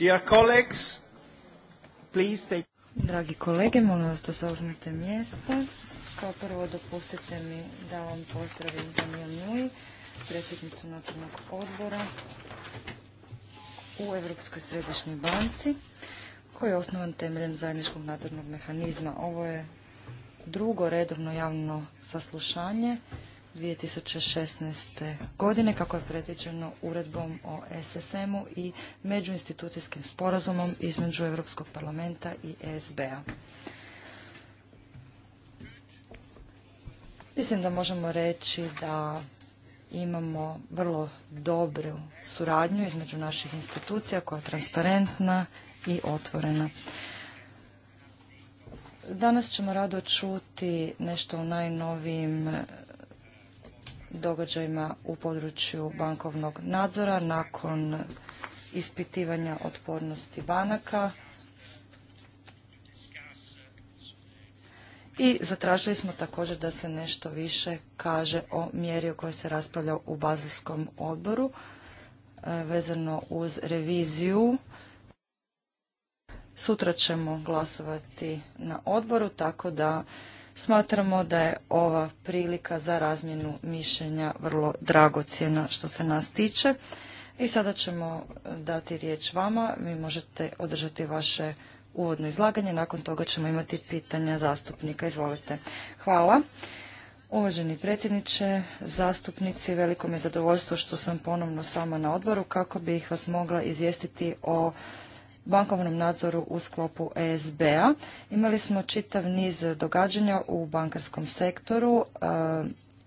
Dragi kolege, molim vas da zauzmete mjesta. Kao prvo dopustite mi da vam pozdravim Daniel Nui, predsjednicu nadzornog odbora u Europskoj središnjoj banci koji je osnovan temeljem zajedničkog nadzornog mehanizma. Ovo je drugo redovno javno saslušanje 2016. godine kako je predviđeno uredbom o SSM-u i međuinstitucijskim sporazumom između Europskog parlamenta i ESB-a. Mislim da možemo reći da imamo vrlo dobru suradnju između naših institucija koja je transparentna i otvorena. Danas ćemo rado čuti nešto o najnovijim događajima u području bankovnog nadzora nakon ispitivanja otpornosti banaka i zatražili smo također da se nešto više kaže o mjeri o kojoj se raspravlja u Bazilskom odboru e, vezano uz reviziju. Sutra ćemo glasovati na odboru, tako da Smatramo da je ova prilika za razmjenu mišljenja vrlo dragocjena što se nas tiče. I sada ćemo eh, dati riječ vama. Vi možete održati vaše uvodno izlaganje. Nakon toga ćemo imati pitanja zastupnika. Izvolite. Hvala. Uvaženi predsjedniče, zastupnici, veliko mi je zadovoljstvo što sam ponovno s vama na odboru kako bih vas mogla izvijestiti o bankovnom nadzoru u sklopu ESB-a. Imali smo čitav niz događanja u bankarskom sektoru e,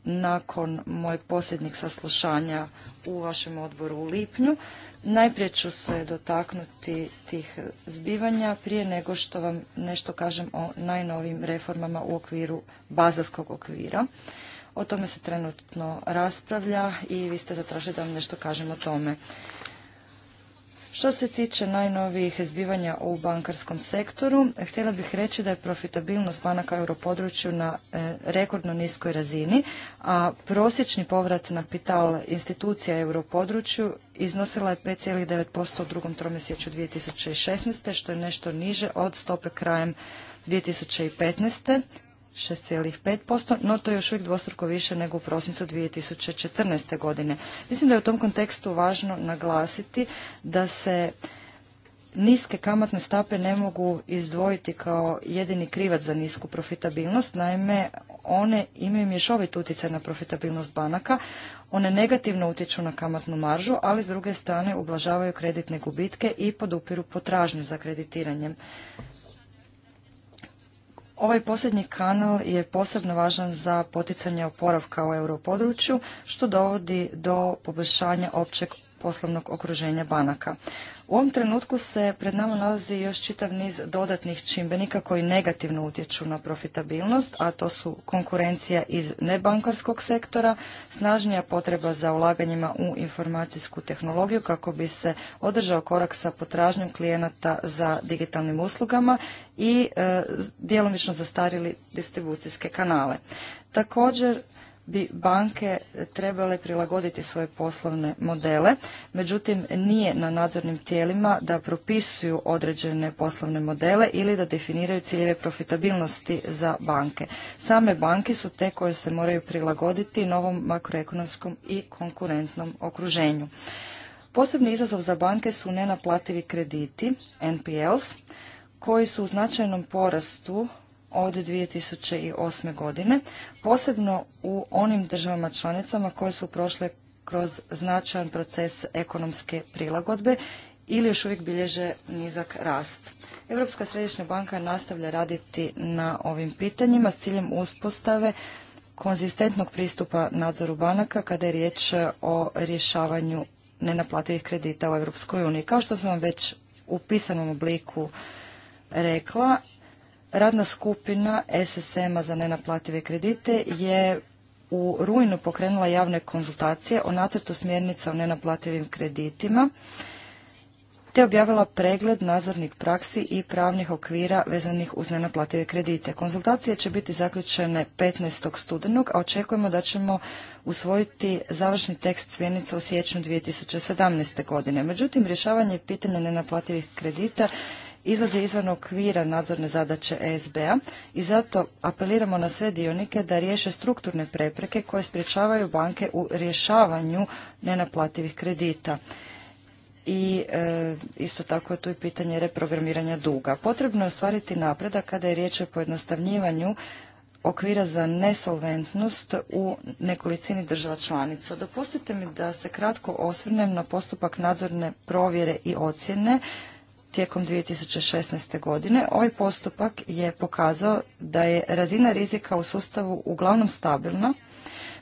nakon mojeg posljednjeg saslušanja u vašem odboru u lipnju. Najprije ću se dotaknuti tih zbivanja prije nego što vam nešto kažem o najnovim reformama u okviru bazarskog okvira. O tome se trenutno raspravlja i vi ste zatražili da vam nešto kažem o tome. Što se tiče najnovijih zbivanja u bankarskom sektoru, htjela bih reći da je profitabilnost banaka u europodručju na e, rekordno niskoj razini, a prosječni povrat na kapital institucija europodručju iznosila je 5,9% u drugom tromjesečju 2016. što je nešto niže od stope krajem 2015. 6,5%, no to je još uvijek dvostruko više nego u prosincu 2014. godine. Mislim da je u tom kontekstu važno naglasiti da se niske kamatne stape ne mogu izdvojiti kao jedini krivac za nisku profitabilnost. Naime, one imaju mješovit utjecaj na profitabilnost banaka. One negativno utječu na kamatnu maržu, ali s druge strane ublažavaju kreditne gubitke i podupiru potražnju za kreditiranjem. Ovaj posljednji kanal je posebno važan za poticanje oporavka u europodručju, što dovodi do poboljšanja općeg poslovnog okruženja banaka. U ovom trenutku se pred nama nalazi još čitav niz dodatnih čimbenika koji negativno utječu na profitabilnost, a to su konkurencija iz nebankarskog sektora, snažnija potreba za ulaganjima u informacijsku tehnologiju kako bi se održao korak sa potražnjom klijenata za digitalnim uslugama i e, djelomično zastarili distribucijske kanale. Također bi banke trebale prilagoditi svoje poslovne modele, međutim nije na nadzornim tijelima da propisuju određene poslovne modele ili da definiraju ciljeve profitabilnosti za banke. Same banke su te koje se moraju prilagoditi novom makroekonomskom i konkurentnom okruženju. Posebni izazov za banke su nenaplativi krediti, NPLs, koji su u značajnom porastu od 2008. godine, posebno u onim državama članicama koje su prošle kroz značajan proces ekonomske prilagodbe ili još uvijek bilježe nizak rast. Europska središnja banka nastavlja raditi na ovim pitanjima s ciljem uspostave konzistentnog pristupa nadzoru banaka kada je riječ o rješavanju nenaplativih kredita u Europskoj uniji. Kao što sam vam već u pisanom obliku rekla, Radna skupina SSM-a za nenaplative kredite je u rujnu pokrenula javne konzultacije o nacrtu smjernica o nenaplativim kreditima te objavila pregled nadzornih praksi i pravnih okvira vezanih uz nenaplative kredite. Konzultacije će biti zaključene 15. studenog, a očekujemo da ćemo usvojiti završni tekst smjernica u siječnju 2017. godine. Međutim, rješavanje pitanja nenaplativih kredita izlaze izvan okvira nadzorne zadaće ESB-a i zato apeliramo na sve dionike da riješe strukturne prepreke koje sprječavaju banke u rješavanju nenaplativih kredita i e, isto tako je tu i pitanje reprogramiranja duga. Potrebno je ostvariti napredak kada je riječ o pojednostavnjivanju okvira za nesolventnost u nekolicini država članica. Dopustite mi da se kratko osvrnem na postupak nadzorne provjere i ocjene tijekom 2016. godine. Ovaj postupak je pokazao da je razina rizika u sustavu uglavnom stabilna,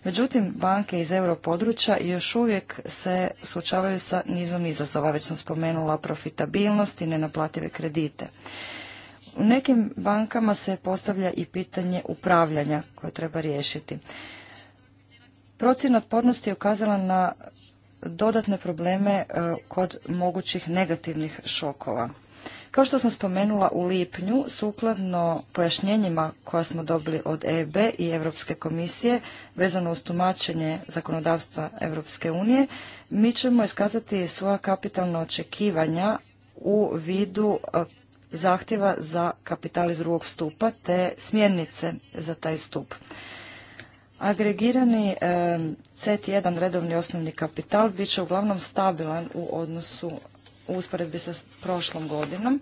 međutim banke iz europodručja još uvijek se suočavaju sa nizom izazova. Već sam spomenula profitabilnost i nenaplative kredite. U nekim bankama se postavlja i pitanje upravljanja koje treba riješiti. Procjena otpornosti je ukazala na dodatne probleme e, kod mogućih negativnih šokova. Kao što sam spomenula u lipnju, sukladno pojašnjenjima koja smo dobili od EB i Europske komisije vezano uz tumačenje zakonodavstva Europske unije, mi ćemo iskazati svoja kapitalna očekivanja u vidu e, zahtjeva za kapital iz drugog stupa te smjernice za taj stup. Agregirani eh, CET1 redovni osnovni kapital bit će uglavnom stabilan u odnosu u usporedbi sa prošlom godinom.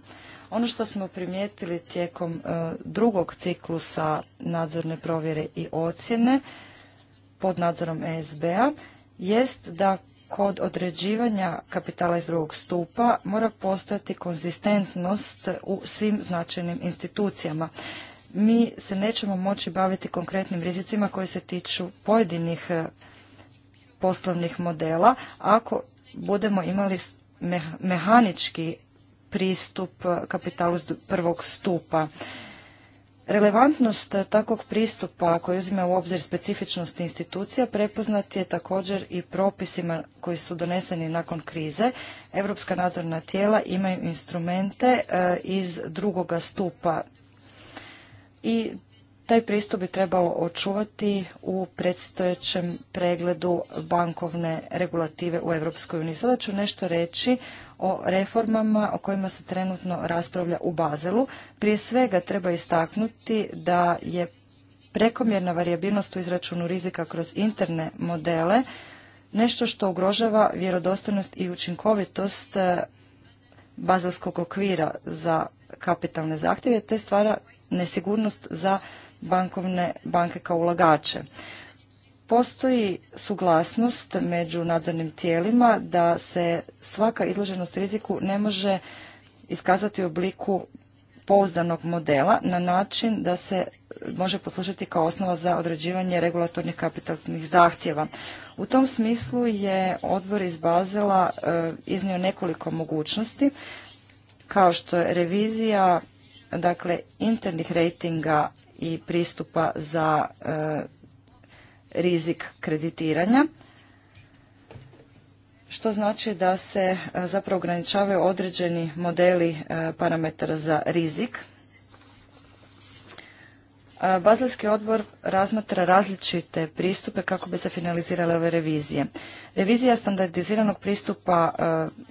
Ono što smo primijetili tijekom eh, drugog ciklusa nadzorne provjere i ocjene pod nadzorom ESB-a jest da kod određivanja kapitala iz drugog stupa mora postojati konzistentnost u svim značajnim institucijama mi se nećemo moći baviti konkretnim rizicima koji se tiču pojedinih e, poslovnih modela ako budemo imali mehanički pristup e, kapitalu prvog stupa. Relevantnost e, takvog pristupa koji uzime u obzir specifičnost institucija prepoznat je također i propisima koji su doneseni nakon krize. Europska nadzorna tijela imaju instrumente iz drugoga stupa i taj pristup bi trebalo očuvati u predstojećem pregledu bankovne regulative u EU. Sada ću nešto reći o reformama o kojima se trenutno raspravlja u Bazelu. Prije svega treba istaknuti da je prekomjerna varijabilnost u izračunu rizika kroz interne modele nešto što ugrožava vjerodostojnost i učinkovitost eh, bazelskog okvira za kapitalne zahtjeve te stvara nesigurnost za bankovne banke kao ulagače. Postoji suglasnost među nadzornim tijelima da se svaka izloženost riziku ne može iskazati u obliku pouzdanog modela na način da se može poslušati kao osnova za određivanje regulatornih kapitalnih zahtjeva. U tom smislu je odbor iz Bazela e, iznio nekoliko mogućnosti, kao što je revizija dakle internih rejtinga i pristupa za e, rizik kreditiranja što znači da se e, zapravo ograničavaju određeni modeli e, parametara za rizik Bazelski odbor razmatra različite pristupe kako bi se finalizirale ove revizije. Revizija standardiziranog pristupa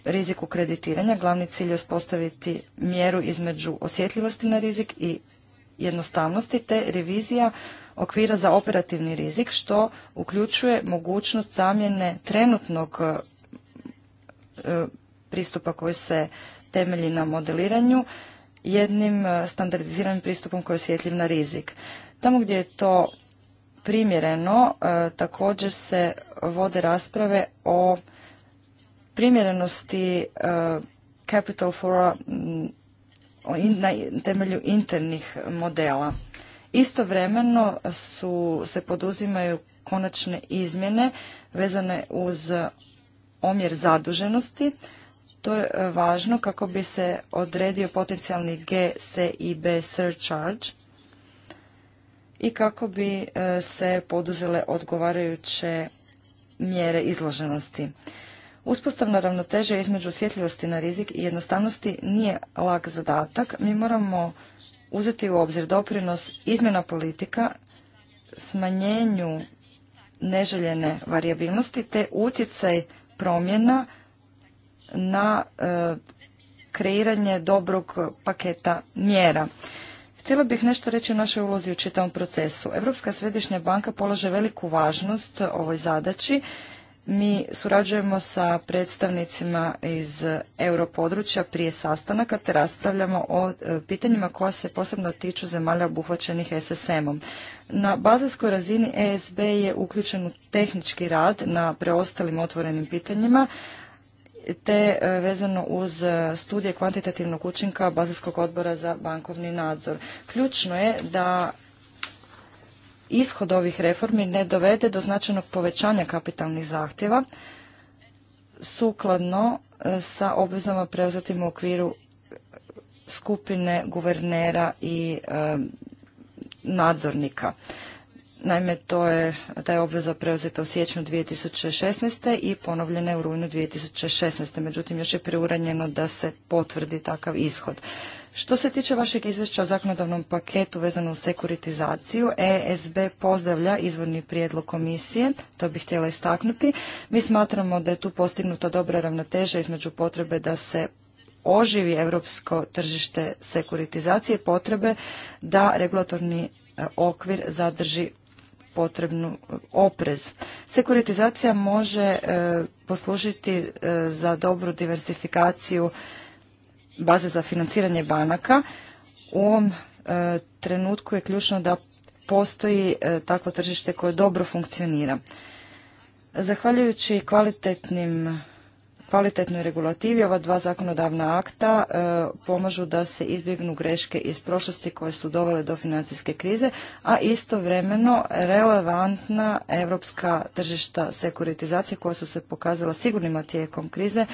riziku kreditiranja, glavni cilj je uspostaviti mjeru između osjetljivosti na rizik i jednostavnosti, te revizija okvira za operativni rizik, što uključuje mogućnost zamjene trenutnog pristupa koji se temelji na modeliranju jednim e, standardiziranim pristupom koji je osjetljiv na rizik. Tamo gdje je to primjereno, e, također se vode rasprave o primjerenosti e, capital fora na temelju internih modela. Istovremeno su, se poduzimaju konačne izmjene vezane uz omjer zaduženosti to je e, važno kako bi se odredio potencijalni B surcharge i kako bi e, se poduzele odgovarajuće mjere izloženosti. Uspostavna ravnoteža između osjetljivosti na rizik i jednostavnosti nije lak zadatak. Mi moramo uzeti u obzir doprinos izmjena politika, smanjenju neželjene varijabilnosti te utjecaj promjena na e, kreiranje dobrog paketa mjera. Htjela bih nešto reći o našoj ulozi u čitavom procesu. Europska središnja banka polaže veliku važnost ovoj zadaći. Mi surađujemo sa predstavnicima iz europodručja prije sastanaka te raspravljamo o e, pitanjima koja se posebno tiču zemalja obuhvaćenih SSM-om. Na bazarskoj razini ESB je uključen u tehnički rad na preostalim otvorenim pitanjima, te e, vezano uz e, studije kvantitativnog učinka Bazilskog odbora za bankovni nadzor. Ključno je da ishod ovih reformi ne dovede do značajnog povećanja kapitalnih zahtjeva sukladno e, sa obvezama preuzetim u okviru skupine guvernera i nadzornika. Naime, to je, ta je obveza preuzeta u siječnju 2016. i ponovljena je u rujnu 2016. Međutim, još je preuranjeno da se potvrdi takav ishod. Što se tiče vašeg izvješća o zakonodavnom paketu vezano u sekuritizaciju, ESB pozdravlja izvorni prijedlog komisije, to bih htjela istaknuti. Mi smatramo da je tu postignuta dobra ravnoteža između potrebe da se oživi europsko tržište sekuritizacije potrebe da regulatorni e, okvir zadrži potrebnu e, oprez. Sekuritizacija može e, poslužiti e, za dobru diversifikaciju baze za financiranje banaka. U ovom trenutku je ključno da postoji takvo tržište koje dobro funkcionira. Zahvaljujući kvalitetnim kvalitetnoj regulativi. Ova dva zakonodavna akta e, pomažu da se izbjegnu greške iz prošlosti koje su dovele do financijske krize, a istovremeno relevantna europska tržišta sekuritizacije koja su se pokazala sigurnima tijekom krize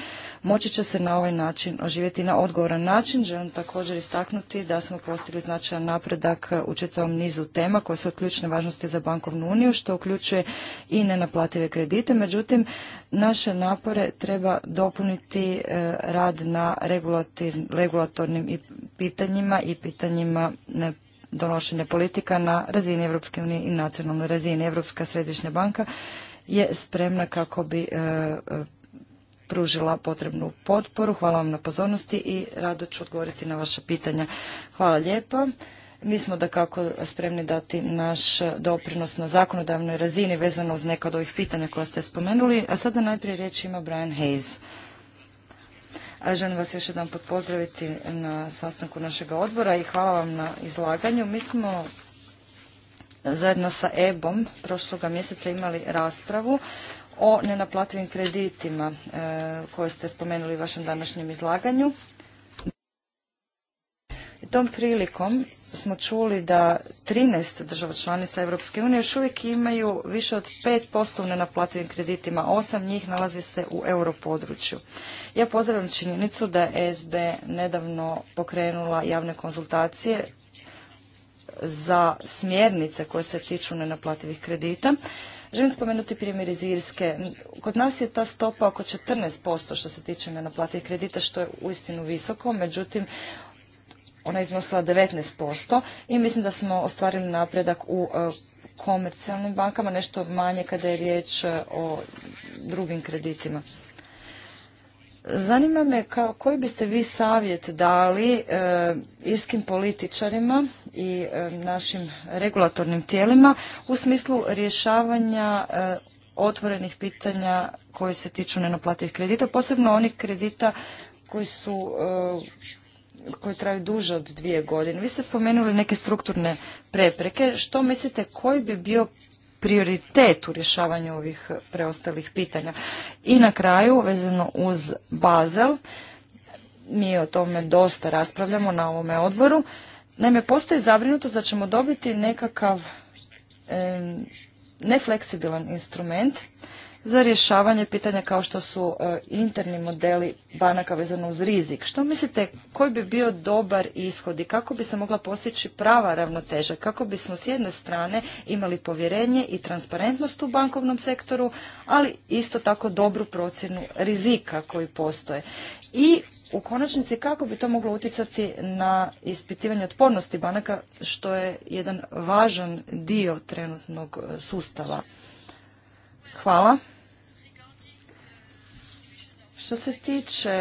moći će se na ovaj način oživjeti na odgovoran način. Želim također istaknuti da smo postigli značajan napredak u čitavom nizu tema koje su od ključne važnosti za bankovnu uniju, što uključuje i nenaplative kredite. Međutim, naše napore treba dopuniti e, rad na regulatornim pitanjima i pitanjima donošenja politika na razini Europske unije i nacionalnoj razini. Europska središnja banka je spremna kako bi e, e, pružila potrebnu potporu. Hvala vam na pozornosti i rado ću odgovoriti na vaša pitanja. Hvala lijepa. Mi smo da kako spremni dati naš doprinos na zakonodavnoj razini vezano uz neka od ovih pitanja koja ste spomenuli. A sada najprije riječ ima Brian Hayes. A želim vas još jedan pozdraviti na sastanku našeg odbora i hvala vam na izlaganju. Mi smo zajedno sa EBOM prošloga mjeseca imali raspravu o nenaplativim kreditima e, koje ste spomenuli u vašem današnjem izlaganju. Tom prilikom smo čuli da 13 država članica Europske unije još uvijek imaju više od 5% u nenaplativim kreditima, osam njih nalazi se u europodručju. Ja pozdravljam činjenicu da je SB nedavno pokrenula javne konzultacije za smjernice koje se tiču nenaplativih kredita Želim spomenuti primjer iz Irske. Kod nas je ta stopa oko 14% što se tiče nenaplativih kredita, što je uistinu visoko, međutim, ona je iznosila 19% i mislim da smo ostvarili napredak u e, komercijalnim bankama, nešto manje kada je riječ e, o drugim kreditima. Zanima me koji biste vi savjet dali iskim e, irskim političarima i e, našim regulatornim tijelima u smislu rješavanja e, otvorenih pitanja koji se tiču nenaplativih kredita, posebno onih kredita koji su koji traju duže od dvije godine. Vi ste spomenuli neke strukturne prepreke. Što mislite koji bi bio prioritet u rješavanju ovih preostalih pitanja. I na kraju, vezano uz Bazel, mi o tome dosta raspravljamo na ovome odboru, naime postoji zabrinutost da ćemo dobiti nekakav nefleksibilan instrument za rješavanje pitanja kao što su e, interni modeli banaka vezano uz rizik. Što mislite, koji bi bio dobar ishod i kako bi se mogla postići prava ravnoteža? Kako bismo s jedne strane imali povjerenje i transparentnost u bankovnom sektoru, ali isto tako dobru procjenu rizika koji postoje. I u konačnici kako bi to moglo utjecati na ispitivanje otpornosti banaka, što je jedan važan dio trenutnog e, sustava. Hvala. Što se tiče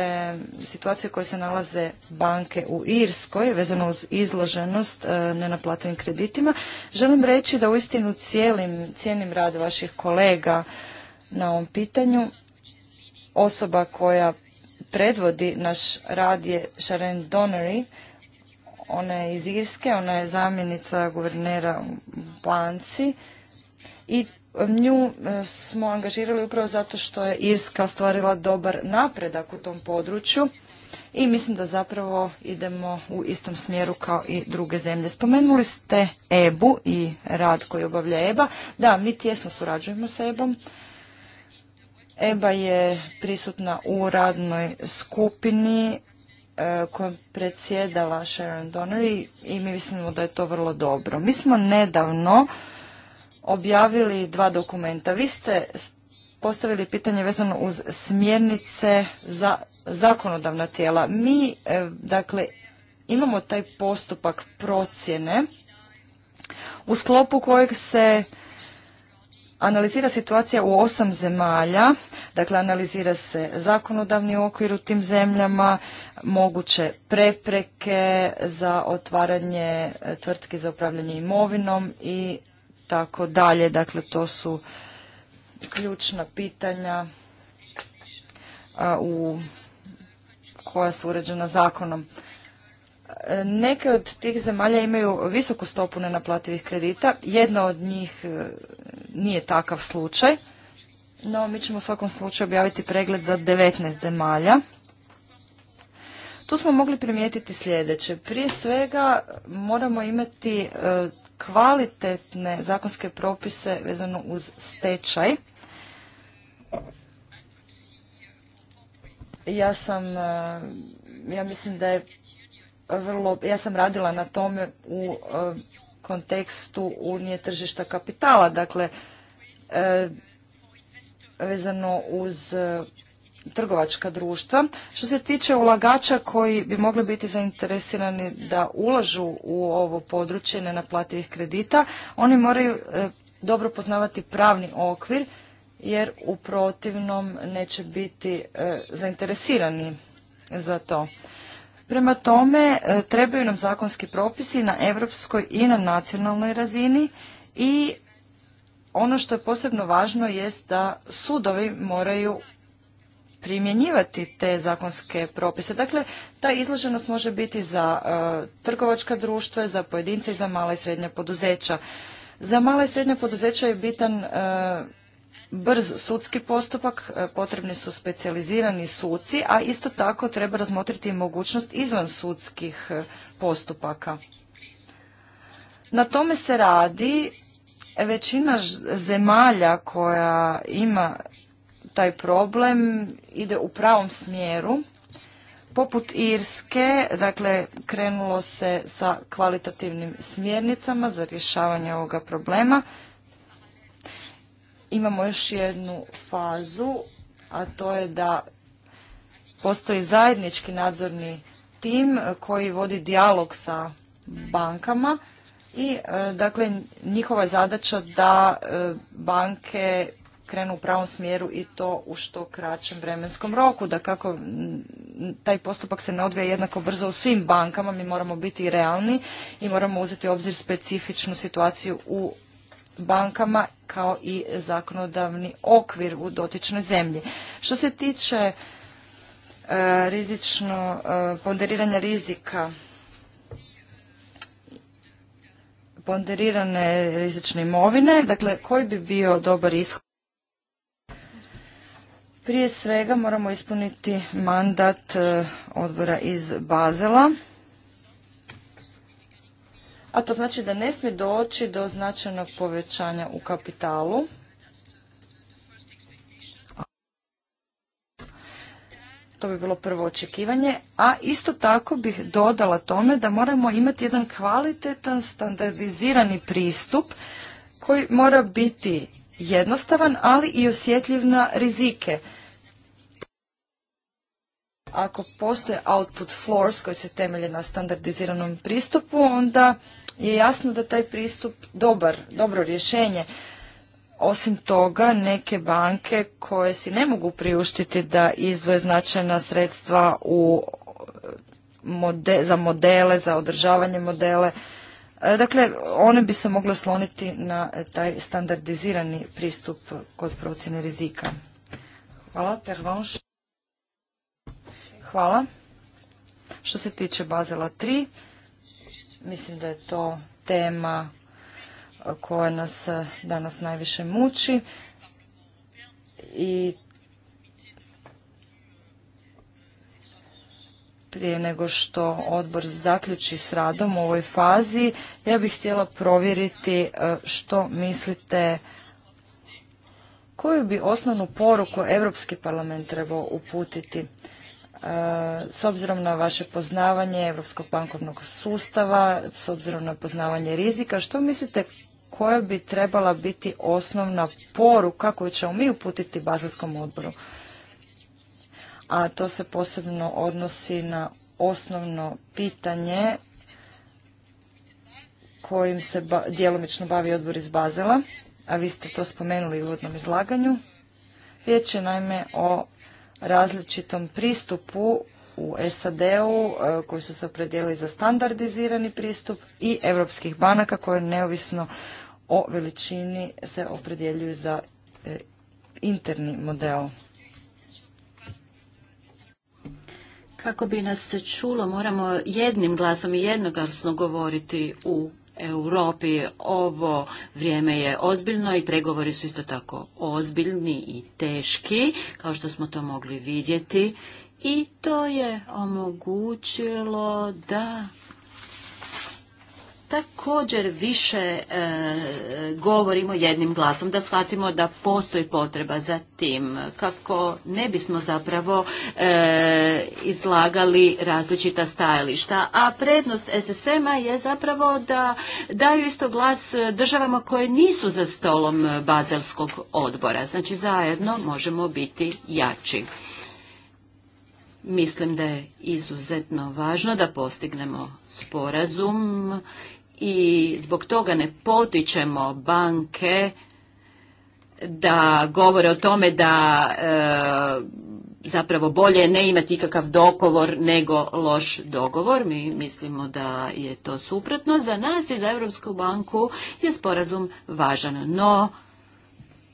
situacije u kojoj se nalaze banke u Irskoj, vezano uz izloženost e, nenaplatovim kreditima, želim reći da uistinu cijenim rad vaših kolega na ovom pitanju. Osoba koja predvodi naš rad je Sharon Donnery, ona je iz Irske, ona je zamjenica guvernera u banci i Nju e, smo angažirali upravo zato što je Irska stvarila dobar napredak u tom području i mislim da zapravo idemo u istom smjeru kao i druge zemlje. Spomenuli ste EBU i rad koji obavlja EBA. Da, mi tjesno surađujemo s EBOM. EBA je prisutna u radnoj skupini koja e, kojom predsjedala Sharon Donnery i mi mislimo da je to vrlo dobro. Mi smo nedavno objavili dva dokumenta. Vi ste postavili pitanje vezano uz smjernice za zakonodavna tijela. Mi, e, dakle, imamo taj postupak procjene u sklopu kojeg se analizira situacija u osam zemalja, dakle analizira se zakonodavni okvir u tim zemljama, moguće prepreke za otvaranje e, tvrtke za upravljanje imovinom i tako dalje. Dakle, to su ključna pitanja u koja su uređena zakonom. E, neke od tih zemalja imaju visoku stopu nenaplativih kredita. Jedna od njih e, nije takav slučaj. No, mi ćemo u svakom slučaju objaviti pregled za 19 zemalja. Tu smo mogli primijetiti sljedeće. Prije svega moramo imati e, kvalitetne zakonske propise vezano uz stečaj. Ja sam, e, ja mislim da je vrlo, ja sam radila na tome u e, kontekstu Unije tržišta kapitala, dakle, e, vezano uz trgovačka društva. Što se tiče ulagača koji bi mogli biti zainteresirani da ulažu u ovo područje nenaplativih kredita, oni moraju e, dobro poznavati pravni okvir jer u protivnom neće biti e, zainteresirani za to. Prema tome, e, trebaju nam zakonski propisi na europskoj i na nacionalnoj razini i ono što je posebno važno jest da sudovi moraju primjenjivati te zakonske propise. Dakle, ta izloženost može biti za e, trgovačka društva, za pojedince i za mala i srednja poduzeća. Za mala i srednja poduzeća je bitan e, brz sudski postupak, e, potrebni su specijalizirani suci, a isto tako treba razmotriti mogućnost izvan sudskih postupaka. Na tome se radi većina zemalja koja ima taj problem ide u pravom smjeru. Poput Irske, dakle, krenulo se sa kvalitativnim smjernicama za rješavanje ovoga problema. Imamo još jednu fazu, a to je da postoji zajednički nadzorni tim koji vodi dijalog sa bankama i e, dakle njihova je zadaća da e, banke krenu u pravom smjeru i to u što kraćem vremenskom roku. Da kako taj postupak se ne odvija jednako brzo u svim bankama, mi moramo biti realni i moramo uzeti u obzir specifičnu situaciju u bankama kao i zakonodavni okvir u dotičnoj zemlji. Što se tiče e, rizično e, ponderiranja rizika, ponderirane rizične imovine, dakle koji bi bio dobar ishod? Prije svega moramo ispuniti mandat e, odbora iz Bazela. A to znači da ne smije doći do značajnog povećanja u kapitalu. To bi bilo prvo očekivanje, a isto tako bih dodala tome da moramo imati jedan kvalitetan, standardizirani pristup koji mora biti jednostavan, ali i osjetljiv na rizike ako postoje output floors koji se temelje na standardiziranom pristupu, onda je jasno da taj pristup dobar, dobro rješenje. Osim toga, neke banke koje si ne mogu priuštiti da izdvoje značajna sredstva u za modele, za održavanje modele, e, Dakle, one bi se mogle sloniti na taj standardizirani pristup kod procjene rizika. Hvala, Hvala. Što se tiče Bazela 3, mislim da je to tema koja nas danas najviše muči i prije nego što odbor zaključi s radom u ovoj fazi, ja bih htjela provjeriti što mislite koju bi osnovnu poruku Europski parlament trebao uputiti s obzirom na vaše poznavanje Europskog bankovnog sustava, s obzirom na poznavanje rizika, što mislite koja bi trebala biti osnovna poruka koju ćemo mi uputiti Bazelskom odboru? A to se posebno odnosi na osnovno pitanje kojim se djelomično bavi odbor iz Bazela, a vi ste to spomenuli u uvodnom izlaganju. Riječ je naime o različitom pristupu u SAD-u e, koji su se opredijeli za standardizirani pristup i europskih banaka koje neovisno o veličini se opredjeljuju za e, interni model. Kako bi nas se čulo, moramo jednim glasom i jednoglasno govoriti u Europi ovo vrijeme je ozbiljno i pregovori su isto tako ozbiljni i teški, kao što smo to mogli vidjeti. I to je omogućilo da također više e, govorimo jednim glasom, da shvatimo da postoji potreba za tim, kako ne bismo zapravo e, izlagali različita stajališta. A prednost SSM-a je zapravo da daju isto glas državama koje nisu za stolom Bazelskog odbora. Znači zajedno možemo biti jači. Mislim da je izuzetno važno da postignemo sporazum i zbog toga ne potičemo banke da govore o tome da e, zapravo bolje ne imati ikakav dogovor nego loš dogovor. Mi mislimo da je to suprotno. Za nas i za Europsku banku je sporazum važan, no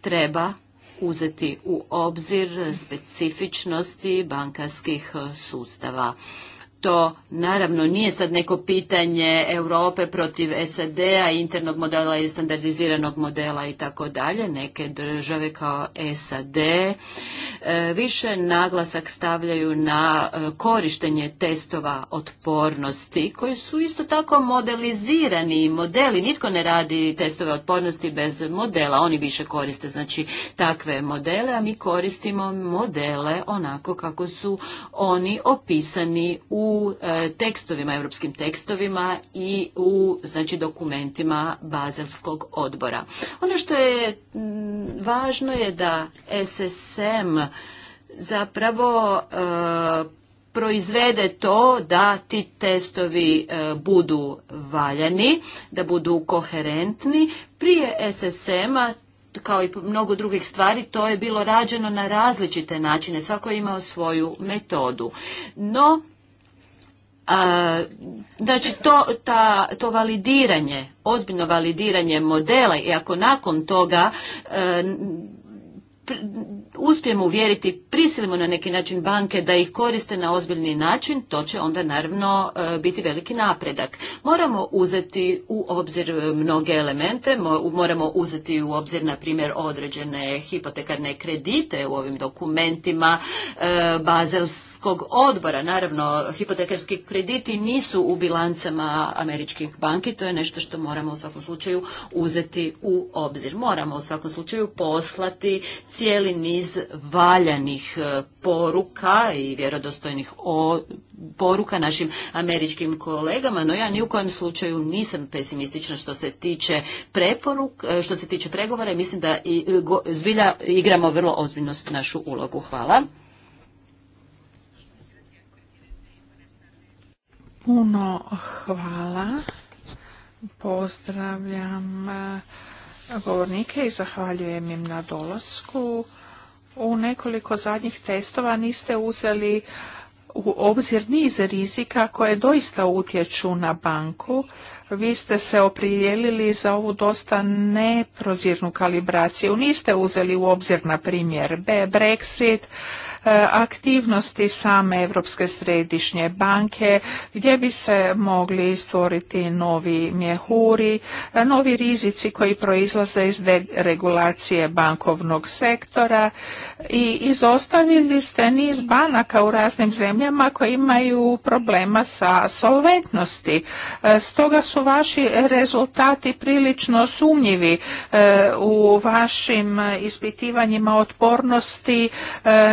treba uzeti u obzir specifičnosti bankarskih sustava to naravno nije sad neko pitanje Europe protiv SAD-a, internog modela i standardiziranog modela i tako dalje. Neke države kao SAD e, više naglasak stavljaju na e, korištenje testova otpornosti koji su isto tako modelizirani modeli. Nitko ne radi testove otpornosti bez modela. Oni više koriste znači takve modele, a mi koristimo modele onako kako su oni opisani u E, tekstovima, europskim tekstovima i u znači, dokumentima Bazelskog odbora. Ono što je mm, važno je da SSM zapravo e, proizvede to da ti testovi e, budu valjani, da budu koherentni. Prije SSM-a kao i mnogo drugih stvari, to je bilo rađeno na različite načine, svako je imao svoju metodu. No, Znači to, ta, to validiranje, ozbiljno validiranje modela i ako nakon toga e, uspijemo uvjeriti, prisilimo na neki način banke da ih koriste na ozbiljni način, to će onda naravno e, biti veliki napredak. Moramo uzeti u obzir e, mnoge elemente, moramo uzeti u obzir na primjer određene hipotekarne kredite u ovim dokumentima e, Bazelskog odbora. Naravno, hipotekarski krediti nisu u bilancama američkih banki, to je nešto što moramo u svakom slučaju uzeti u obzir. Moramo u svakom slučaju poslati cijeli niz valjanih e, poruka i vjerodostojnih poruka našim američkim kolegama, no ja ni u kojem slučaju nisam pesimistična što se tiče preporuk, e, što se tiče pregovora i mislim da e, zbilja igramo vrlo ozbiljno našu ulogu. Hvala. Puno hvala. Pozdravljam govornike i zahvaljujem im na dolasku. U nekoliko zadnjih testova niste uzeli u obzir niz rizika koje doista utječu na banku. Vi ste se oprijelili za ovu dosta neprozirnu kalibraciju. Niste uzeli u obzir, na primjer, Brexit, E, aktivnosti same Europske središnje banke gdje bi se mogli stvoriti novi mjehuri, e, novi rizici koji proizlaze iz deregulacije bankovnog sektora i izostavili ste niz banaka u raznim zemljama koji imaju problema sa solventnosti. E, stoga su vaši rezultati prilično sumnjivi u vašim ispitivanjima otpornosti.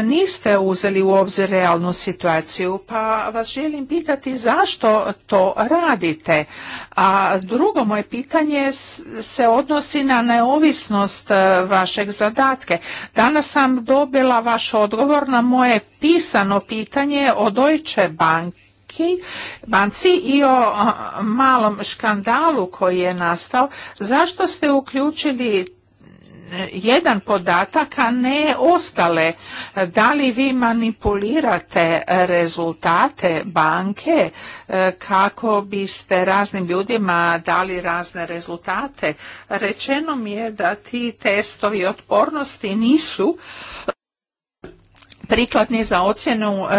Nisu niste uzeli u obzir realnu situaciju, pa vas želim pitati zašto to radite. A drugo moje pitanje se odnosi na neovisnost e, vašeg zadatke. Danas sam dobila vaš odgovor na moje pisano pitanje o Deutsche Bank banci i o malom škandalu koji je nastao. Zašto ste uključili jedan podatak, a ne ostale. Da li vi manipulirate rezultate banke e, kako biste raznim ljudima dali razne rezultate? Rečeno mi je da ti testovi otpornosti nisu prikladni za ocjenu e,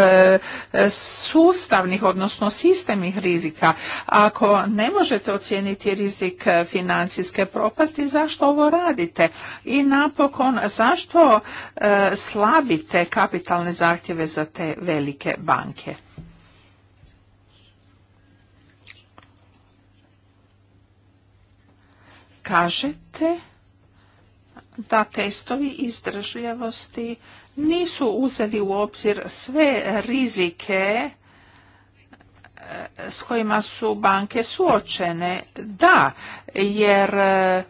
e, sustavnih, odnosno sistemnih rizika. Ako ne možete ocijeniti rizik financijske propasti, zašto ovo radite? I napokon, zašto e, slabite kapitalne zahtjeve za te velike banke? Kažete da testovi izdržljivosti nisu uzeli u obzir sve rizike e, s kojima su banke suočene. Da, jer e,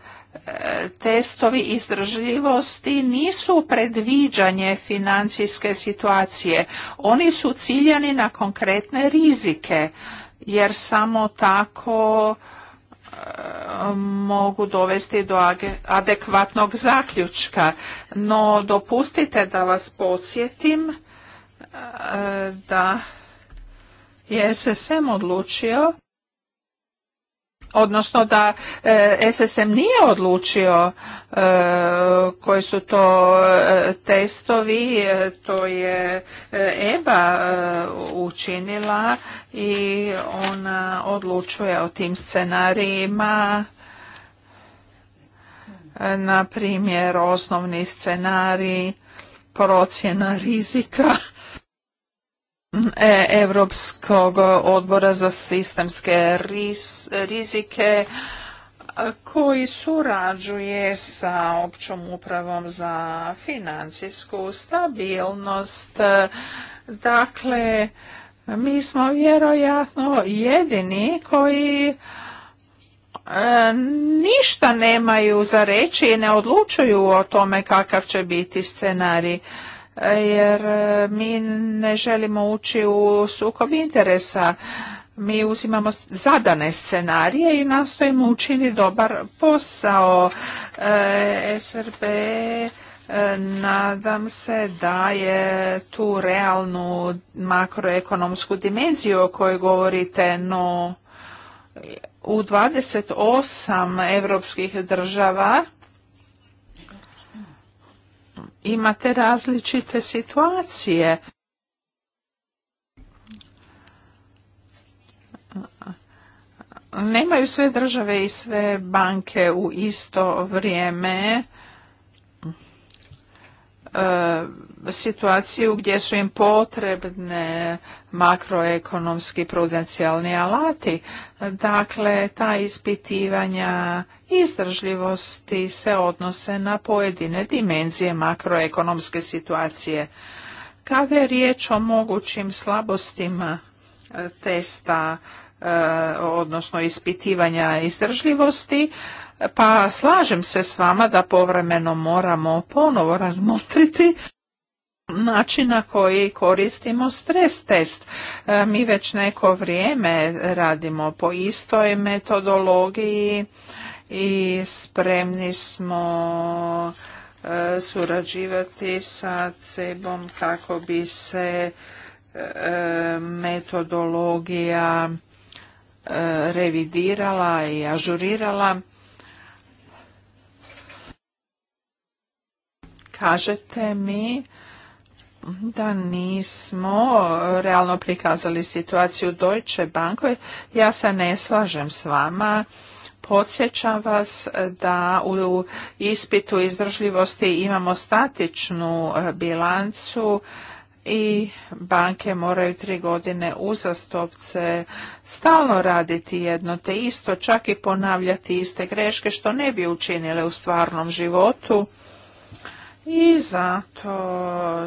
testovi izdržljivosti nisu predviđanje financijske situacije. Oni su ciljani na konkretne rizike, jer samo tako mogu dovesti do adekvatnog zaključka. No dopustite da vas podsjetim eh, da je SSM odlučio odnosno da e, SSM nije odlučio e, koji su to e, testovi, to je EBA učinila i ona odlučuje o tim scenarijima na primjer osnovni scenarij procjena rizika Europskog odbora za sistemske rizike koji surađuje sa općom upravom za financijsku stabilnost. Dakle, mi smo vjerojatno jedini koji e, ništa nemaju za reći i ne odlučuju o tome kakav će biti scenarij jer e, mi ne želimo ući u sukob interesa. Mi uzimamo zadane scenarije i nastojimo učiniti dobar posao. E, SRB e, Nadam se da je tu realnu makroekonomsku dimenziju o kojoj govorite, no u 28 evropskih država imate različite situacije. Nemaju sve države i sve banke u isto vrijeme e, situaciju gdje su im potrebne makroekonomski prudencijalni alati. Dakle, ta ispitivanja izdržljivosti se odnose na pojedine dimenzije makroekonomske situacije. Kada je riječ o mogućim slabostima e, testa, e, odnosno ispitivanja izdržljivosti, pa slažem se s vama da povremeno moramo ponovo razmotriti način na koji koristimo stres test. E, mi već neko vrijeme radimo po istoj metodologiji, i spremni smo e, surađivati sa CEBom kako bi se e, metodologija e, revidirala i ažurirala. Kažete mi da nismo realno prikazali situaciju Deutsche bankoj Ja se ne slažem s vama. Podsjećam vas da u ispitu izdržljivosti imamo statičnu e, bilancu i banke moraju tri godine uzastopce stalno raditi jedno te isto, čak i ponavljati iste greške što ne bi učinile u stvarnom životu. I zato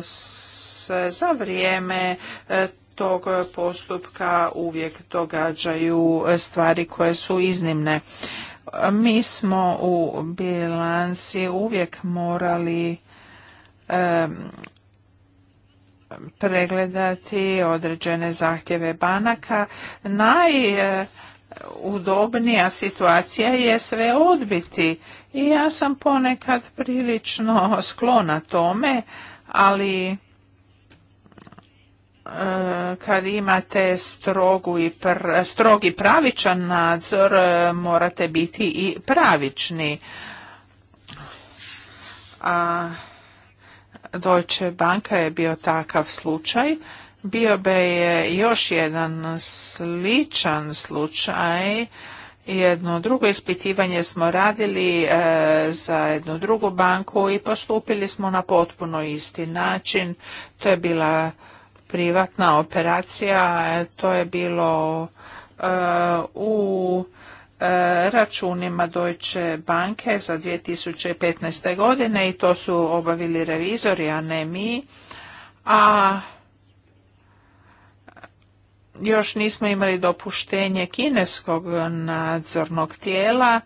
se za vrijeme e, tog postupka uvijek događaju stvari koje su iznimne. Mi smo u bilansi uvijek morali pregledati određene zahtjeve banaka. Najudobnija e, situacija je sve odbiti i ja sam ponekad prilično sklona tome, ali Eh, kad imate strogu i strogi pravičan nadzor, eh, morate biti i pravični. A Deutsche Banka je bio takav slučaj. Bio bi je još jedan sličan slučaj. Jedno drugo ispitivanje smo radili eh, za jednu drugu banku i postupili smo na potpuno isti način. To je bila privatna operacija, e, to je bilo e, u e, računima Deutsche banke za 2015. godine i to su obavili revizori, a ne mi. A još nismo imali dopuštenje kineskog nadzornog tijela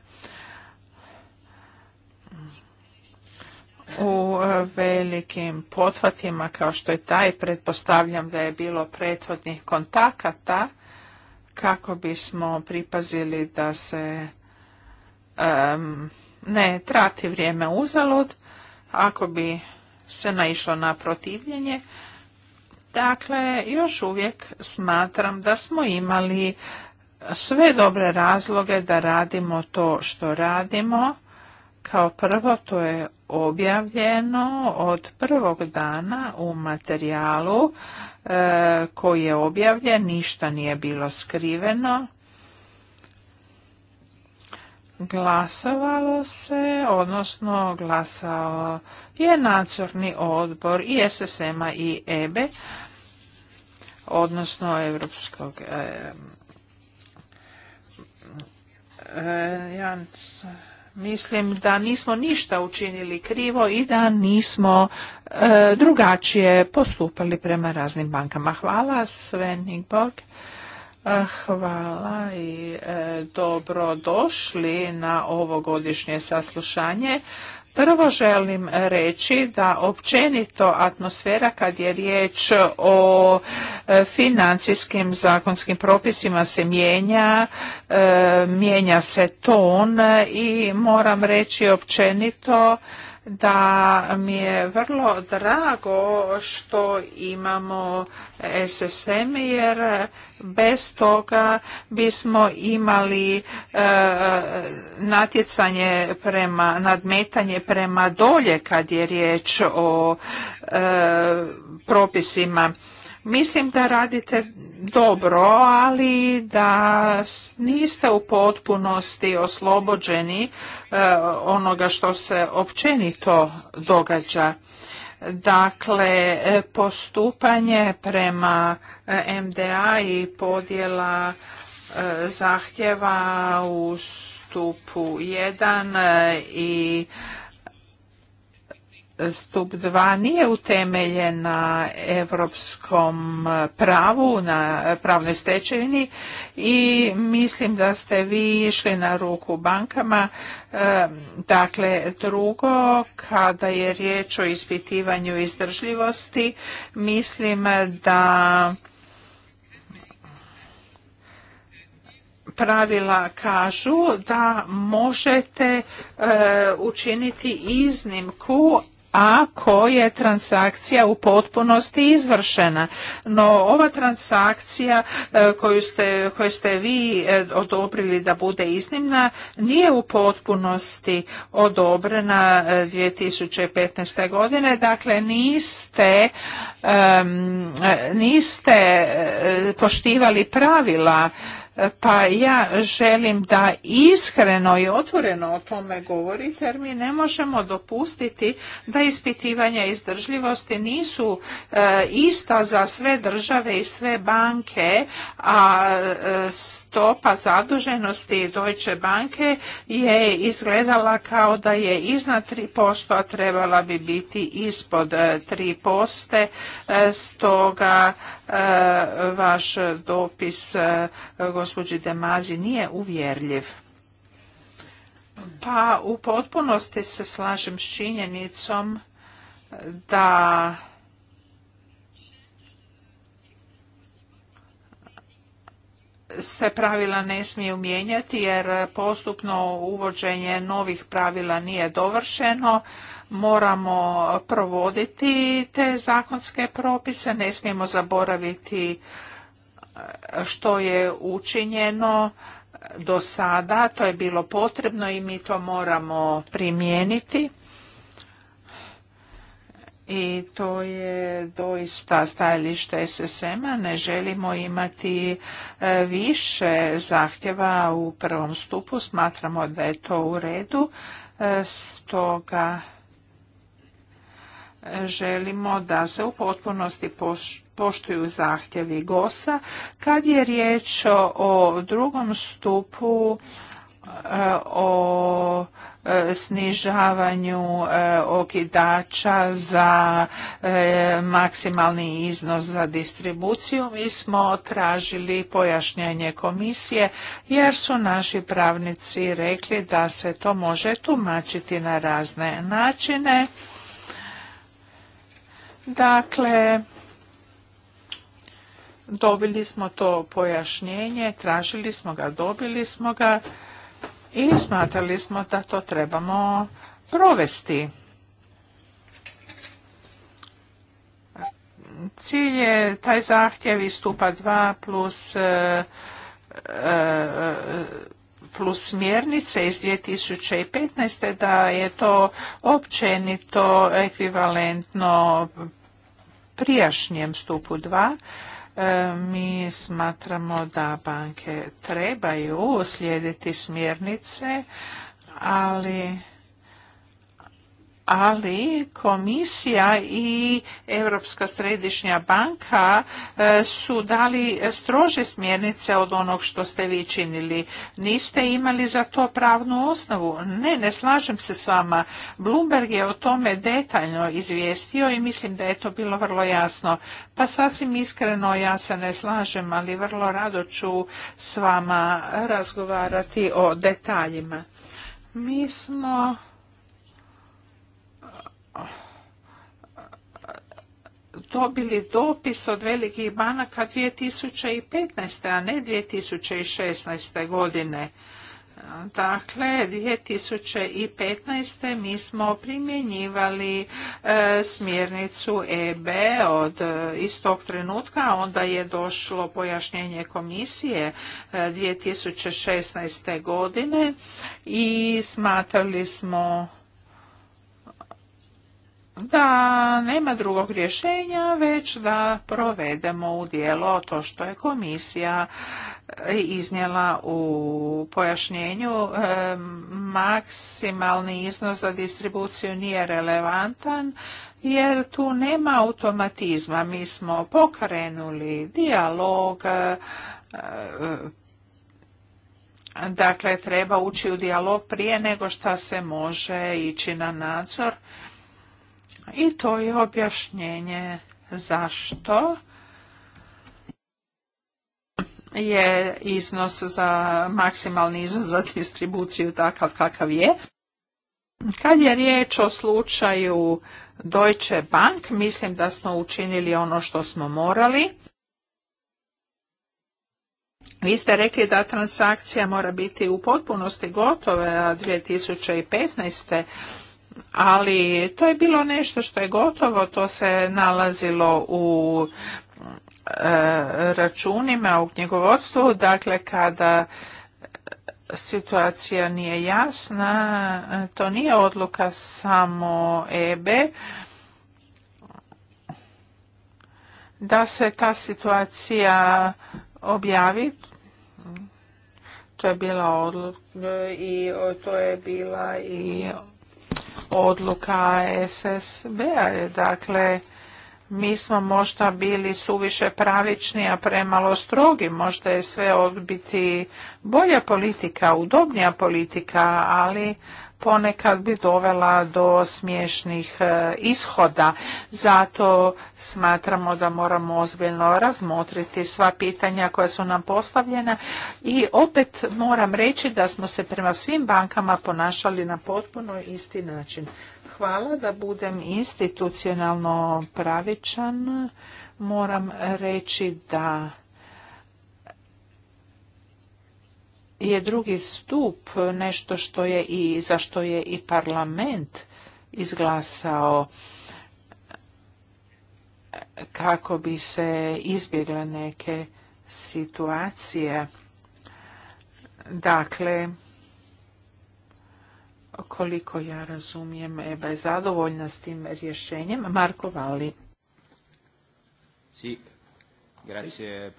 u e, velikim potvatima kao što je taj, pretpostavljam da je bilo prethodnih kontakata kako bismo pripazili da se ne trati vrijeme uzalud ako bi se naišlo na protivljenje. Dakle, još uvijek smatram da smo imali sve dobre razloge da radimo to što radimo. Kao prvo, to je objavljeno od prvog dana u materijalu e, koji je objavljen, ništa nije bilo skriveno. Glasovalo se, odnosno glasao je nadzorni odbor i SSM-a i EBE, odnosno Europskog e, e, Mislim da nismo ništa učinili krivo i da nismo e, drugačije postupali prema raznim bankama. Hvala sve Nikborg. E, hvala i e, dobro došli na ovogodišnje saslušanje. Prvo želim reći da općenito atmosfera kad je riječ o e, financijskim zakonskim propisima se mijenja, e, mijenja se ton i moram reći općenito da mi je vrlo drago što imamo SSM jer bez toga bismo imali e, natjecanje prema nadmetanje prema dolje kad je riječ o e, propisima. Mislim da radite dobro, ali da niste u potpunosti oslobođeni E, onoga što se općenito događa. Dakle, e, postupanje prema e, MDA i podjela zahtjeva u stupu 1 i stup 2 nije utemeljen na europskom pravu, na pravnoj stečevini i mislim da ste vi išli na ruku bankama. E, dakle, drugo, kada je riječ o ispitivanju izdržljivosti, mislim da pravila kažu da možete e, učiniti iznimku ako je transakcija u potpunosti izvršena. No ova transakcija e, koju ste, koju ste vi e, odobrili da bude iznimna nije u potpunosti odobrena 2015. E, godine, dakle niste, niste poštivali pravila pa ja želim da iskreno i otvoreno o tome govorite jer mi ne možemo dopustiti da ispitivanja izdržljivosti nisu e, ista za sve države i sve banke, a e, stopa zaduženosti Deutsche banke je izgledala kao da je iznad 3%, a trebala bi biti ispod 3%. E, stoga e, vaš dopis e, gospođi Demazi nije uvjerljiv. Pa u potpunosti se slažem s činjenicom da se pravila ne smiju mijenjati jer postupno uvođenje novih pravila nije dovršeno. Moramo provoditi te zakonske propise, ne smijemo zaboraviti e, što je učinjeno do sada, to je bilo potrebno i mi to moramo primijeniti i to je doista stajalište SSM-a. Ne želimo imati e, više zahtjeva u prvom stupu. Smatramo da je to u redu. E, stoga e, želimo da se u potpunosti poštuju zahtjevi GOS-a. Kad je riječ o drugom stupu, o snižavanju e, okidača za e, maksimalni iznos za distribuciju. Mi smo tražili pojašnjenje komisije jer su naši pravnici rekli da se to može tumačiti na razne načine. Dakle, dobili smo to pojašnjenje, tražili smo ga, dobili smo ga i smatrali smo da to trebamo provesti. Cilj je taj zahtjev iz stupa 2 plus, e, e, plus smjernice iz 2015. da je to općenito ekvivalentno prijašnjem stupu 2 E, mi smatramo da banke trebaju slijediti smjernice, ali ali komisija i Europska središnja banka e, su dali strože smjernice od onog što ste vi činili. Niste imali za to pravnu osnovu. Ne, ne slažem se s vama. Bloomberg je o tome detaljno izvijestio i mislim da je to bilo vrlo jasno. Pa sasvim iskreno ja se ne slažem, ali vrlo rado ću s vama razgovarati o detaljima. Mi smo dobili dopis od velikih banaka 2015. a ne 2016. godine. Dakle, 2015. mi smo primjenjivali e, smjernicu EB od e, istog trenutka, onda je došlo pojašnjenje komisije e, 2016. godine i smatrali smo da nema drugog rješenja već da provedemo u dijelo to što je komisija e, iznijela u pojašnjenju. E, maksimalni iznos za distribuciju nije relevantan jer tu nema automatizma. Mi smo pokrenuli dijalog e, Dakle, treba ući u dijalog prije nego što se može ići na nadzor i to je objašnjenje zašto je iznos za maksimalni iznos za distribuciju takav kakav je. Kad je riječ o slučaju Deutsche Bank, mislim da smo učinili ono što smo morali. Vi ste rekli da transakcija mora biti u potpunosti gotova 2015 ali to je bilo nešto što je gotovo, to se nalazilo u e, računima u knjigovodstvu, dakle kada e, situacija nije jasna, to nije odluka samo EBE, da se ta situacija objavi, to je bila odluka i to je bila i odluka SSB-a. Dakle, mi smo možda bili suviše pravični, a premalo strogi. Možda je sve odbiti bolja politika, udobnija politika, ali ponekad bi dovela do smiješnih e, ishoda. Zato smatramo da moramo ozbiljno razmotriti sva pitanja koja su nam postavljena i opet moram reći da smo se prema svim bankama ponašali na potpuno isti način. Hvala da budem institucionalno pravičan. Moram reći da je drugi stup nešto što je i za što je i parlament izglasao kako bi se izbjegle neke situacije. Dakle, koliko ja razumijem, Eba je zadovoljna s tim rješenjem. Marko Vali. Si, grazie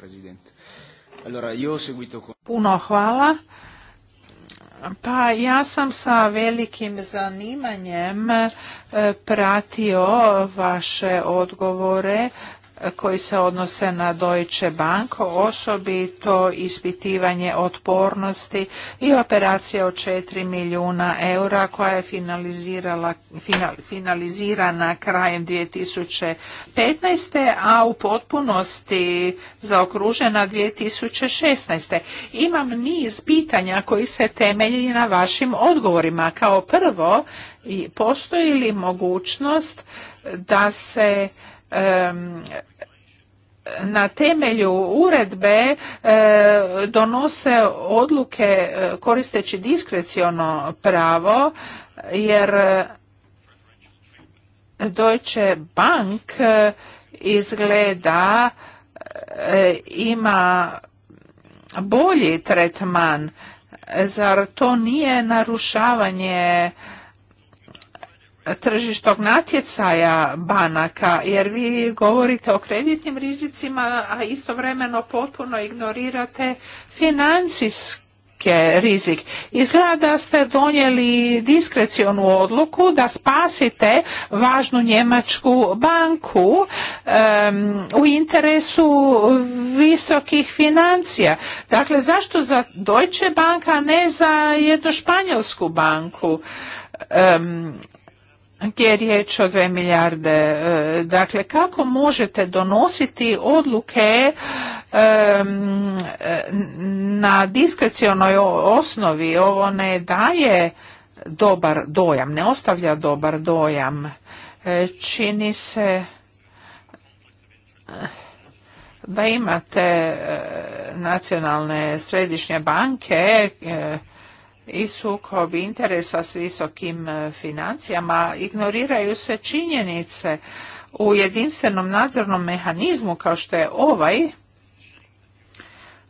Puno hvala. Pa ja sam sa velikim zanimanjem eh, pratio vaše odgovore koji se odnose na Deutsche Bank, osobito ispitivanje otpornosti i operacija od 4 milijuna eura koja je finalizirala, final, finalizirana krajem 2015. a u potpunosti zaokružena 2016. Imam niz pitanja koji se temelji na vašim odgovorima. Kao prvo, postoji li mogućnost da se na temelju uredbe eh, donose odluke eh, koristeći diskreciono pravo jer eh, Deutsche Bank izgleda ima bolji tretman. Zar to nije narušavanje tržištog natjecaja banaka jer vi govorite o kreditnim rizicima, a istovremeno potpuno ignorirate financijski rizik. Izgleda da ste donijeli diskrecionu odluku da spasite važnu njemačku banku u interesu visokih financija. Dakle, zašto za Deutsche banka, ne za jednu španjolsku banku? Um, gdje je riječ o dve milijarde. E, dakle, kako možete donositi odluke na diskrecionoj osnovi? Ovo ne daje dobar dojam, ne ostavlja dobar dojam. E, čini se e, da imate nacionalne središnje banke i sukob interesa s visokim e, financijama, ignoriraju se činjenice u jedinstvenom nadzornom mehanizmu kao što je ovaj,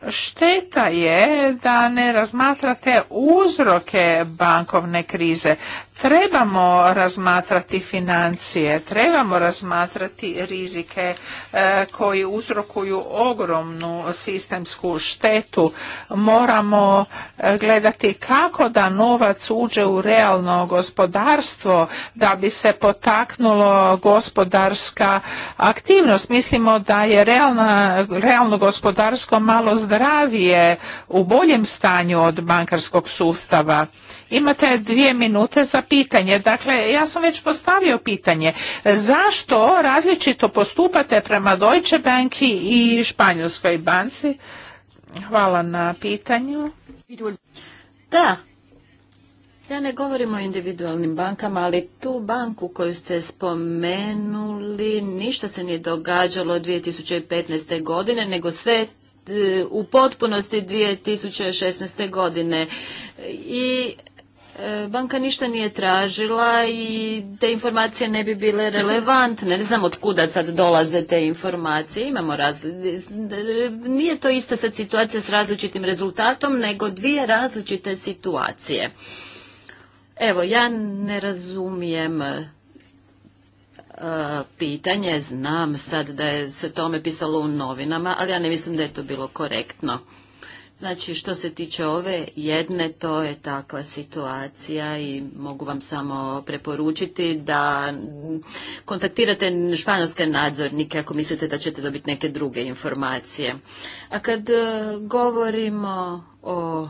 Šteta je da ne razmatrate uzroke bankovne krize trebamo razmatrati financije, trebamo razmatrati rizike e, koji uzrokuju ogromnu sistemsku štetu. Moramo e, gledati kako da novac uđe u realno gospodarstvo da bi se potaknulo gospodarska aktivnost. Mislimo da je realno gospodarsko malo zdravije u boljem stanju od bankarskog sustava Imate dvije minute za pitanje. Dakle, ja sam već postavio pitanje. Zašto različito postupate prema Deutsche Banki i Španjolskoj banci? Hvala na pitanju. Da, ja ne govorim o individualnim bankama, ali tu banku koju ste spomenuli, ništa se nije događalo 2015. godine, nego sve e, u potpunosti 2016. godine. I E, banka ništa nije tražila i te informacije ne bi bile relevantne. Ne znam od kuda sad dolaze te informacije. Imamo razli... Nije to ista sad situacija s različitim rezultatom, nego dvije različite situacije. Evo, ja ne razumijem e, pitanje, znam sad da je se tome pisalo u novinama, ali ja ne mislim da je to bilo korektno. Znači, što se tiče ove jedne, to je takva situacija i mogu vam samo preporučiti da kontaktirate španjolske nadzornike ako mislite da ćete dobiti neke druge informacije. A kad e, govorimo o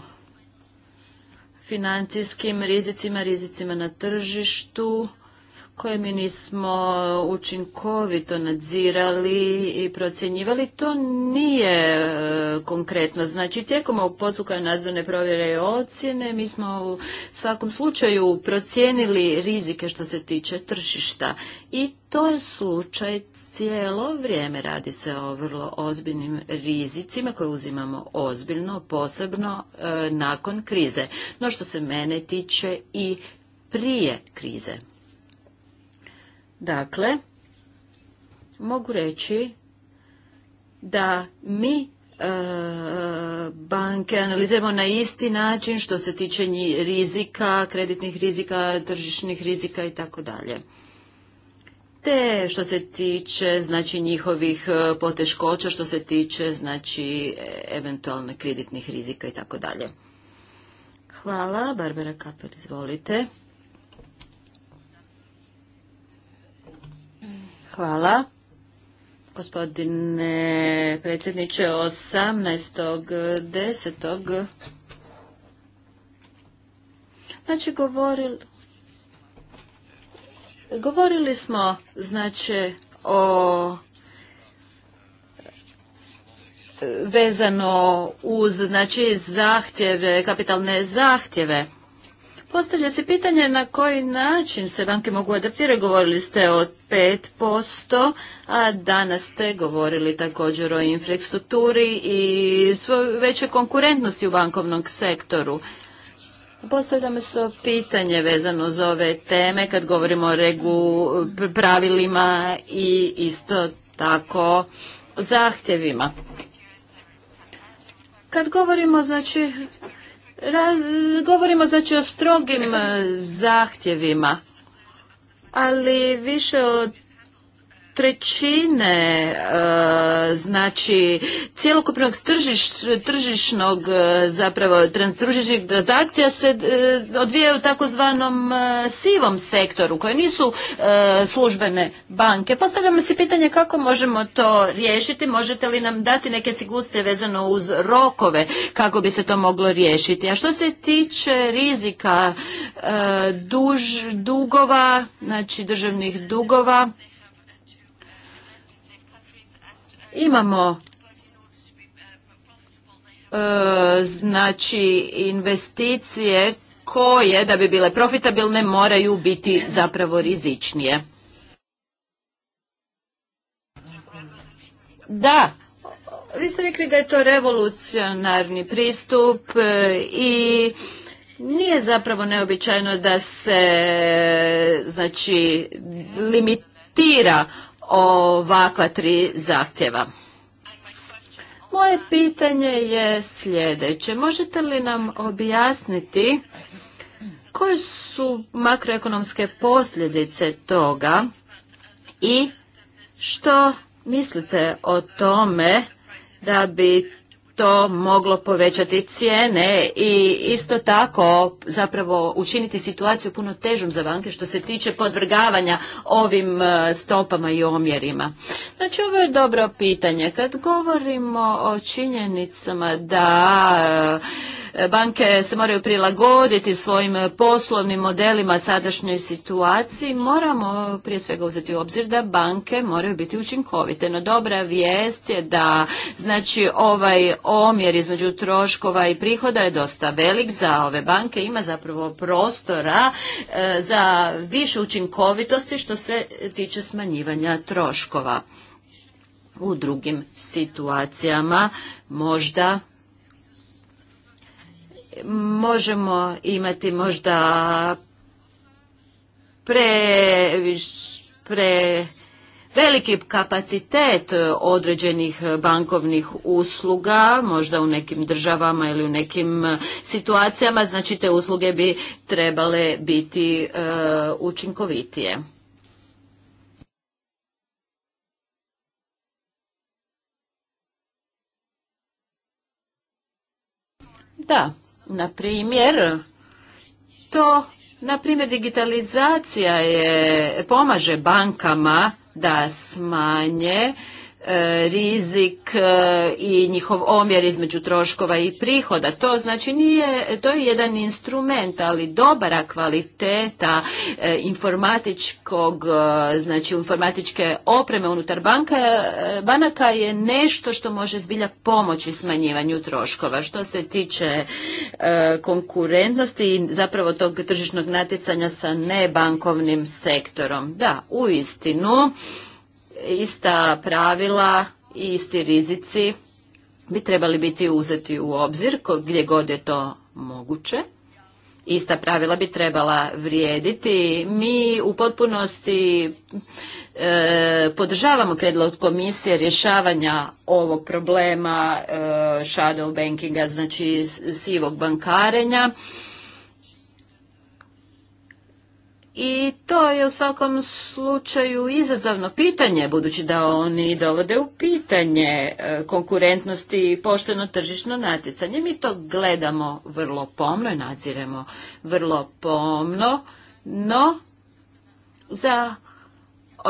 financijskim rizicima, rizicima na tržištu, koje mi nismo učinkovito nadzirali i procjenjivali, to nije e, konkretno. Znači, tijekom ovog postupka nadzorne provjere i ocjene mi smo u svakom slučaju procijenili rizike što se tiče tržišta. I to je slučaj cijelo vrijeme. Radi se o vrlo ozbiljnim rizicima koje uzimamo ozbiljno, posebno e, nakon krize. No što se mene tiče i prije krize. Dakle, mogu reći da mi e, banke analiziramo na isti način što se tiče rizika, kreditnih rizika, tržišnih rizika i tako dalje. Te što se tiče znači njihovih e, poteškoća, što se tiče znači eventualne kreditnih rizika i tako dalje. Hvala, Barbara Kapel, izvolite. Hvala. Gospodine predsjedniče, 18.10. Znači, govorili, govorili smo, znači, o vezano uz znači zahtjeve, kapitalne zahtjeve. Postavlja se pitanje na koji način se banke mogu adaptirati. Govorili ste o 5%, a danas ste govorili također o infrastrukturi i svoj većoj konkurentnosti u bankovnom sektoru. Postavljamo se pitanje vezano za ove teme kad govorimo o regu, pravilima i isto tako zahtjevima. Kad govorimo znači Raz, govorimo znači o strogim eh, zahtjevima, ali više od trećine e, znači cjelokupnog tržišnog e, zapravo transtržišnih transakcija se e, odvijaju u takozvanom sivom sektoru koje nisu službene banke. Postavljamo se pitanje kako možemo to riješiti, možete li nam dati neke siguste vezano uz rokove kako bi se to moglo riješiti. A što se tiče rizika dugova, znači državnih dugova, Imamo e, znači investicije koje da bi bile profitabilne moraju biti zapravo rizičnije. Da, vi ste rekli da je to revolucionarni pristup e, i nije zapravo neobičajno da se znači limitira ovakva tri zahtjeva. Moje pitanje je sljedeće. Možete li nam objasniti koje su makroekonomske posljedice toga i što mislite o tome da bi to moglo povećati cijene i isto tako zapravo učiniti situaciju puno težom za banke što se tiče podvrgavanja ovim e, stopama i omjerima. Znači ovo je dobro pitanje. Kad govorimo o činjenicama da banke se moraju prilagoditi svojim poslovnim modelima sadašnjoj situaciji, moramo prije svega uzeti u obzir da banke moraju biti učinkovite. No dobra vijest je da znači ovaj omjer između troškova i prihoda je dosta velik za ove banke, ima zapravo prostora e, za više učinkovitosti što se tiče smanjivanja troškova. U drugim situacijama možda možemo imati možda pre, pre veliki kapacitet određenih bankovnih usluga, možda u nekim državama ili u nekim e, situacijama, znači te usluge bi trebale biti e, učinkovitije. Da, na primjer, to, na primjer, digitalizacija je, pomaže bankama da smanje E, rizik e, i njihov omjer između troškova i prihoda. To znači nije, to je jedan instrument, ali dobara kvaliteta e, informatičkog, znači informatičke opreme unutar banka, banaka je nešto što može zbilja pomoći smanjivanju troškova. Što se tiče konkurentnosti i zapravo tog tržišnog natjecanja sa nebankovnim sektorom. Da, u istinu ista pravila i isti rizici bi trebali biti uzeti u obzir gdje god je to moguće. Ista pravila bi trebala vrijediti. Mi u potpunosti e, podržavamo predlog komisije rješavanja ovog problema e, shadow bankinga, znači sivog bankarenja. i to je u svakom slučaju izazovno pitanje, budući da oni dovode u pitanje e, konkurentnosti i pošteno tržišno natjecanje. Mi to gledamo vrlo pomno i nadziremo vrlo pomno, no za e,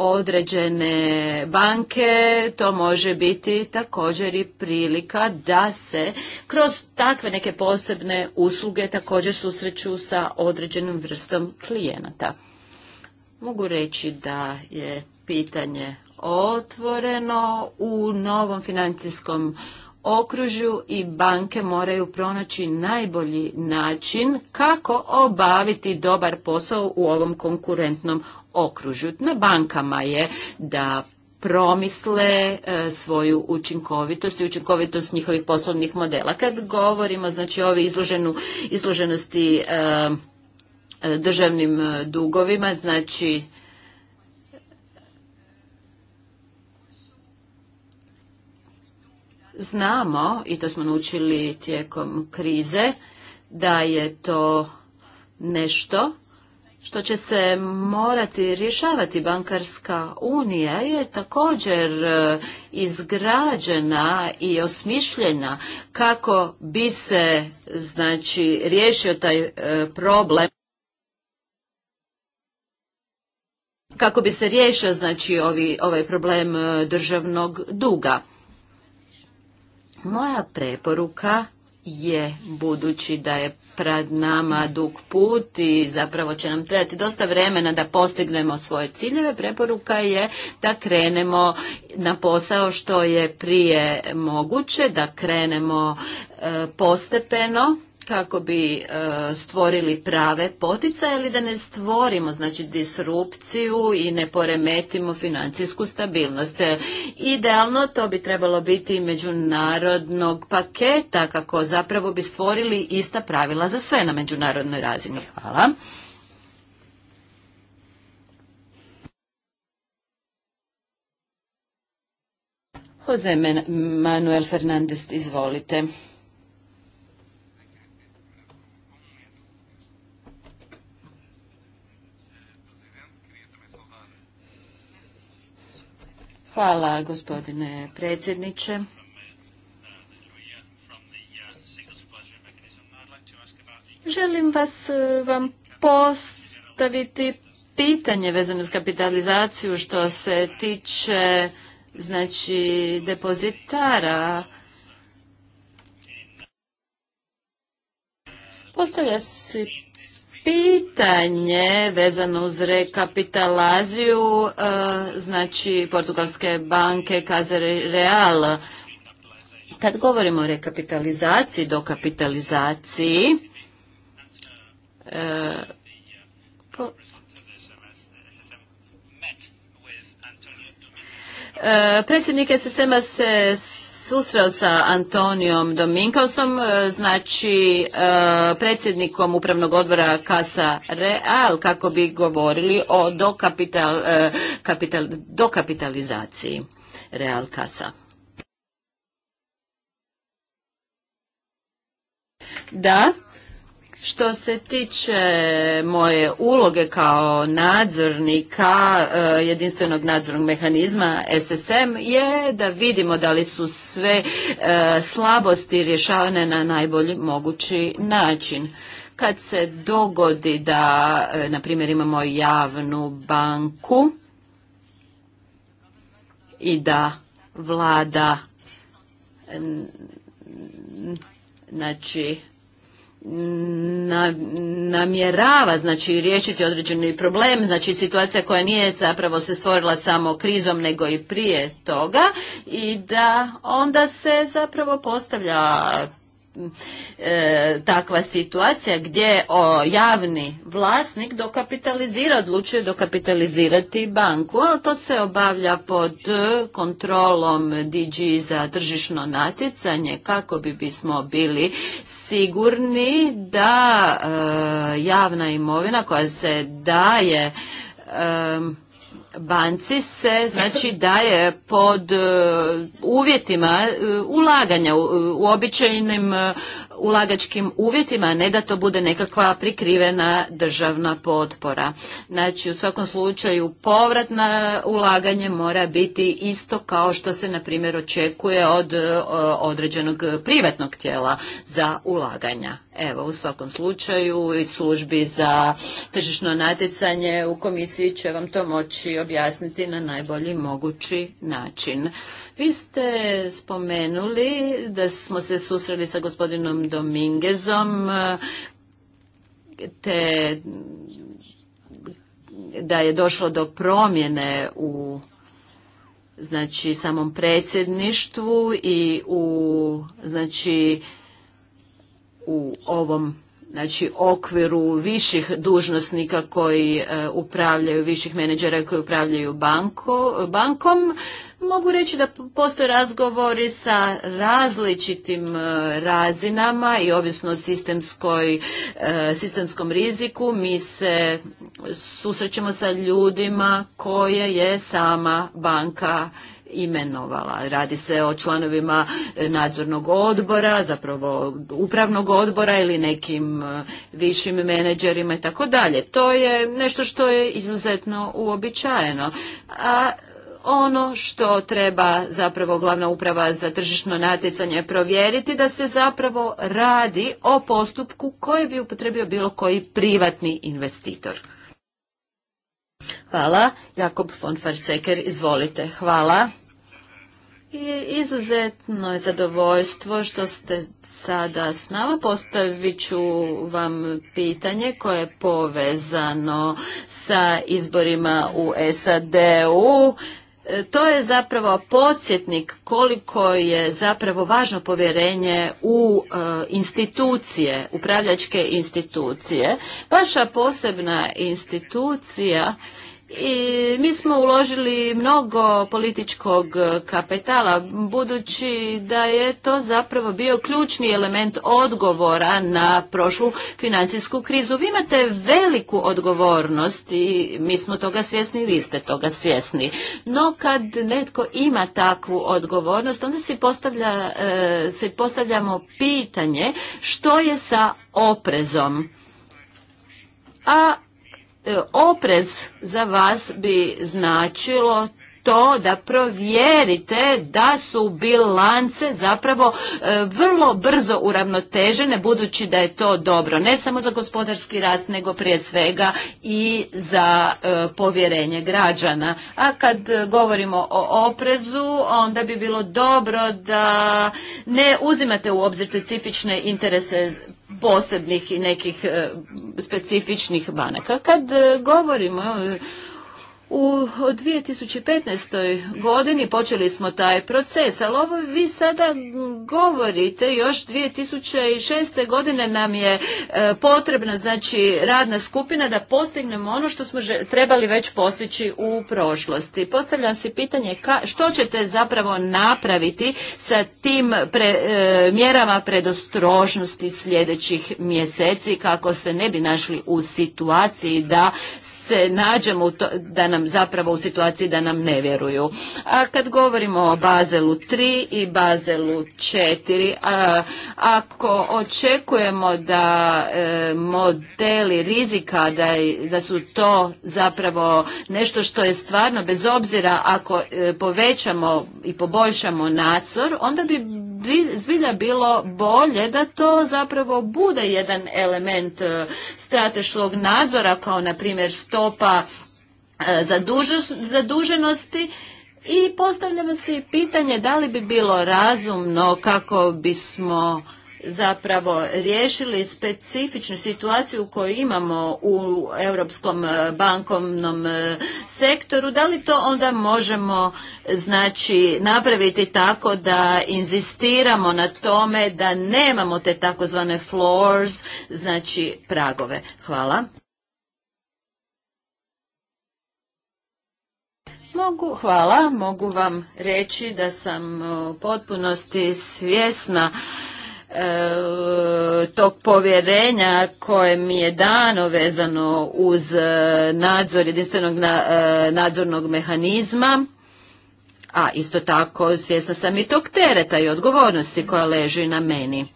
određene banke, to može biti također i prilika da se kroz takve neke posebne usluge također susreću sa određenom vrstom klijenata. Mogu reći da je pitanje otvoreno u novom financijskom okružju i banke moraju pronaći najbolji način kako obaviti dobar posao u ovom konkurentnom okružju. Na bankama je da promisle e, svoju učinkovitost i učinkovitost njihovih poslovnih modela. Kad govorimo znači o izloženosti e, e, državnim dugovima, znači Znamo, i to smo naučili tijekom krize, da je to nešto što će se morati rješavati bankarska unija je također e, izgrađena i osmišljena kako bi se znači riješio taj e, problem kako bi se riješio znači ovaj problem e, državnog duga moja preporuka je, budući da je pred nama dug put i zapravo će nam trebati dosta vremena da postignemo svoje ciljeve, preporuka je da krenemo na posao što je prije moguće, da krenemo e, postepeno kako bi e, stvorili prave poticaje ili da ne stvorimo znači disrupciju i ne poremetimo financijsku stabilnost. E, idealno to bi trebalo biti međunarodnog paketa kako zapravo bi stvorili ista pravila za sve na međunarodnoj razini. Hvala. Jose Manuel Fernandez, izvolite. Hvala gospodine predsjedniče. Želim vas e, vam postaviti pitanje vezano s kapitalizaciju što se tiče znači depozitara. Postavlja se pitanje vezano uz rekapitalaziju, e, znači Portugalske banke Kazare Real. Kad govorimo o rekapitalizaciji, dokapitalizaciji, e, e, predsjednik SSM-a se susreo sa Antonijom Dominkosom, e, znači e, predsjednikom upravnog odbora Casa Real, kako bi govorili o dokapital, e, kapital, dokapitalizaciji Real Casa. Da, što se tiče moje uloge kao nadzornika e, jedinstvenog nadzornog mehanizma SSM je da vidimo da li su sve e, slabosti rješavane na najbolji mogući način kad se dogodi da, e, na primjer, imamo javnu banku i da vlada znači namjerava znači riješiti određeni problem, znači situacija koja nije zapravo se stvorila samo krizom nego i prije toga i da onda se zapravo postavlja e, takva situacija gdje o, javni vlasnik dokapitalizira, odlučuje dokapitalizirati banku, ali to se obavlja pod e, kontrolom DG za tržišno natjecanje kako bi bismo bili sigurni da e, javna imovina koja se daje e, banci se znači daje pod e, uvjetima e, ulaganja u običajnim e, ulagačkim uvjetima, ne da to bude nekakva prikrivena državna potpora. Znači u svakom slučaju povrat na ulaganje mora biti isto kao što se na primjer očekuje od e, određenog privatnog tijela za ulaganja. Evo, u svakom slučaju i službi za tržišno natjecanje u komisiji će vam to moći objasniti na najbolji mogući način. Vi ste spomenuli da smo se susreli sa gospodinom Domingezom eh, te da je došlo do promjene u znači samom predsjedništvu i u znači u ovom znači okviru viših dužnosnika koji eh, upravljaju, viših menadžera koji upravljaju banko, bankom, Mogu reći da postoje razgovori sa različitim e, razinama i ovisno o sistemskoj, e, sistemskom riziku. Mi se susrećemo sa ljudima koje je sama banka imenovala. Radi se o članovima e, nadzornog odbora, zapravo upravnog odbora ili nekim višim menedžerima i tako dalje. To je nešto što je izuzetno uobičajeno. A ono što treba zapravo glavna uprava za tržišno natjecanje provjeriti da se zapravo radi o postupku koji bi upotrebio bilo koji privatni investitor. Hvala. Jakob von Farseker, izvolite. Hvala. I izuzetno je zadovoljstvo što ste sada s nama. Postavit ću vam pitanje koje je povezano sa izborima u SAD-u. E, to je zapravo podsjetnik koliko je zapravo važno povjerenje u e, institucije, upravljačke institucije. Vaša posebna institucija i mi smo uložili mnogo političkog kapitala, budući da je to zapravo bio ključni element odgovora na prošlu financijsku krizu. Vi imate veliku odgovornost i mi smo toga svjesni, vi ste toga svjesni. No kad netko ima takvu odgovornost, onda se postavlja, se postavljamo pitanje što je sa oprezom. A E, oprez za vas bi značilo to da provjerite da su bilance zapravo e, vrlo brzo uravnotežene budući da je to dobro ne samo za gospodarski rast nego prije svega i za e, povjerenje građana. A kad govorimo o oprezu onda bi bilo dobro da ne uzimate u obzir specifične interese posebnih i nekih e, specifičnih banaka. Kad e, govorimo e, u 2015. godini počeli smo taj proces, ali ovo vi sada govorite, još 2006. godine nam je e, potrebna znači radna skupina da postignemo ono što smo trebali već postići u prošlosti. Postavljam se pitanje ka, što ćete zapravo napraviti sa tim e, mjerama predostrožnosti sljedećih mjeseci kako se ne bi našli u situaciji da se nađemo da nam zapravo u situaciji da nam ne vjeruju. A kad govorimo o Bazelu 3 i Bazelu 4, ako očekujemo da e, modeli rizika da, su to zapravo nešto što je stvarno bez obzira ako e, povećamo i poboljšamo nadzor, onda bi zbilja bilo bolje da to zapravo bude jedan element e, strateškog nadzora kao na primjer stopa e, zaduženosti i postavljamo se pitanje da li bi bilo razumno kako bismo zapravo riješili specifičnu situaciju koju imamo u europskom e, bankovnom e, sektoru, da li to onda možemo znači napraviti tako da inzistiramo na tome da nemamo te takozvane floors, znači pragove. Hvala. Mogu, hvala, mogu vam reći da sam e, u potpunosti svjesna E, tog povjerenja koje mi je dano vezano uz e, nadzor jedinstvenog e, nadzornog mehanizma, a isto tako svjesna sam i tog tereta i odgovornosti koja leži na meni.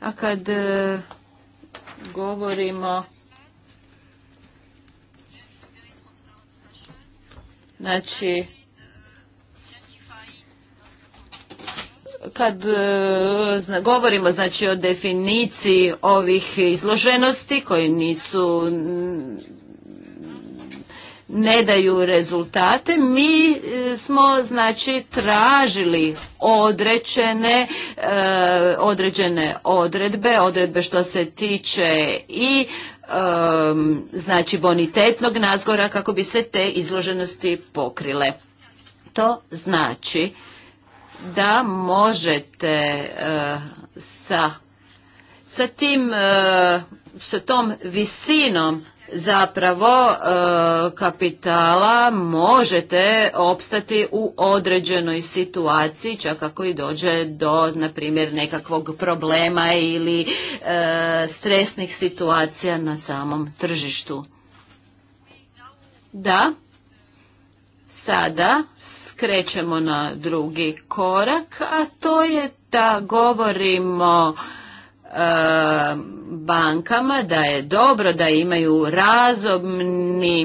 A kad govorimo... Znači, kad e, govorimo znači o definiciji ovih izloženosti koji nisu ne daju rezultate mi e, smo znači tražili određene e, određene odredbe odredbe što se tiče i znači bonitetnog nazgora kako bi se te izloženosti pokrile to znači da možete e, sa, sa tim e, sa tom visinom zapravo e, kapitala možete opstati u određenoj situaciji čak ako i dođe do na primjer nekakvog problema ili stresnih situacija na samom tržištu da sada krećemo na drugi korak, a to je da govorimo e, bankama da je dobro da imaju razumni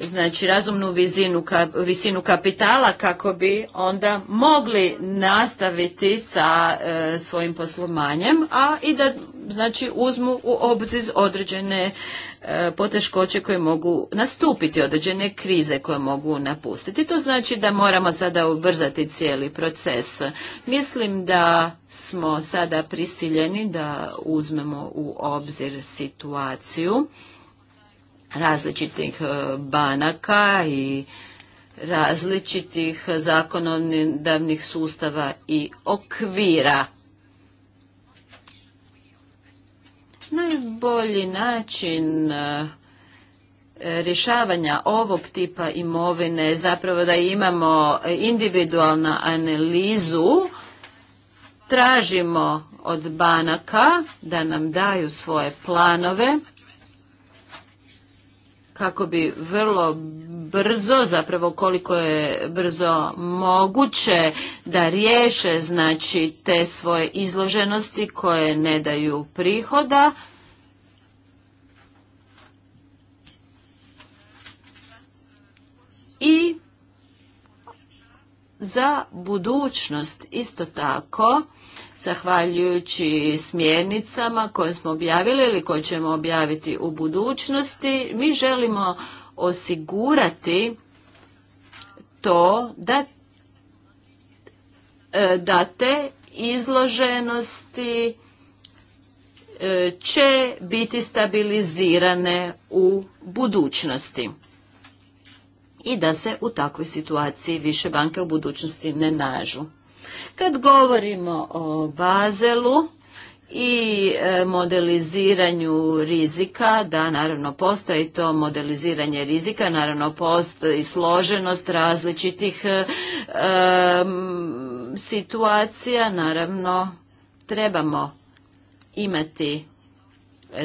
znači razumnu ka, visinu kapitala kako bi onda mogli nastaviti sa e, svojim poslumanjem, a i da znači uzmu u obzir određene e, poteškoće koje mogu nastupiti, određene krize koje mogu napustiti. To znači da moramo sada ubrzati cijeli proces. Mislim da smo sada prisiljeni da uzmemo u obzir situaciju različitih e, banaka i različitih zakonodavnih sustava i okvira. Najbolji način e, rješavanja ovog tipa imovine je zapravo da imamo individualnu analizu, tražimo od banaka da nam daju svoje planove, kako bi vrlo brzo, zapravo koliko je brzo moguće da riješe znači te svoje izloženosti koje ne daju prihoda. I za budućnost isto tako zahvaljujući smjernicama koje smo objavili ili koje ćemo objaviti u budućnosti, mi želimo osigurati to da e, da te izloženosti e, će biti stabilizirane u budućnosti i da se u takvoj situaciji više banke u budućnosti ne nažu. Kad govorimo o Bazelu, i e, modeliziranju rizika, da naravno postoji to modeliziranje rizika, naravno postoji složenost različitih e, situacija, naravno trebamo imati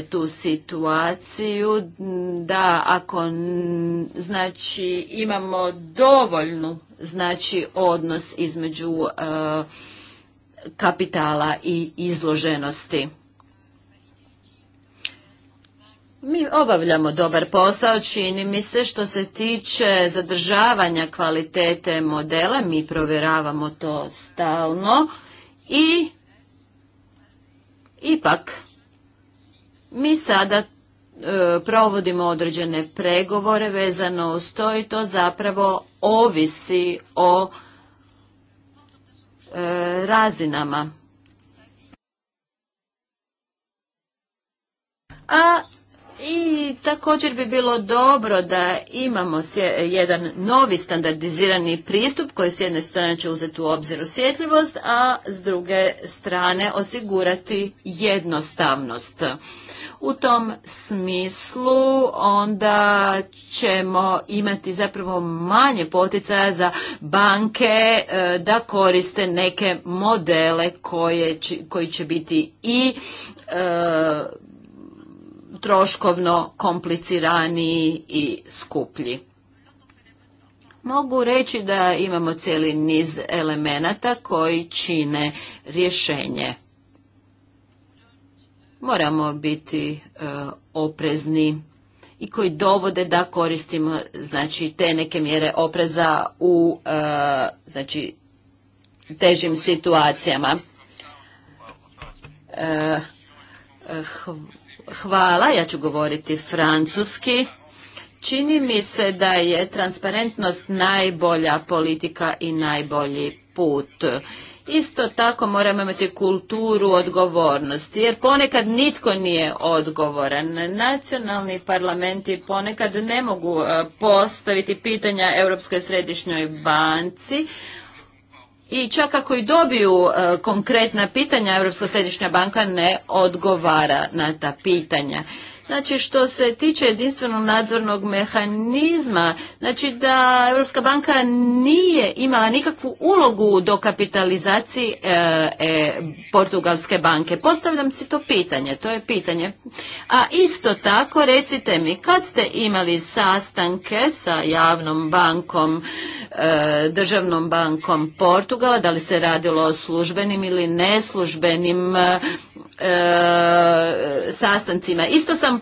tu situaciju da ako znači imamo dovoljnu znači odnos između e, kapitala i izloženosti mi obavljamo dobar posao, čini mi se što se tiče zadržavanja kvalitete modela, mi provjeravamo to stalno i ipak mi sada e, provodimo određene pregovore vezano uz to i to zapravo ovisi o e, razinama. A i također bi bilo dobro da imamo jedan novi standardizirani pristup koji s jedne strane će uzeti u obzir osjetljivost, a s druge strane osigurati jednostavnost. U tom smislu onda ćemo imati zapravo manje poticaja za banke e, da koriste neke modele koji će biti i e, troškovno kompliciraniji i skuplji. Mogu reći da imamo cijeli niz elemenata koji čine rješenje moramo biti e, oprezni i koji dovode da koristimo znači te neke mjere opreza u e, znači težim situacijama. E, hvala, ja ću govoriti francuski. Čini mi se da je transparentnost najbolja politika i najbolji put Isto tako moramo imati kulturu odgovornosti, jer ponekad nitko nije odgovoran. Nacionalni parlamenti ponekad ne mogu e, postaviti pitanja Europskoj središnjoj banci, i čak ako i dobiju e, konkretna pitanja, Europska središnja banka ne odgovara na ta pitanja. Znači što se tiče jedinstvenog nadzornog mehanizma, znači da Europska banka nije imala nikakvu ulogu do dokapitalizaciji e, e, portugalske banke. Postavljam si to pitanje, to je pitanje. A isto tako recite mi kad ste imali sastanke sa javnom bankom, e, državnom bankom Portugala, da li se radilo o službenim ili neslužbenim sastancima. Isto sam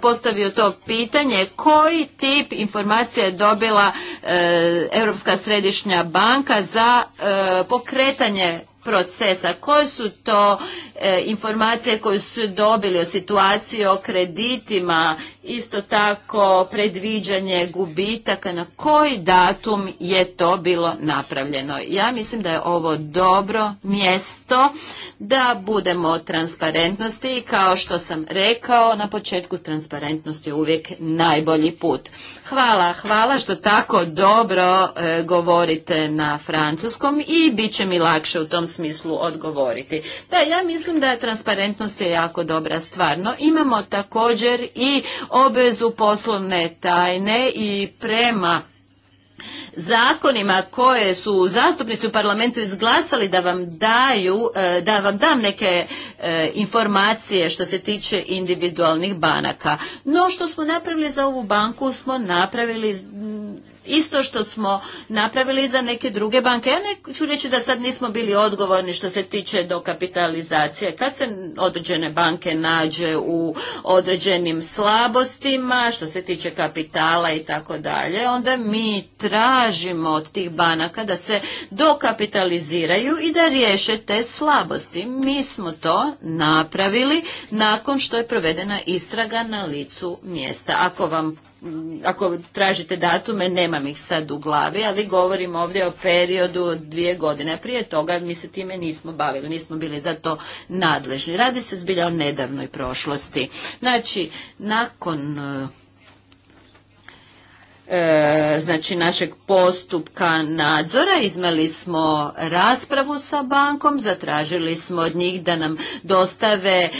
postavio to pitanje koji tip informacije je dobila e, Europska središnja banka za e, pokretanje procesa. Koje su to e, informacije koje su dobili o situaciji, o kreditima, isto tako predviđanje gubitaka, na koji datum je to bilo napravljeno. Ja mislim da je ovo dobro mjesto da budemo transparentnosti i kao što sam rekao na početku transparentnost je uvijek najbolji put. Hvala, hvala što tako dobro e, govorite na francuskom i bit će mi lakše u tom smislu odgovoriti. Da, ja mislim da je transparentnost je jako dobra stvar, no imamo također i obvezu poslovne tajne i prema zakonima koje su zastupnici u parlamentu izglasali da vam daju, e, da vam dam neke e, informacije što se tiče individualnih banaka. No što smo napravili za ovu banku smo napravili isto što smo napravili za neke druge banke. Ja neću reći da sad nismo bili odgovorni što se tiče dokapitalizacije. Kad se određene banke nađe u određenim slabostima, što se tiče kapitala i tako dalje, onda mi tražimo od tih banaka da se dokapitaliziraju i da riješe te slabosti. Mi smo to napravili nakon što je provedena istraga na licu mjesta. Ako vam Mm, ako tražite datume, nemam ih sad u glavi, ali govorim ovdje o periodu od dvije godine. Prije toga mi se time nismo bavili, nismo bili za to nadležni. Radi se zbilja o nedavnoj prošlosti. Znači, nakon E, znači našeg postupka nadzora. izmeli smo raspravu sa bankom, zatražili smo od njih da nam dostave e,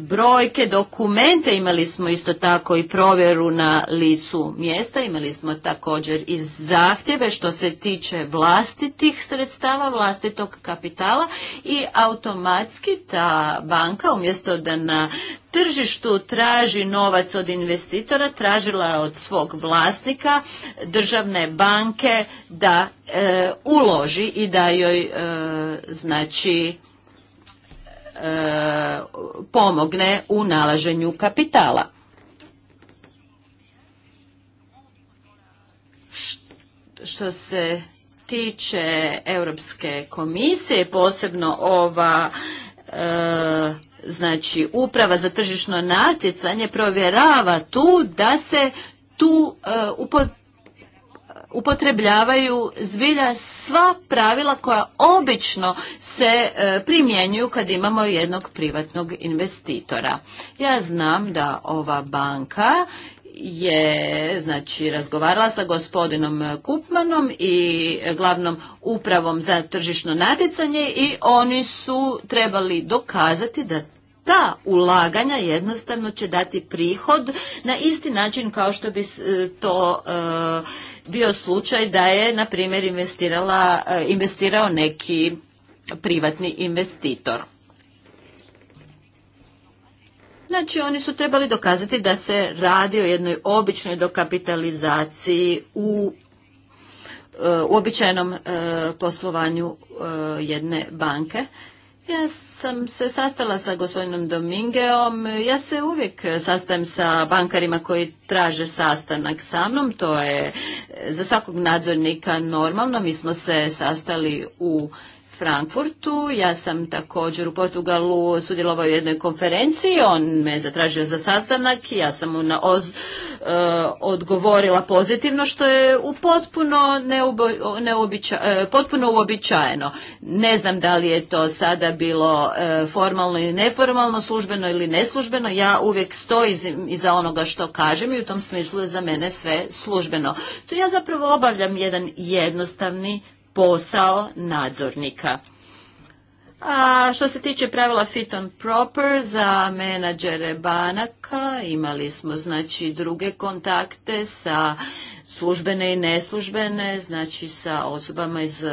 brojke, dokumente, imali smo isto tako i provjeru na licu mjesta, imali smo također i zahtjeve što se tiče vlastitih sredstava, vlastitog kapitala i automatski ta banka umjesto da na tržištu traži novac od investitora, tražila je od svog vlasnika, državne banke da e, uloži i da joj e, znači e, pomogne u nalaženju kapitala. Što se tiče Europske komisije, posebno ova E, znači uprava za tržišno natjecanje provjerava tu da se tu e, upotrebljavaju zbilja sva pravila koja obično se e, primjenjuju kad imamo jednog privatnog investitora. Ja znam da ova banka je znači razgovarala sa gospodinom Kupmanom i glavnom upravom za tržišno natjecanje i oni su trebali dokazati da ta ulaganja jednostavno će dati prihod na isti način kao što bi e, to e, bio slučaj da je na primjer investirala e, investirao neki privatni investitor Znači oni su trebali dokazati da se radi o jednoj običnoj dokapitalizaciji u e, uobičajenom e, poslovanju e, jedne banke. Ja sam se sastala sa gospodinom Domingeom. Ja se uvijek sastajem sa bankarima koji traže sastanak sa mnom. To je za svakog nadzornika normalno. Mi smo se sastali u Frankfurtu, ja sam također u Portugalu sudjelovao u jednoj konferenciji, on me zatražio za sastanak, ja sam mu na oz, e, odgovorila pozitivno, što je u potpuno, neubo, e, potpuno uobičajeno. Ne znam da li je to sada bilo e, formalno ili neformalno, službeno ili neslužbeno, ja uvijek stojim iza onoga što kažem i u tom smislu je za mene sve službeno. Tu ja zapravo obavljam jedan jednostavni posao nadzornika. A što se tiče pravila fit on proper za menadžere banaka, imali smo znači druge kontakte sa službene i neslužbene, znači sa osobama iz e,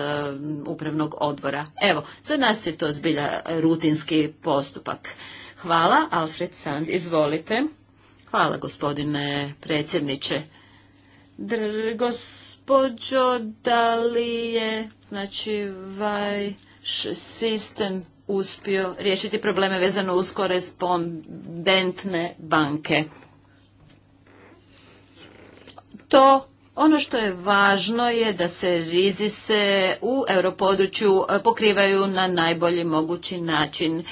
upravnog odbora. Evo, za nas je to zbilja rutinski postupak. Hvala, Alfred Sand, izvolite. Hvala gospodine predsjedniče gospođo, da li je znači vaš sistem uspio riješiti probleme vezano uz korespondentne banke? To ono što je važno je da se rizi se u europodručju eh, pokrivaju na najbolji mogući način.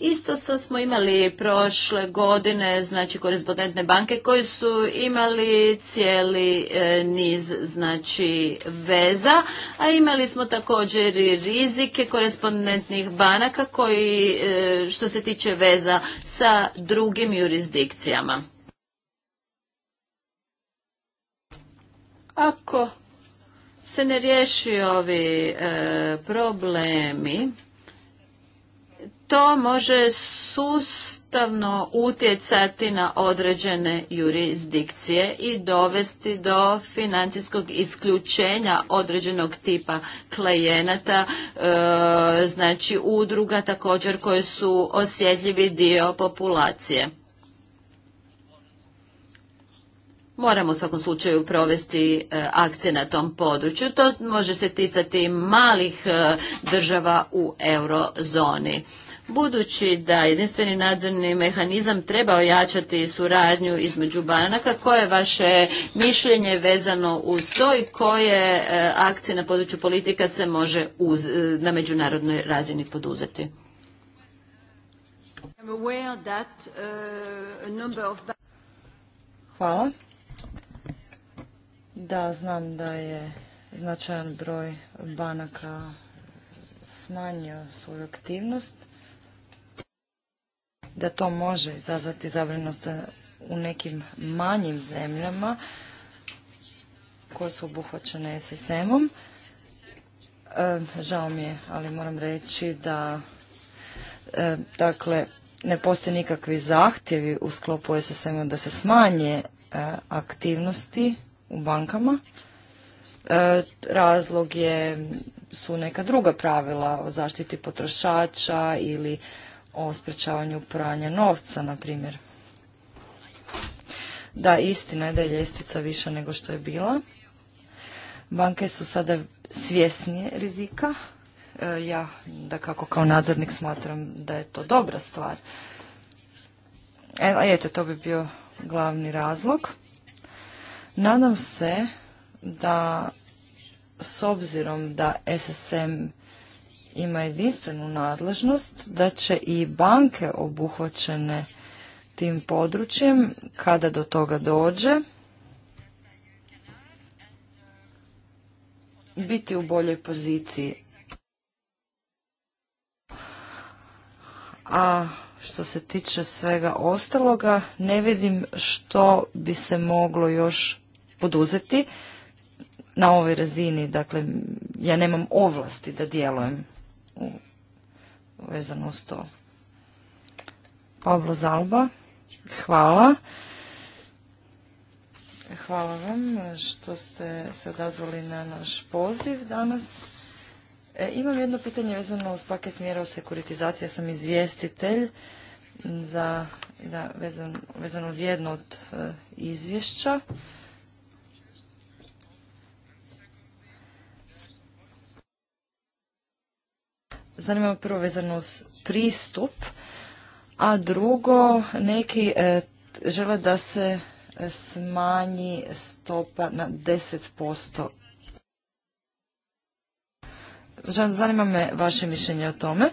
Isto smo imali prošle godine, znači korespondentne banke koji su imali cijeli e, niz znači veza, a imali smo također i rizike korespondentnih banaka koji e, što se tiče veza sa drugim jurisdikcijama. Ako se ne riješi ovi e, problemi, to može sustavno utjecati na određene jurisdikcije i dovesti do financijskog isključenja određenog tipa klijenata, e, znači udruga također koje su osjetljivi dio populacije. Moramo u svakom slučaju provesti e, akcije na tom području. To može se ticati malih e, država u eurozoni. Budući da jedinstveni nadzorni mehanizam treba ojačati suradnju između banaka, koje je vaše mišljenje vezano uz to i koje e, akcije na području politika se može e, na međunarodnoj razini poduzeti? Uh, Hvala. Da, znam da je značajan broj banaka smanjio svoju aktivnost da to može izazvati zabrinost u nekim manjim zemljama koje su obuhvaćene SSM-om. E, žao mi je, ali moram reći da e, dakle, ne postoje nikakvi zahtjevi u sklopu SSM-a da se smanje e, aktivnosti u bankama. Razlog je, su neka druga pravila o zaštiti potrošača ili o sprečavanju pranja novca, na primjer. Da, istina je da je ljestvica više nego što je bila. Banke su sada svjesnije rizika. E, ja, da kako kao nadzornik smatram da je to dobra stvar. Evo, eto, to bi bio glavni razlog. Nadam se da s obzirom da SSM ima jedinstvenu nadležnost, da će i banke obuhvaćene tim područjem, kada do toga dođe, biti u boljoj poziciji. A što se tiče svega ostaloga, ne vidim što bi se moglo još poduzeti na ovoj razini. Dakle, ja nemam ovlasti da djelujem vezano uz to. Pablo Zalba, hvala. Hvala vam što ste se odazvali na naš poziv danas. E, imam jedno pitanje vezano uz paket mjera u sekuritizaciji. Ja sam izvjestitelj za, da, vezano, vezano uz jedno od e, izvješća. zanima me prvo vezano uz pristup, a drugo neki e, žele da se e, smanji stopa na 10%. Zanima me vaše mišljenje o tome.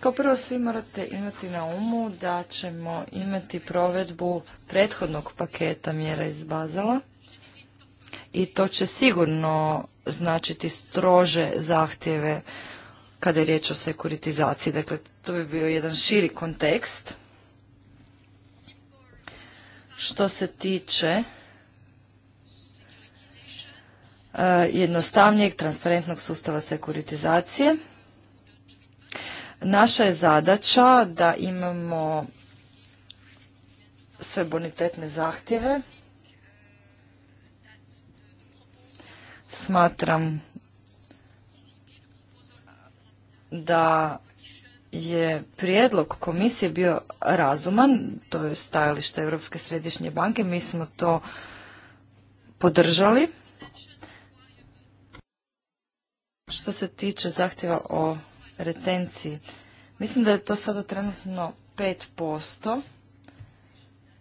Kao prvo svi morate imati na umu da ćemo imati provedbu prethodnog paketa mjera iz Bazala i to će sigurno značiti strože zahtjeve kada je riječ o sekuritizaciji. Dakle, to bi bio jedan širi kontekst. Što se tiče e, jednostavnijeg, transparentnog sustava sekuritizacije, naša je zadaća da imamo sve bonitetne zahtjeve. Smatram da je prijedlog komisije bio razuman, to je stajalište Europske središnje banke, mi smo to podržali. Što se tiče zahtjeva o retenciji, mislim da je to sada trenutno 5%.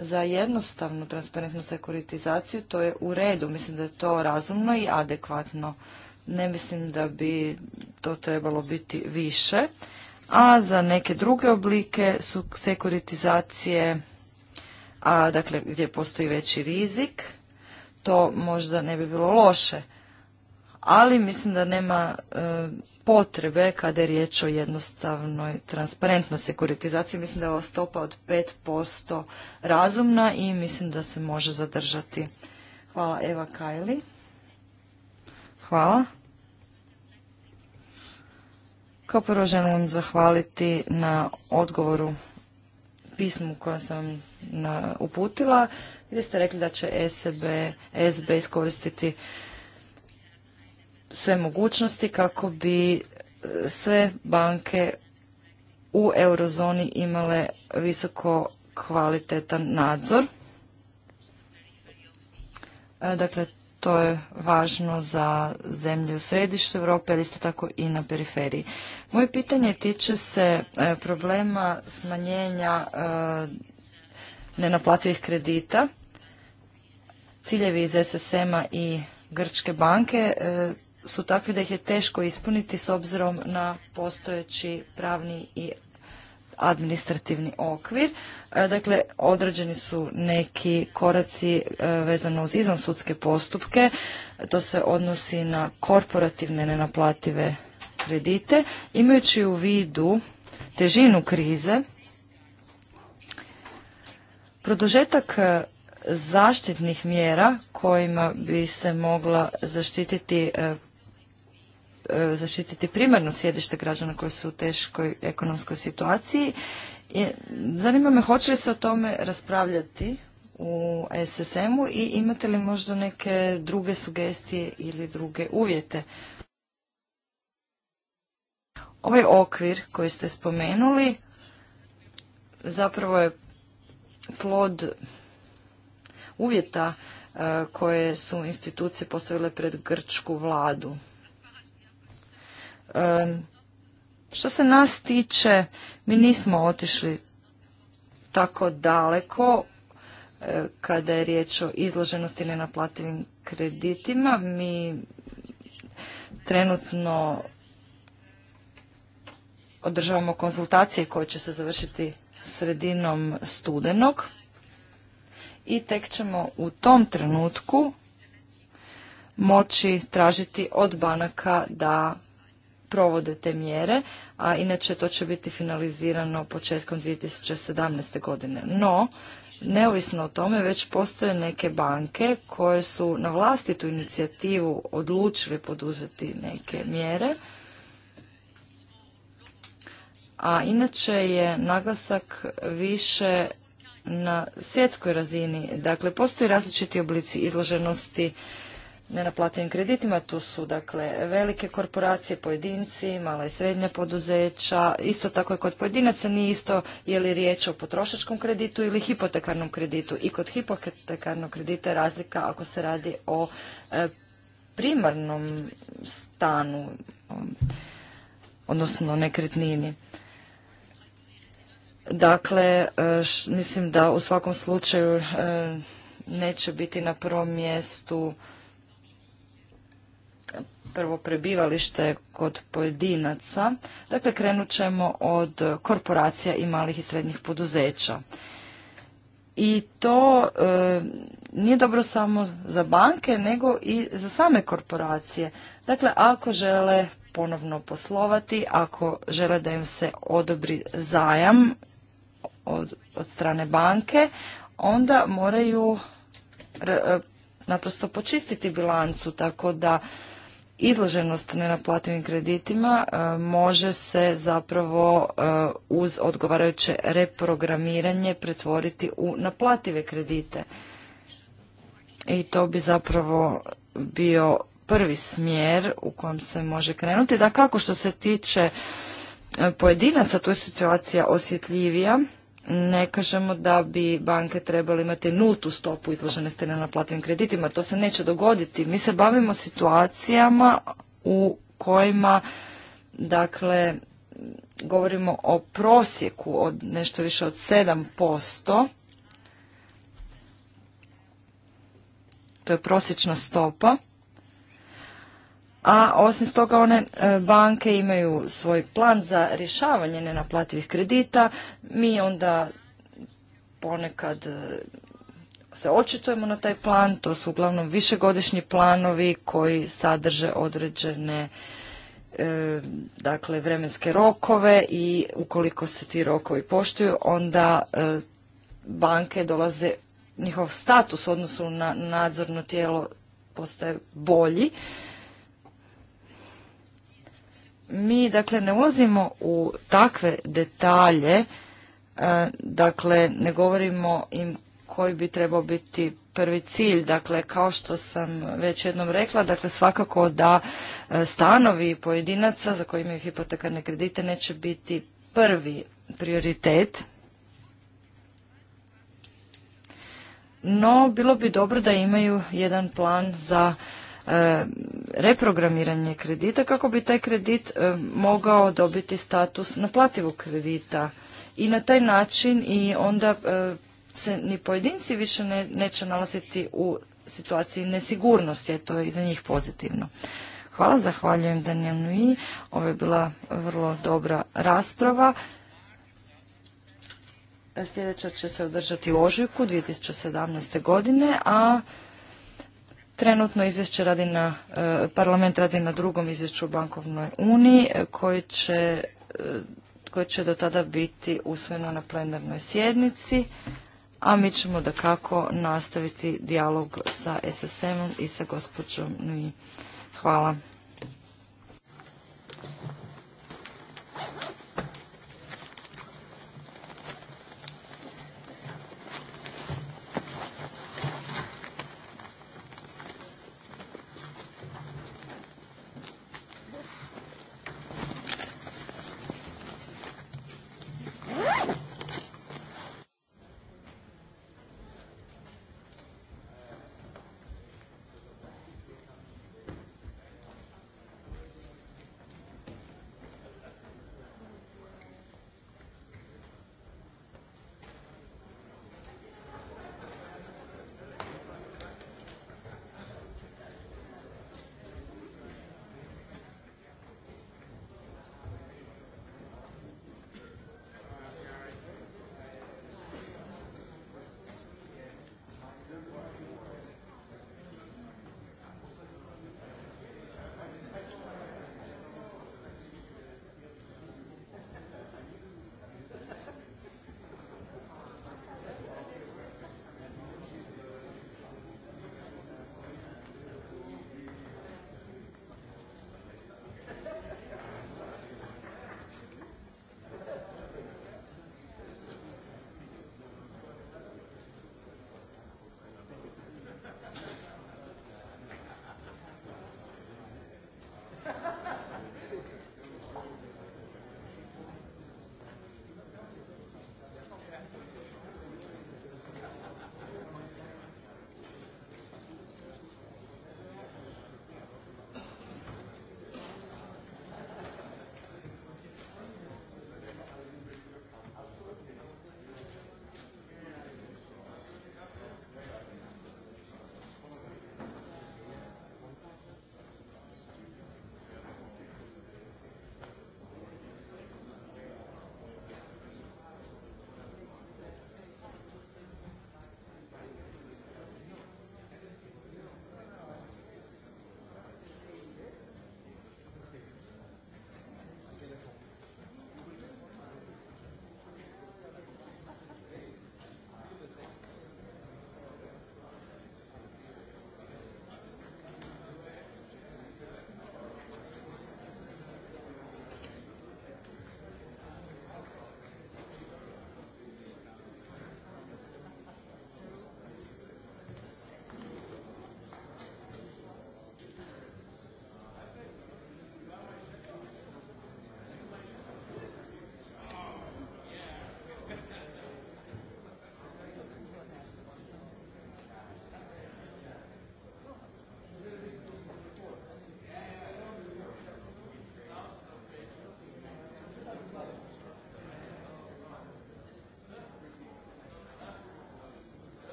Za jednostavnu transparentnu sekuritizaciju to je u redu. Mislim da je to razumno i adekvatno ne mislim da bi to trebalo biti više, a za neke druge oblike su sekuritizacije, a dakle gdje postoji veći rizik, to možda ne bi bilo loše. Ali mislim da nema e, potrebe kada je riječ o jednostavnoj transparentnoj sekuritizaciji. Mislim da je ova stopa od 5% razumna i mislim da se može zadržati. Hvala Eva Kajli. Hvala. Kao prvo želim zahvaliti na odgovoru pismu koja sam na, uputila gdje ste rekli da će SB, SB iskoristiti sve mogućnosti kako bi e, sve banke u eurozoni imale visoko kvalitetan nadzor. E, dakle, to je važno za zemlje u središtu Europe, ali isto tako i na periferiji. Moje pitanje tiče se e, problema smanjenja e, nenaplativih kredita. Ciljevi iz SSM-a i Grčke banke e, su takvi da ih je teško ispuniti s obzirom na postojeći pravni i administrativni okvir. E, dakle, određeni su neki koraci e, vezano uz izvansudske postupke. To se odnosi na korporativne nenaplative kredite. Imajući u vidu težinu krize, produžetak e, zaštitnih mjera kojima bi se mogla zaštititi E, zaštititi primarno sjedište građana koji su u teškoj ekonomskoj situaciji. Zanima me, hoće li se o tome raspravljati u SSM-u i imate li možda neke druge sugestije ili druge uvjete? Ovaj okvir koji ste spomenuli zapravo je plod uvjeta e, koje su institucije postavile pred grčku vladu. Što se nas tiče, mi nismo otišli tako daleko e, kada je riječ o izloženosti nenaplativim kreditima. Mi trenutno održavamo konzultacije koje će se završiti sredinom studenog i tek ćemo u tom trenutku moći tražiti od banaka da provode te mjere, a inače to će biti finalizirano početkom 2017. godine. No, neovisno o tome, već postoje neke banke koje su na vlastitu inicijativu odlučili poduzeti neke mjere, a inače je naglasak više na svjetskoj razini. Dakle, postoji različiti oblici izloženosti nenaplativim kreditima. Tu su dakle velike korporacije, pojedinci, mala i srednja poduzeća. Isto tako i kod pojedinaca nije isto je li riječ o potrošačkom kreditu ili hipotekarnom kreditu. I kod hipotekarnog kredita je razlika ako se radi o e, primarnom stanu, odnosno nekretnini. Dakle, e, mislim da u svakom slučaju e, neće biti na prvom mjestu prvo prebivalište kod pojedinaca. Dakle, krenut ćemo od korporacija i malih i srednjih poduzeća. I to e, nije dobro samo za banke, nego i za same korporacije. Dakle, ako žele ponovno poslovati, ako žele da im se odobri zajam od, od strane banke, onda moraju e, naprosto počistiti bilancu, tako da izloženost nenaplativim kreditima e, može se zapravo e, uz odgovarajuće reprogramiranje pretvoriti u naplative kredite. I to bi zapravo bio prvi smjer u kojem se može krenuti. Da kako što se tiče e, pojedinaca, tu je situacija osjetljivija ne kažemo da bi banke trebale imati nutu stopu izloženosti na naplativim kreditima. To se neće dogoditi. Mi se bavimo situacijama u kojima dakle govorimo o prosjeku od nešto više od 7%. To je prosječna stopa a osim stoga one e, banke imaju svoj plan za rješavanje nenaplativih kredita. Mi onda ponekad e, se očitujemo na taj plan, to su uglavnom višegodišnji planovi koji sadrže određene e, dakle vremenske rokove i ukoliko se ti rokovi poštuju onda banke dolaze njihov status u odnosu na nadzorno tijelo postaje bolji mi dakle ne ulazimo u takve detalje, e, dakle ne govorimo im koji bi trebao biti prvi cilj, dakle kao što sam već jednom rekla, dakle svakako da e, stanovi pojedinaca za koji imaju hipotekarne kredite neće biti prvi prioritet. No, bilo bi dobro da imaju jedan plan za E, reprogramiranje kredita kako bi taj kredit e, mogao dobiti status naplativog kredita i na taj način i onda e, se ni pojedinci više neće nalaziti u situaciji nesigurnosti, je to i za njih pozitivno. Hvala, zahvaljujem Danijanu i ovo je bila vrlo dobra rasprava. Sljedeća će se održati u ožujku 2017. godine, a Trenutno izvješće radi na, e, parlament radi na drugom izvješću o bankovnoj uniji e, koji će, e, koji će do tada biti usvojeno na plenarnoj sjednici, a mi ćemo da kako nastaviti dijalog sa SSM-om i sa gospođom Nui. Hvala.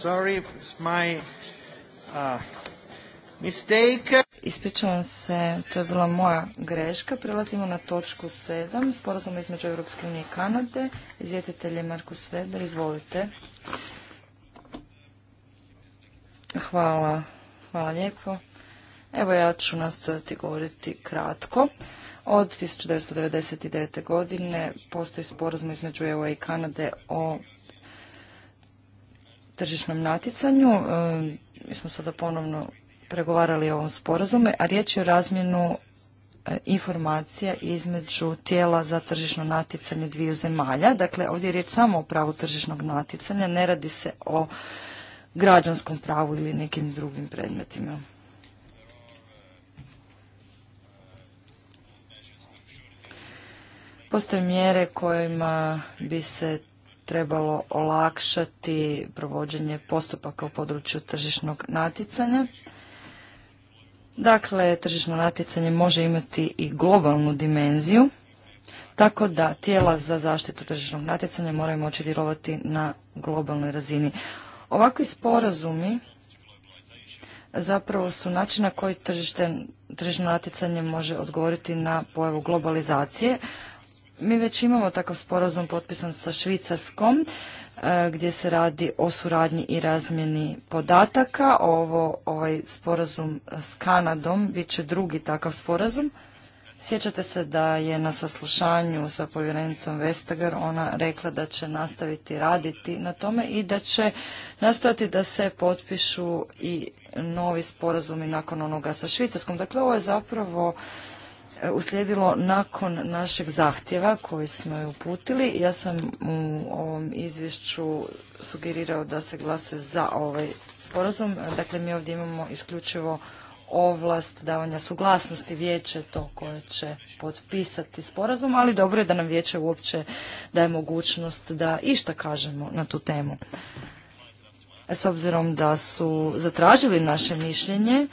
sorry, it's my uh, mistake. Ispričavam se, to je bila moja greška. Prelazimo na točku 7, sporazum između Europske unije i Kanade. Izvjetitelj je Markus Weber, izvolite. Hvala, hvala lijepo. Evo ja ću nastojati govoriti kratko. Od 1999. godine postoji sporazum između EU i Kanade o tržišnom natjecanju. E, mi smo sada ponovno pregovarali o ovom sporazume, a riječ je o razmjenu e, informacija između tijela za tržišno natjecanje dviju zemalja. Dakle, ovdje je riječ samo o pravu tržišnog natjecanja, ne radi se o građanskom pravu ili nekim drugim predmetima. Postoje mjere kojima bi se trebalo olakšati provođenje postupaka u području tržišnog natjecanja. Dakle, tržišno natjecanje može imati i globalnu dimenziju, tako da tijela za zaštitu tržišnog natjecanja moraju moći djelovati na globalnoj razini. Ovakvi sporazumi zapravo su način na koji tržište, tržišno natjecanje može odgovoriti na pojavu globalizacije, mi već imamo takav sporazum potpisan sa Švicarskom e, gdje se radi o suradnji i razmjeni podataka. Ovo, ovaj sporazum s Kanadom bit će drugi takav sporazum. Sjećate se da je na saslušanju sa povjerenicom Vestager ona rekla da će nastaviti raditi na tome i da će nastojati da se potpišu i novi sporazumi nakon onoga sa Švicarskom. Dakle, ovo je zapravo uslijedilo nakon našeg zahtjeva koji smo je uputili. Ja sam u ovom izvješću sugerirao da se glasuje za ovaj sporazum. Dakle, mi ovdje imamo isključivo ovlast davanja suglasnosti vijeće to koje će potpisati sporazum, ali dobro je da nam vijeće uopće daje mogućnost da išta kažemo na tu temu. S obzirom da su zatražili naše mišljenje,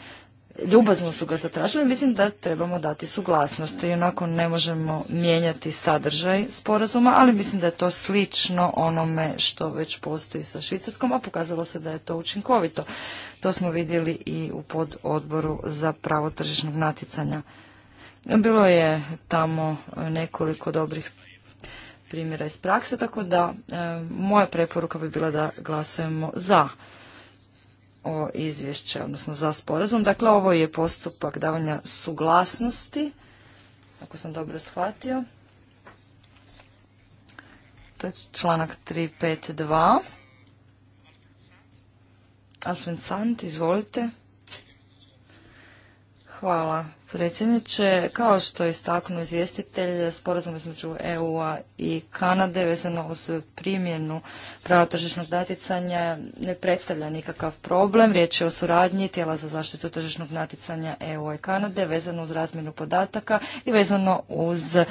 ljubazno su ga zatražili, mislim da trebamo dati suglasnost. I onako ne možemo mijenjati sadržaj sporazuma, ali mislim da je to slično onome što već postoji sa Švicarskom, a pokazalo se da je to učinkovito. To smo vidjeli i u pododboru za pravo tržišnog natjecanja. Bilo je tamo nekoliko dobrih primjera iz prakse, tako da e, moja preporuka bi bila da glasujemo za o izvješće, odnosno za sporazum. Dakle, ovo je postupak davanja suglasnosti, ako sam dobro shvatio. To je članak 352. Alfred Sant, izvolite. Hvala predsjedniče. Kao što je istaknuo izvjestitelj, sporazum između EU-a i Kanade vezano uz primjenu prava tržišnog natjecanja ne predstavlja nikakav problem. Riječ je o suradnji tijela za zaštitu tržišnog natjecanja EU-a i Kanade vezano uz razmjenu podataka i vezano uz e,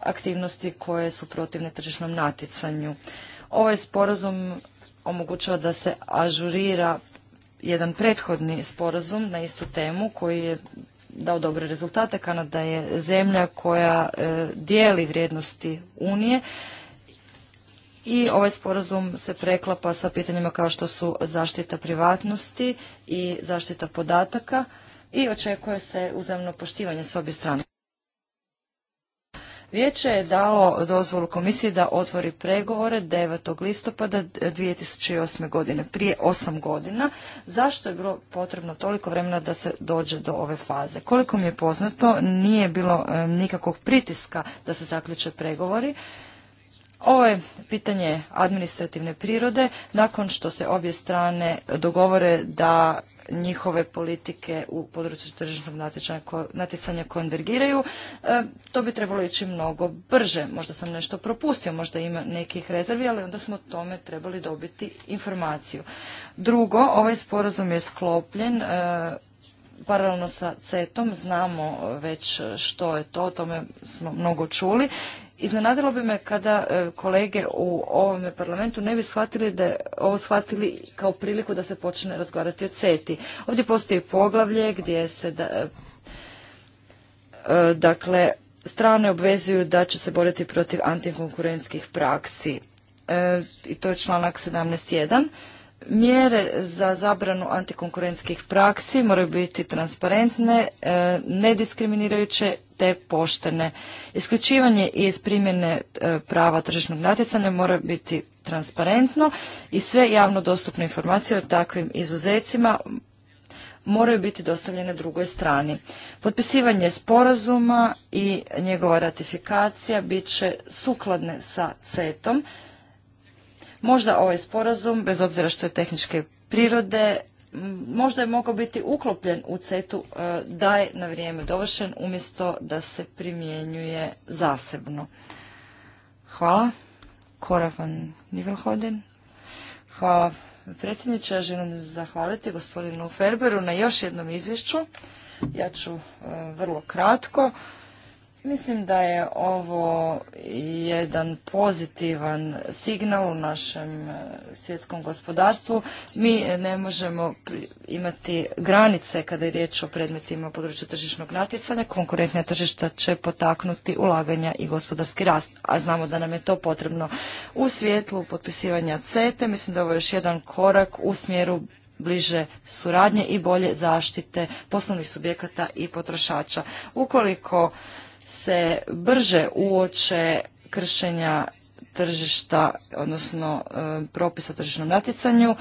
aktivnosti koje su protivne tržišnom natjecanju. Ovaj sporazum omogućava da se ažurira jedan prethodni sporazum na istu temu koji je dao dobre rezultate. Kanada je zemlja koja e, dijeli vrijednosti Unije i ovaj sporazum se preklapa sa pitanjima kao što su zaštita privatnosti i zaštita podataka i očekuje se uzemno poštivanje s obje strane. Vijeće je dalo dozvolu komisiji da otvori pregovore 9. listopada 2008. godine, prije 8 godina. Zašto je bilo potrebno toliko vremena da se dođe do ove faze? Koliko mi je poznato, nije bilo e, nikakvog pritiska da se zaključe pregovori. Ovo je pitanje administrativne prirode. Nakon što se obje strane dogovore da njihove politike u području tržišnog natjecanja konvergiraju. E, to bi trebalo ići mnogo brže. Možda sam nešto propustio, možda ima nekih rezervi, ali onda smo tome trebali dobiti informaciju. Drugo, ovaj sporazum je sklopljen e, paralelno sa CET-om, znamo već što je to, o tome smo mnogo čuli Iznenadilo bi me kada e, kolege u ovome parlamentu ne bi shvatili da ovo shvatili kao priliku da se počne razgovarati o CETI. Ovdje postoji poglavlje gdje se e, e, dakle strane obvezuju da će se boriti protiv antikonkurentskih praksi. I to je članak 17.1. Mjere za zabranu antikonkurentskih praksi moraju biti transparentne, e, nediskriminirajuće te poštene. Isključivanje iz primjene e, prava tržišnog natjecanja mora biti transparentno i sve javno dostupne informacije o takvim izuzecima moraju biti dostavljene drugoj strani. Potpisivanje sporazuma i njegova ratifikacija bit će sukladne sa CETom Možda ovaj sporazum, bez obzira što je tehničke prirode, možda je mogao biti uklopljen u CETU e, da je na vrijeme dovršen umjesto da se primjenjuje zasebno. Hvala. Kora van Hvala predsjedniče. želim zahvaliti gospodinu Ferberu na još jednom izvješću. Ja ću e, vrlo kratko. Mislim da je ovo jedan pozitivan signal u našem e, svjetskom gospodarstvu. Mi ne možemo imati granice kada je riječ o predmetima područja tržišnog natjecanja. Konkurentne tržišta će potaknuti ulaganja i gospodarski rast, a znamo da nam je to potrebno u svijetlu potpisivanja CETE. Mislim da ovo je još jedan korak u smjeru bliže suradnje i bolje zaštite poslovnih subjekata i potrošača. Ukoliko se brže uoče kršenja tržišta, odnosno e, propisa o tržišnom natjecanju,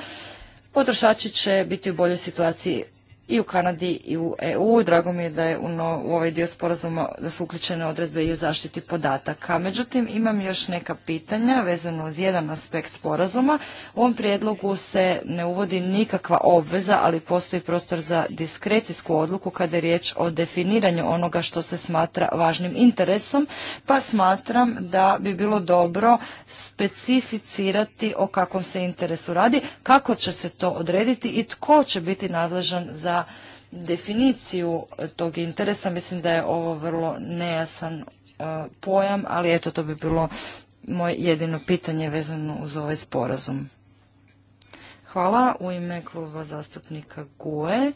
potrošači će biti u boljoj situaciji i u Kanadi i u EU. Drago mi je da je u, u ovaj dio sporazuma da su uključene odredbe i o zaštiti podataka. Međutim, imam još neka pitanja vezano uz jedan aspekt sporazuma. U ovom prijedlogu se ne uvodi nikakva obveza, ali postoji prostor za diskrecijsku odluku kada je riječ o definiranju onoga što se smatra važnim interesom, pa smatram da bi bilo dobro specificirati o kakvom se interesu radi, kako će se to odrediti i tko će biti nadležan za za definiciju tog interesa. Mislim da je ovo vrlo nejasan e, pojam, ali eto to bi bilo moje jedino pitanje vezano uz ovaj sporazum. Hvala. U ime kluba zastupnika GUE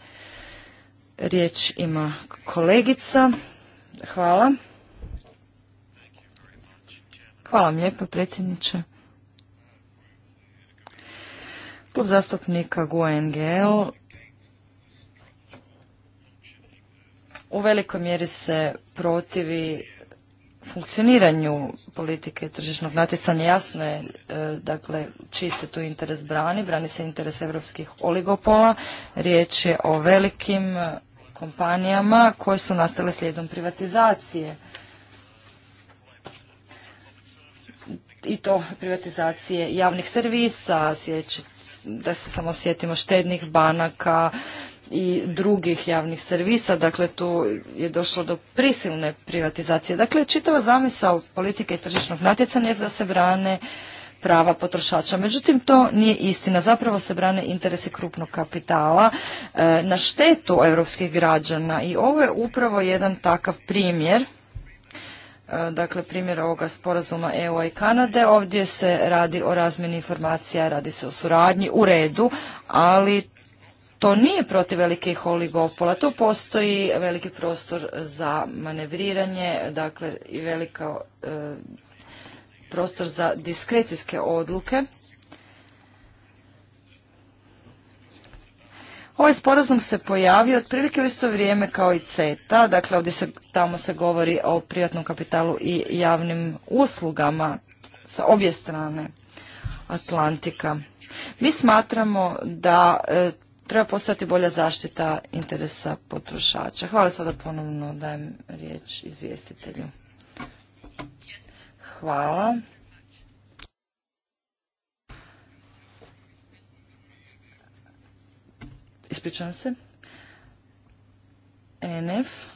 riječ ima kolegica. Hvala. Hvala vam lijepo predsjedniče. Klub zastupnika GUE NGL u velikoj mjeri se protivi funkcioniranju politike tržišnog natjecanja. Jasno je e, dakle, čiji se tu interes brani. Brani se interes evropskih oligopola. Riječ je o velikim e, kompanijama koje su nastale slijedom privatizacije. I to privatizacije javnih servisa, da se samo sjetimo štednih banaka, i drugih javnih servisa, dakle tu je došlo do prisilne privatizacije. Dakle, čitava zamisao politike i tržišnog natjecanja je da se brane prava potrošača. Međutim, to nije istina. Zapravo se brane interesi krupnog kapitala e, na štetu europskih građana i ovo je upravo jedan takav primjer e, dakle primjer ovoga sporazuma EU i Kanade. Ovdje se radi o razmjeni informacija, radi se o suradnji u redu, ali to nije protiv velikih oligopola, tu postoji veliki prostor za manevriranje, dakle i velika e, prostor za diskrecijske odluke. Ovaj sporazum se pojavio otprilike u isto vrijeme kao i CETA, dakle ovdje se, tamo se govori o privatnom kapitalu i javnim uslugama sa obje strane Atlantika. Mi smatramo da e, treba postati bolja zaštita interesa potrošača. Hvala sada ponovno dajem riječ izvjestitelju. Hvala. Ispričavam se. NF.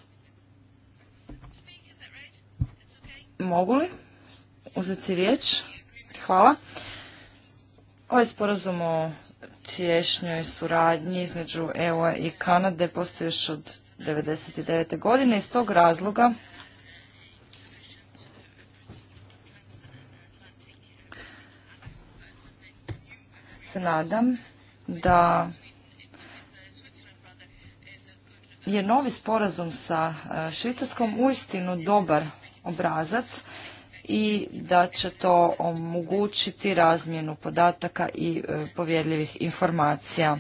Mogu li uzeti riječ? Hvala. Ovaj sporazum o tješnjoj suradnji između EU-a i Kanade postoji još od 1999. godine. Iz tog razloga se nadam da je novi sporazum sa e, Švicarskom uistinu dobar obrazac i da će to omogućiti razmjenu podataka i e, povjerljivih informacija.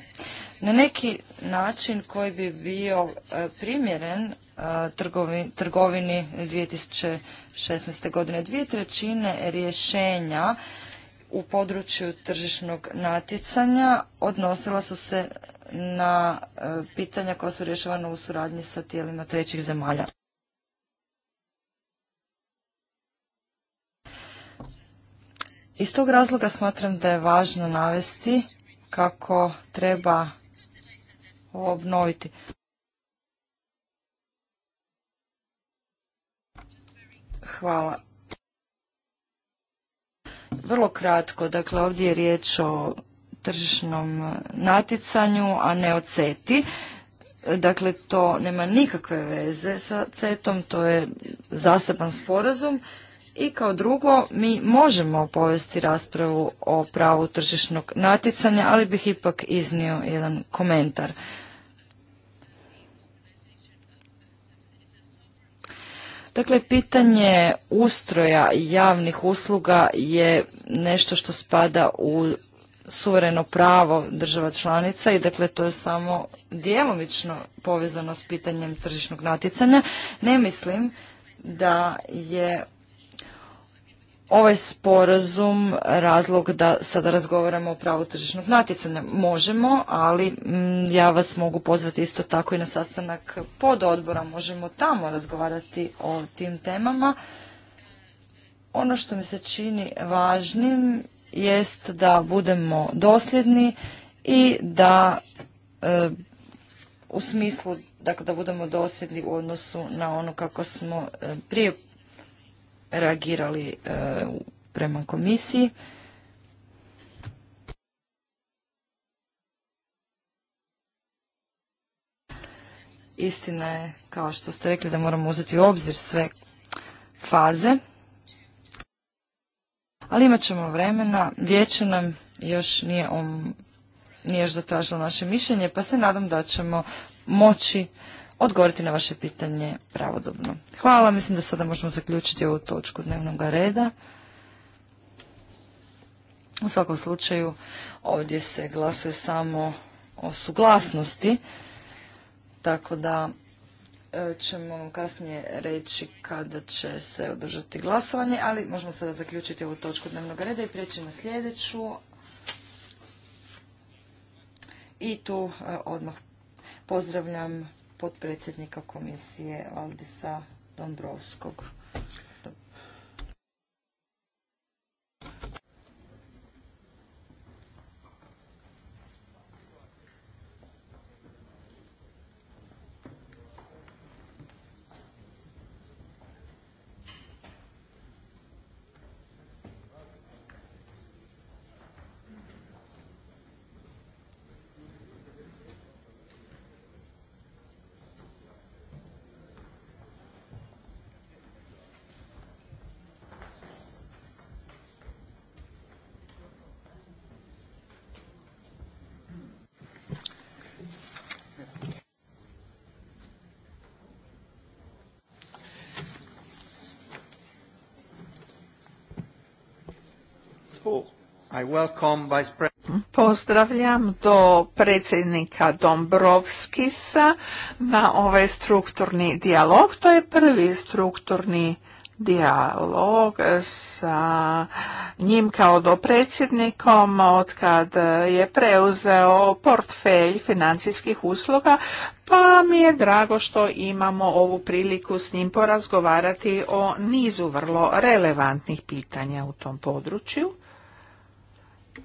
Na neki način koji bi bio e, primjeren e, trgovini 2016. godine dvije trećine rješenja u području tržišnog natjecanja odnosila su se na pitanja koja su rješavana u suradnji sa tijelima trećih zemalja. Iz tog razloga smatram da je važno navesti kako treba obnoviti. Hvala. Vrlo kratko, dakle ovdje je riječ o tržišnom natjecanju, a ne o CETI. Dakle, to nema nikakve veze sa CETom, to je zaseban sporazum i kao drugo, mi možemo povesti raspravu o pravu tržišnog natjecanja, ali bih ipak iznio jedan komentar. Dakle, pitanje ustroja javnih usluga je nešto što spada u suvereno pravo država članica i dakle to je samo djelomično povezano s pitanjem tržišnog natjecanja. Ne mislim da je ovaj sporazum razlog da sada razgovaramo o pravu tržišnog natjecanja. Možemo, ali mm, ja vas mogu pozvati isto tako i na sastanak pod odbora. Možemo tamo razgovarati o tim temama. Ono što mi se čini važnim jest da budemo dosljedni i da e, u smislu dakle da budemo dosljedni u odnosu na ono kako smo e, prije reagirali e, prema komisiji. Istina je, kao što ste rekli, da moramo uzeti u obzir sve faze. Ali imat ćemo vremena, vijeće nam još nije, još zatražilo naše mišljenje, pa se nadam da ćemo moći odgovoriti na vaše pitanje pravodobno. Hvala, mislim da sada možemo zaključiti ovu točku dnevnog reda. U svakom slučaju ovdje se glasuje samo o suglasnosti, tako da e, ćemo kasnije reći kada će se održati glasovanje, ali možemo sada zaključiti ovu točku dnevnog reda i prijeći na sljedeću. I tu e, odmah pozdravljam potpredsjednika komisije Aldisa Dombrovskog. Pozdravljam do predsjednika Dombrovskisa na ovaj strukturni dijalog. To je prvi strukturni dialog sa njim kao predsjednikom od kad je preuzeo portfelj financijskih usluga, pa mi je drago što imamo ovu priliku s njim porazgovarati o nizu vrlo relevantnih pitanja u tom području.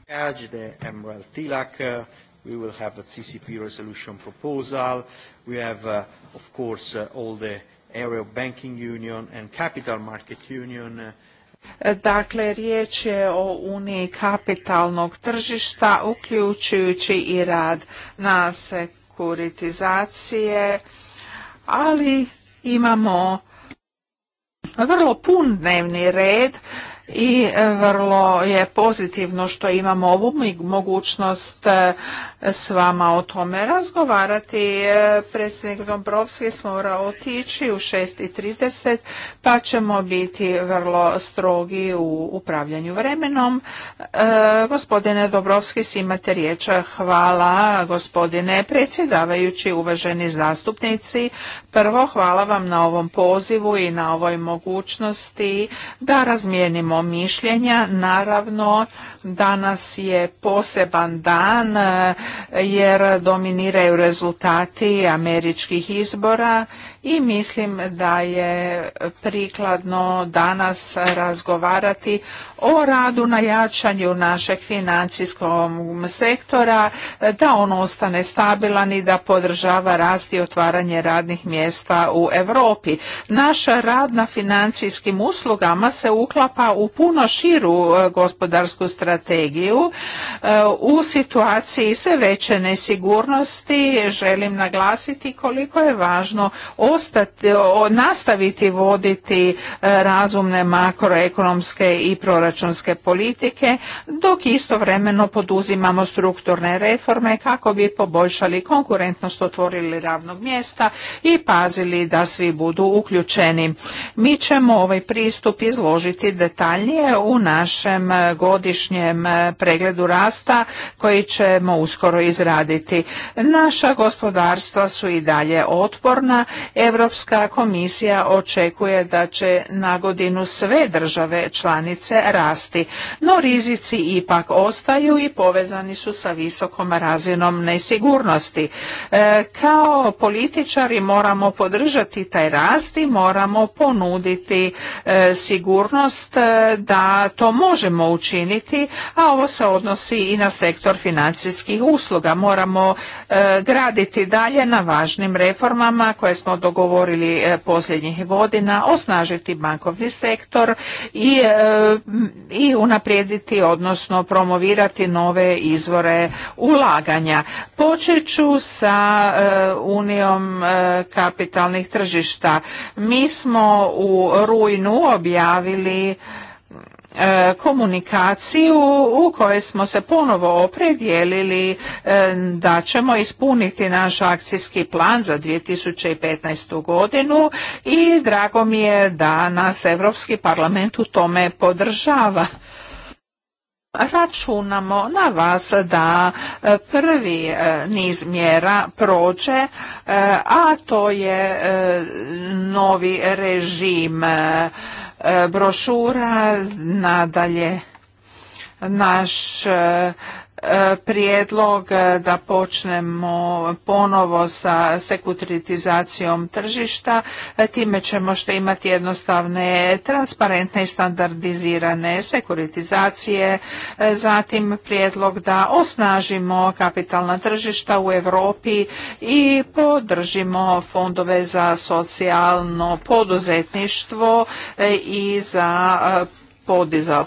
Kaj, the Emerald Tilak, uh, we will have a CCP resolution proposal. We have, uh, of course, uh, all the area of banking union and capital market union. Uh, e, dakle, riječ je o uniji kapitalnog tržišta, uključujući i rad na sekuritizacije, ali imamo vrlo pun dnevni red i e, vrlo je pozitivno što imamo ovu mogućnost e, s vama o tome razgovarati. E, predsjednik Dombrovski mora otići u 6.30 pa ćemo biti vrlo strogi u upravljanju vremenom. Gospodine Dobrovski, imate riječ. Hvala gospodine predsjedavajući, uvaženi zastupnici. Prvo hvala vam na ovom pozivu i na ovoj mogućnosti da razmijenimo mišljenja. Naravno, danas je poseban dan eh, jer dominiraju rezultati američkih izbora i mislim da je prikladno danas razgovarati o radu na jačanju našeg financijskog sektora, da on ostane stabilan i da podržava rast i otvaranje radnih mjesta u Europi. Naš rad na financijskim uslugama se uklapa u puno širu e, gospodarsku strategiju. E, u situaciji sve veće nesigurnosti želim naglasiti koliko je važno o ostati, nastaviti voditi e, razumne makroekonomske i proračunske politike, dok istovremeno poduzimamo strukturne reforme kako bi poboljšali konkurentnost, otvorili ravnog mjesta i pazili da svi budu uključeni. Mi ćemo ovaj pristup izložiti detaljnije u našem e, godišnjem e, pregledu rasta koji ćemo uskoro izraditi. Naša gospodarstva su i dalje otporna Europska komisija očekuje da će na godinu sve države članice rasti, no rizici ipak ostaju i povezani su sa visokom razinom nesigurnosti. E, kao političari moramo podržati taj rast i moramo ponuditi e, sigurnost e, da to možemo učiniti, a ovo se odnosi i na sektor financijskih usluga. Moramo graditi dalje na važnim reformama koje smo govorili e, posljednjih godina, osnažiti bankovni sektor i, e, i unaprijediti, odnosno promovirati nove izvore ulaganja. Počet ću sa e, Unijom kapitalnih tržišta. Mi smo u rujnu objavili E, komunikaciju u kojoj smo se ponovo opredijelili e, da ćemo ispuniti naš akcijski plan za 2015. godinu i drago mi je da nas Europski parlament u tome podržava računamo na vas da e, prvi niz mjera prođe, a to je novi režim E, brošura, nadalje naš e, E, prijedlog e, da počnemo ponovo sa sekuritizacijom tržišta. E, time ćemo što imati jednostavne, transparentne i standardizirane sekuritizacije. Zatim prijedlog da osnažimo kapitalna tržišta u Europi i podržimo fondove za socijalno poduzetništvo i za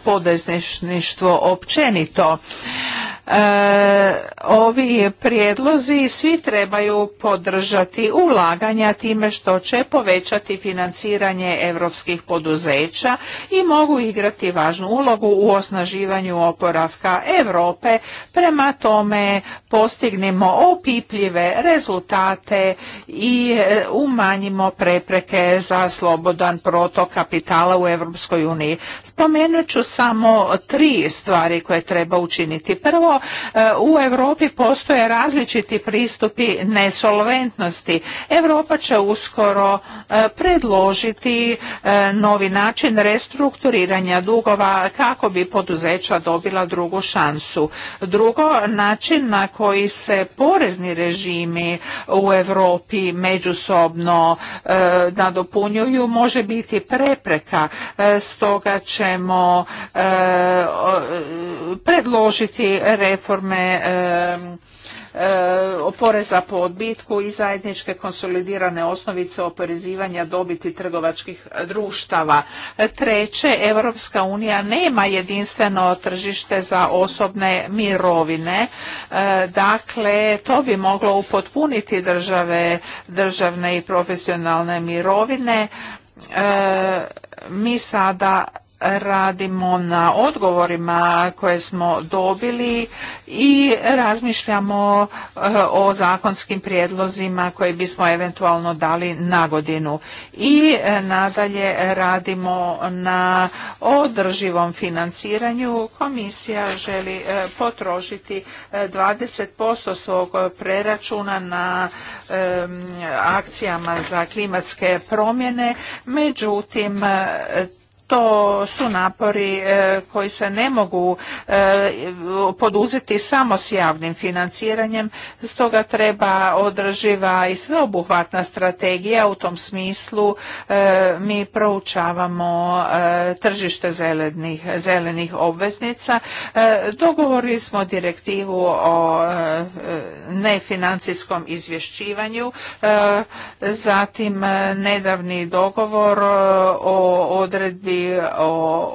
podizništvo općenito. E, ovi prijedlozi svi trebaju podržati ulaganja time što će povećati financiranje europskih poduzeća i mogu igrati važnu ulogu u osnaživanju oporavka Europe. Prema tome postignemo opipljive rezultate i e, umanjimo prepreke za slobodan protok kapitala u Europskoj uniji. Spomenut ću samo tri stvari koje treba učiniti. Prvo, E, u Europi postoje različiti pristupi nesolventnosti. Europa će uskoro e, predložiti e, novi način restrukturiranja dugova kako bi poduzeća dobila drugu šansu. Drugo, način na koji se porezni režimi u Europi međusobno nadopunjuju može biti prepreka. Stoga ćemo predložiti reforme poreza po odbitku i zajedničke konsolidirane osnovice oporezivanja dobiti trgovačkih društava. Treće, Europska unija nema jedinstveno tržište za osobne mirovine. E, dakle, to bi moglo upotpuniti države, državne i profesionalne mirovine. E, mi sada radimo na odgovorima koje smo dobili i razmišljamo e, o zakonskim prijedlozima koje bismo eventualno dali na godinu. I e, nadalje radimo na održivom financiranju. Komisija želi e, potrošiti 20% svog preračuna na akcijama za klimatske promjene. Međutim, to su napori e, koji se ne mogu e, poduzeti samo s javnim financiranjem, stoga treba održiva i sveobuhvatna strategija. U tom smislu e, mi proučavamo tržište zelenih, zelenih obveznica. Dogovorili smo direktivu o nefinancijskom izvješćivanju, zatim nedavni dogovor o odredbi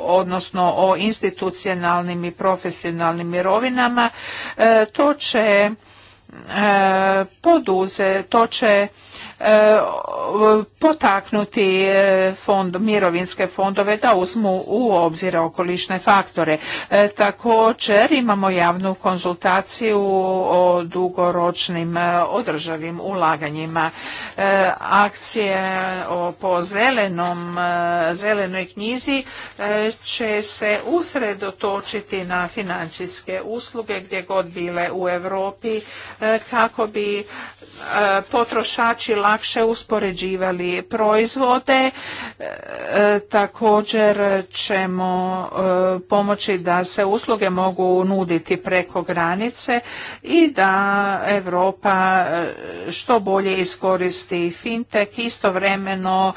odnosno o institucionalnim i profesionalnim mirovinama, e, to će e, poduze, to će E, potaknuti e, fond, mirovinske fondove da uzmu u obzir okolišne faktore. E, također imamo javnu konzultaciju o dugoročnim održavim ulaganjima. Akcije po zelenom, zelenoj knjizi će se usredotočiti na financijske usluge gdje god bile u Europi kako bi E, potrošači lakše uspoređivali proizvode. E, također ćemo e, pomoći da se usluge mogu nuditi preko granice i da Europa što bolje iskoristi fintech istovremeno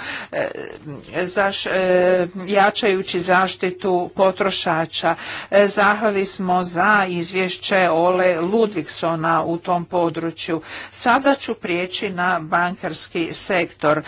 jačajući zaštitu potrošača. Zahvali smo za izvješće Ole Ludvigsona u tom području. Sada da ću prijeći na bankarski sektor. E,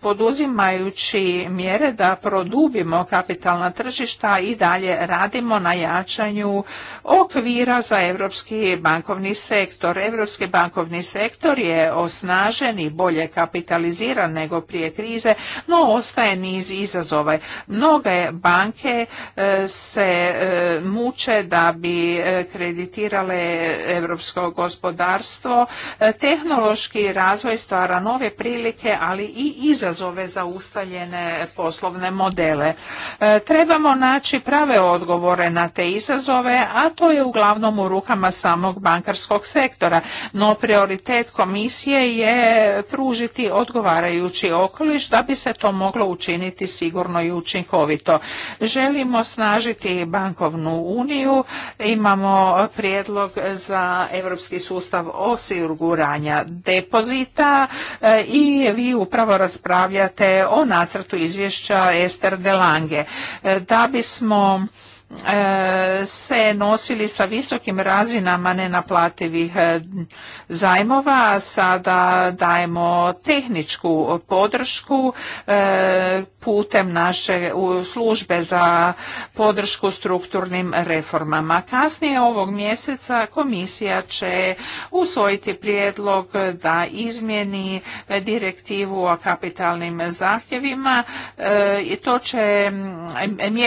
poduzimajući mjere da produbimo kapitalna tržišta i dalje radimo na jačanju okvira za europski bankovni sektor. Europski bankovni sektor je osnažen i bolje kapitaliziran nego prije krize, no ostaje niz izazova. Mnoge banke e, se e, muče da bi kreditirale europsko gospodarstvo E, tehnološki razvoj stvara nove prilike, ali i izazove za ustaljene poslovne modele. E, trebamo naći prave odgovore na te izazove, a to je uglavnom u rukama samog bankarskog sektora, no prioritet komisije je pružiti odgovarajući okoliš da bi se to moglo učiniti sigurno i učinkovito. Želimo snažiti bankovnu uniju, imamo prijedlog za europski sustav OSIR osiguranja depozita e, i vi upravo raspravljate o nacrtu izvješća Ester Delange. E, da bismo E, se nosili sa visokim razinama nenaplativih e, zajmova, sada dajemo tehničku podršku e, putem naše službe za podršku strukturnim reformama. Kasnije ovog mjeseca komisija će usvojiti prijedlog da izmjeni direktivu o kapitalnim zahtjevima i to će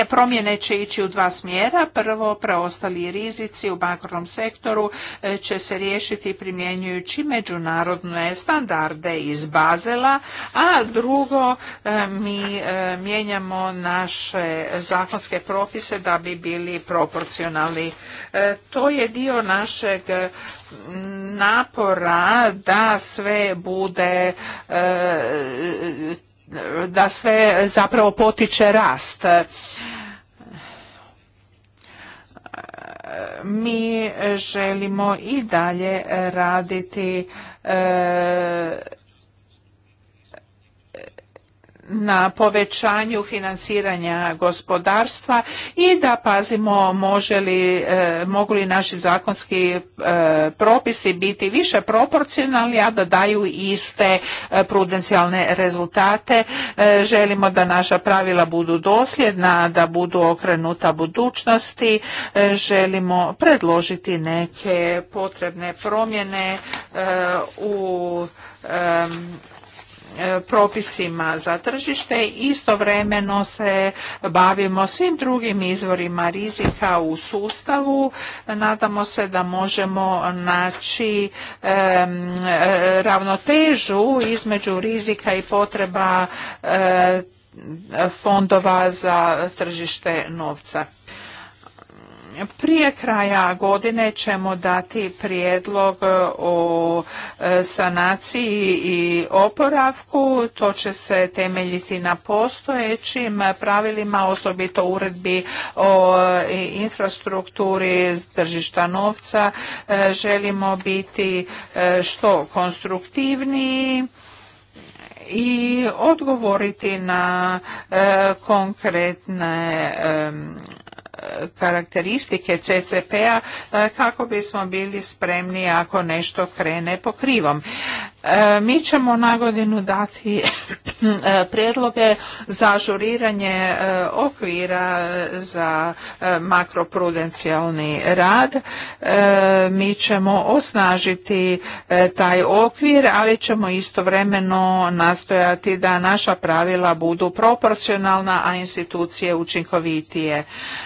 promjene će ići u dva smjera. Prvo, preostali rizici u bankovnom sektoru e, će se riješiti primjenjujući međunarodne standarde iz Bazela, a drugo, e, mi e, mijenjamo naše zakonske propise da bi bili proporcionalni. To je dio našeg napora da sve bude da sve zapravo potiče rast. mi želimo i dalje raditi e, na povećanju financiranja gospodarstva i da pazimo može li, e, mogu li naši zakonski e, propisi biti više proporcionalni, a da daju iste e, prudencijalne rezultate. Želimo da naša pravila budu dosljedna, da budu okrenuta budućnosti. Želimo predložiti neke potrebne promjene u E, propisima za tržište istovremeno se bavimo svim drugim izvorima rizika u sustavu nadamo se da možemo naći e, e, ravnotežu između rizika i potreba fondova za tržište novca prije kraja godine ćemo dati prijedlog e, o e, sanaciji i oporavku. To će se temeljiti na postojećim pravilima, osobito uredbi o e, infrastrukturi tržišta novca. Želimo biti što konstruktivniji i odgovoriti na konkretne karakteristike CCP-a e, kako bismo bili spremni ako nešto krene po krivom. E, mi ćemo na godinu dati e, prijedloge za žuriranje e, okvira za makroprudencijalni rad. Mi ćemo osnažiti taj okvir, ali ćemo istovremeno nastojati da naša pravila budu proporcionalna, a institucije učinkovitije.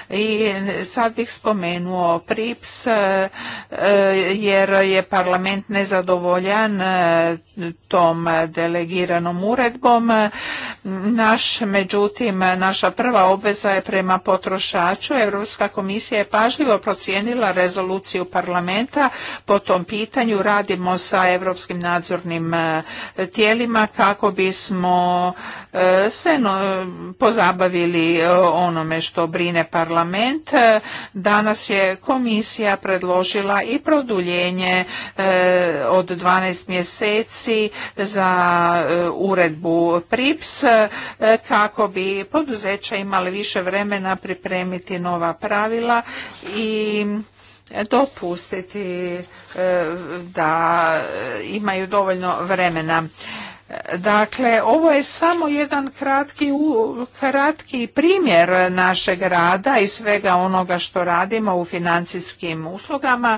I sad bih spomenuo PRIPS, jer je parlament nezadovoljan tom delegiranom uredbom. Naš, međutim, naša prva obveza je prema potrošaču. Europska komisija je pažljivo procijenila rezoluciju parlamenta po tom pitanju. Radimo sa europskim nadzornim eh, tijelima kako bismo E, se pozabavili e, onome što brine parlament. E, danas je komisija predložila i produljenje od 12 mjeseci za uredbu PRIPS kako bi poduzeća imali više vremena pripremiti nova pravila i dopustiti da imaju dovoljno vremena Dakle, ovo je samo jedan kratki, kratki primjer našeg rada i svega onoga što radimo u financijskim uslugama.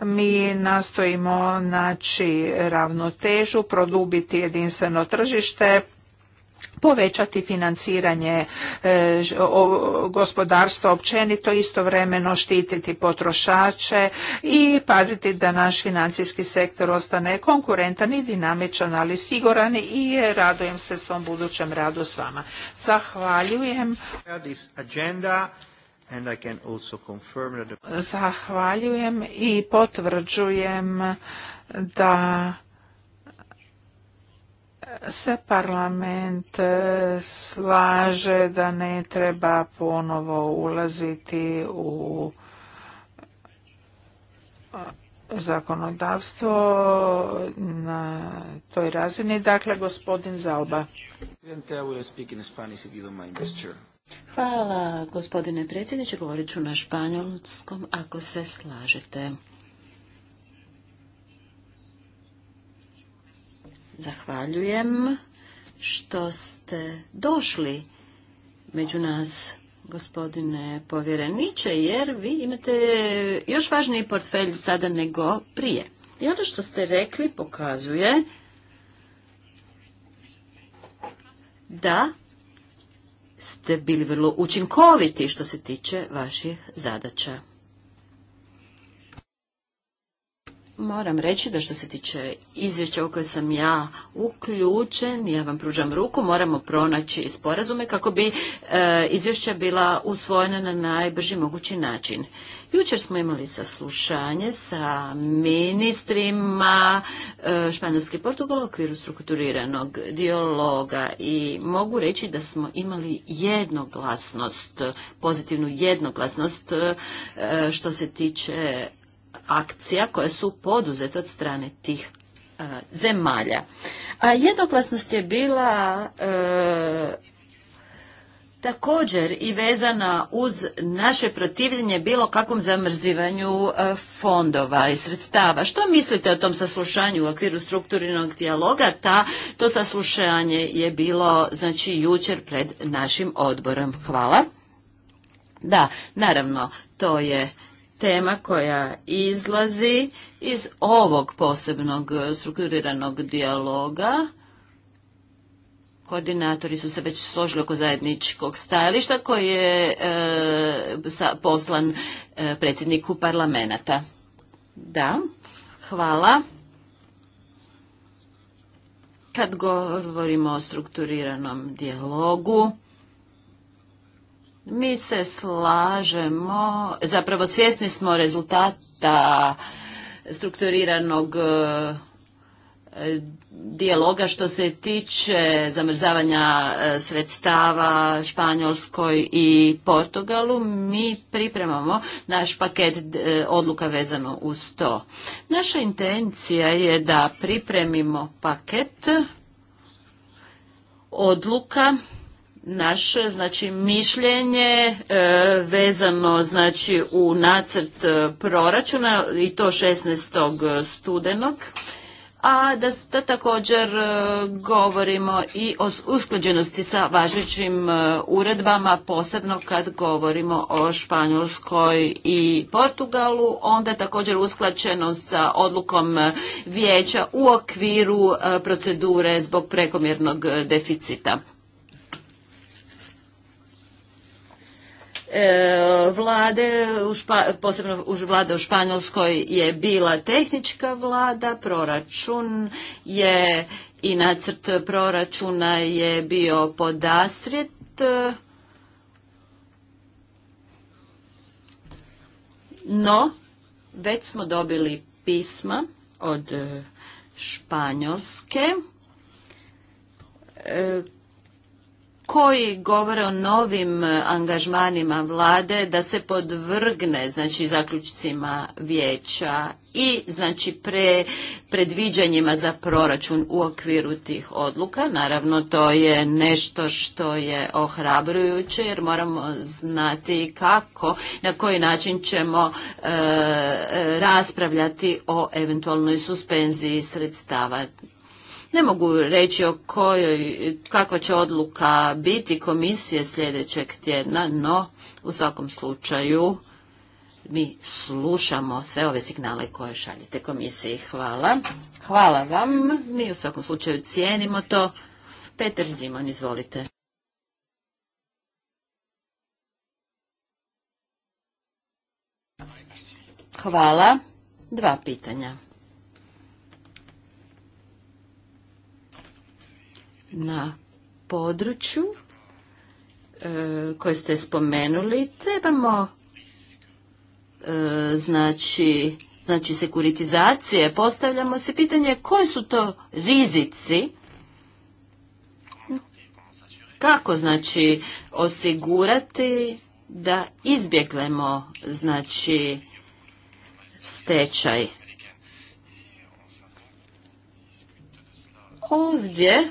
Mi nastojimo naći ravnotežu, produbiti jedinstveno tržište, povećati financiranje e, gospodarstva općenito, istovremeno štititi potrošače i paziti da naš financijski sektor ostane konkurentan i dinamičan, ali siguran i radujem se svom budućem radu s vama. Zahvaljujem. I Zahvaljujem i potvrđujem da se parlament e, slaže da ne treba ponovo ulaziti u e, zakonodavstvo na toj razini. Dakle, gospodin Zalba. Hvala, gospodine predsjedniče. Govorit ću na španjolskom, ako se slažete. Zahvaljujem što ste došli među nas gospodine povjereniče, jer vi imate još važniji portfelj sada nego prije. I ono što ste rekli pokazuje da ste bili vrlo učinkoviti što se tiče vaših zadaća. Moram reći da što se tiče izvješća u koje sam ja uključen, ja vam pružam ruku, moramo pronaći sporazume kako bi e, izvješća bila usvojena na najbrži mogući način. Jučer smo imali saslušanje sa ministrima e, Španjolske i Portugala u okviru strukturiranog dijaloga i mogu reći da smo imali jednoglasnost, pozitivnu jednoglasnost e, što se tiče akcija koje su poduzete od strane tih e, zemalja. A jednoglasnost je bila e, također i vezana uz naše protivljenje bilo kakvom zamrzivanju e, fondova i sredstava. Što mislite o tom saslušanju u okviru strukturinog dijaloga? Ta, to saslušanje je bilo znači jučer pred našim odborom. Hvala. Da, naravno, to je tema koja izlazi iz ovog posebnog strukturiranog dijaloga. Koordinatori su se već složili oko zajedničkog stajališta koji je e, poslan e, predsjedniku parlamenta. Da, hvala. Kad govorimo o strukturiranom dijalogu, mi se slažemo, zapravo svjesni smo rezultata strukturiranog e, dijaloga što se tiče zamrzavanja e, sredstava Španjolskoj i Portugalu. Mi pripremamo naš paket e, odluka vezano uz to. Naša intencija je da pripremimo paket odluka naše znači mišljenje e, vezano znači u nacrt e, proračuna i to 16. studenog a da, također e, govorimo i o usklađenosti sa važećim uredbama, posebno kad govorimo o Španjolskoj i Portugalu, onda također usklađenost sa odlukom vijeća u okviru procedure zbog prekomjernog deficita. E, vlade, posebno vlada u Španjolskoj je bila tehnička vlada, proračun je i nacrt proračuna je bio podastrijet no već smo dobili pisma od Španjolske e, koji govore o novim e, angažmanima vlade da se podvrgne znači zaključcima vijeća i znači predviđanjima za proračun u okviru tih odluka. Naravno to je nešto što je ohrabrujuće jer moramo znati kako, na koji način ćemo e, e, raspravljati o eventualnoj suspenziji sredstava. Ne mogu reći o kojoj, kakva će odluka biti komisije sljedećeg tjedna, no u svakom slučaju mi slušamo sve ove signale koje šaljete komisiji. Hvala. Hvala vam. Mi u svakom slučaju cijenimo to. Peter Zimon, izvolite. Hvala. Dva pitanja. na području e, koje ste spomenuli trebamo e, znači znači sekuritizacije postavljamo se pitanje koji su to rizici kako znači osigurati da izbjeglemo znači stečaj ovdje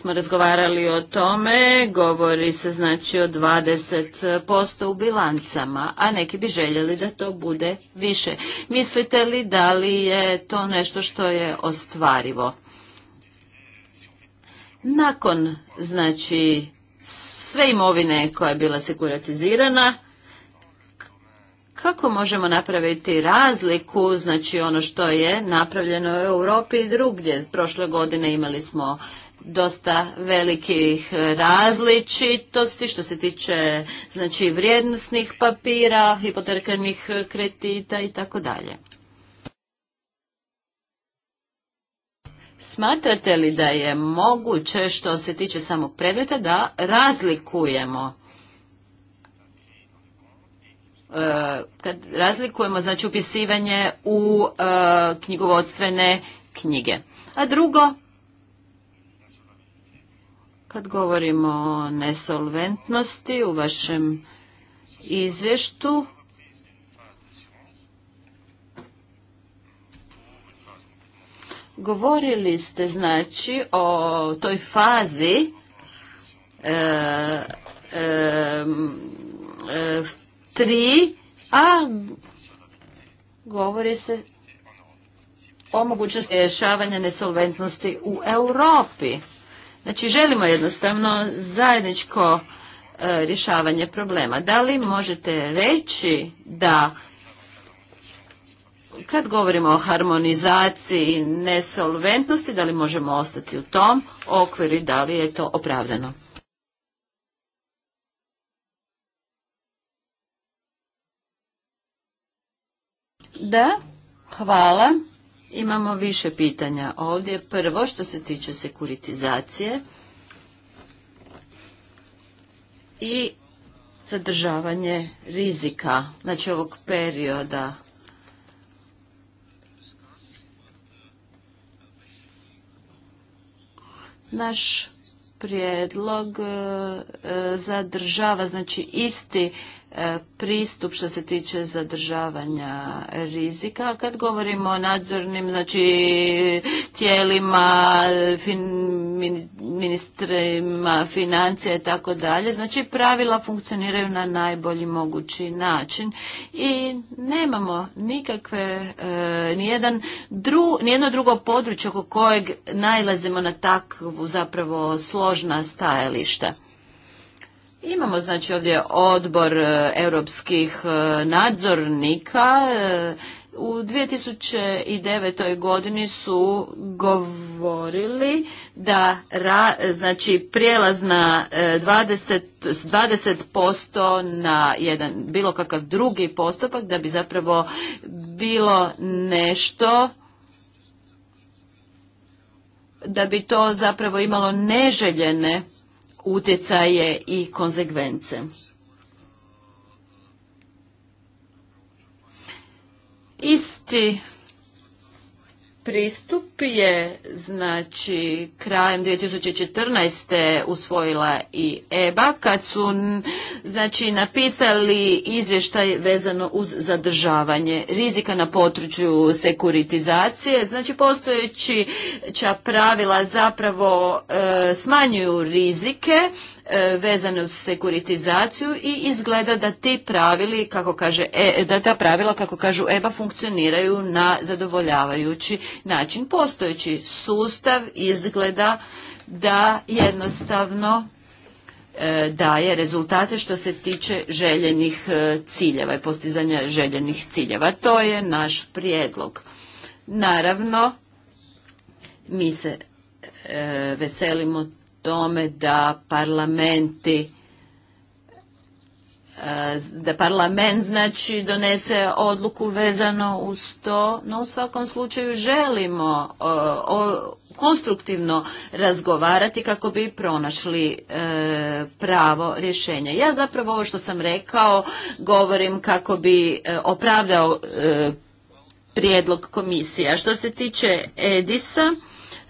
smo razgovarali o tome, govori se znači o 20% u bilancama, a neki bi željeli da to bude više. Mislite li da li je to nešto što je ostvarivo? Nakon znači sve imovine koja je bila sekuratizirana, kako možemo napraviti razliku, znači ono što je napravljeno u Europi i drugdje. Prošle godine imali smo dosta velikih e, različitosti što se tiče znači vrijednosnih papira, hipotekarnih e, kredita i tako dalje. Smatrate li da je moguće što se tiče samog predmeta da razlikujemo e, kad razlikujemo znači upisivanje u knjigovodstvene knjige. A drugo, kad govorimo o nesolventnosti u vašem izvještu, govorili ste znači o toj fazi e, e, e, tri, a govori se o mogućnosti rješavanja nesolventnosti u Europi. Znači želimo jednostavno zajedničko e, rješavanje problema. Da li možete reći da kad govorimo o harmonizaciji nesolventnosti, da li možemo ostati u tom okviru i da li je to opravdano? Da, hvala. Imamo više pitanja ovdje. Prvo što se tiče sekuritizacije i zadržavanje rizika, znači ovog perioda naš prijedlog e, zadržava znači isti E, pristup što se tiče zadržavanja rizika. Kad govorimo o nadzornim znači, tijelima, ministrima financija i tako dalje, znači pravila funkcioniraju na najbolji mogući način i nemamo nikakve, e, nijedan dru, nijedno drugo područje oko kojeg najlazimo na takvu zapravo složna stajališta. Imamo znači ovdje odbor e, europskih e, nadzornika. E, u 2009. godini su govorili da ra, znači prijelaz na 20, 20% na jedan bilo kakav drugi postupak da bi zapravo bilo nešto da bi to zapravo imalo neželjene utjecaje i konzekvence. Isti pristup je znači krajem 2014. usvojila i EBA kad su znači napisali izvještaj vezano uz zadržavanje rizika na području sekuritizacije. Znači postojeća pravila zapravo e, smanjuju rizike E, vezane uz sekuritizaciju i izgleda da ti pravili, kako kaže, e, da ta pravila, kako kažu EBA, funkcioniraju na zadovoljavajući način. Postojeći sustav izgleda da jednostavno e, daje rezultate što se tiče željenih ciljeva i postizanja željenih ciljeva. To je naš prijedlog. Naravno, mi se veselimo tome da parlamenti e, da parlament znači donese odluku vezano uz to, no u svakom slučaju želimo e, konstruktivno razgovarati kako bi pronašli e, pravo rješenje. Ja zapravo ovo što sam rekao govorim kako bi opravdao prijedlog komisija. Što se tiče Edisa,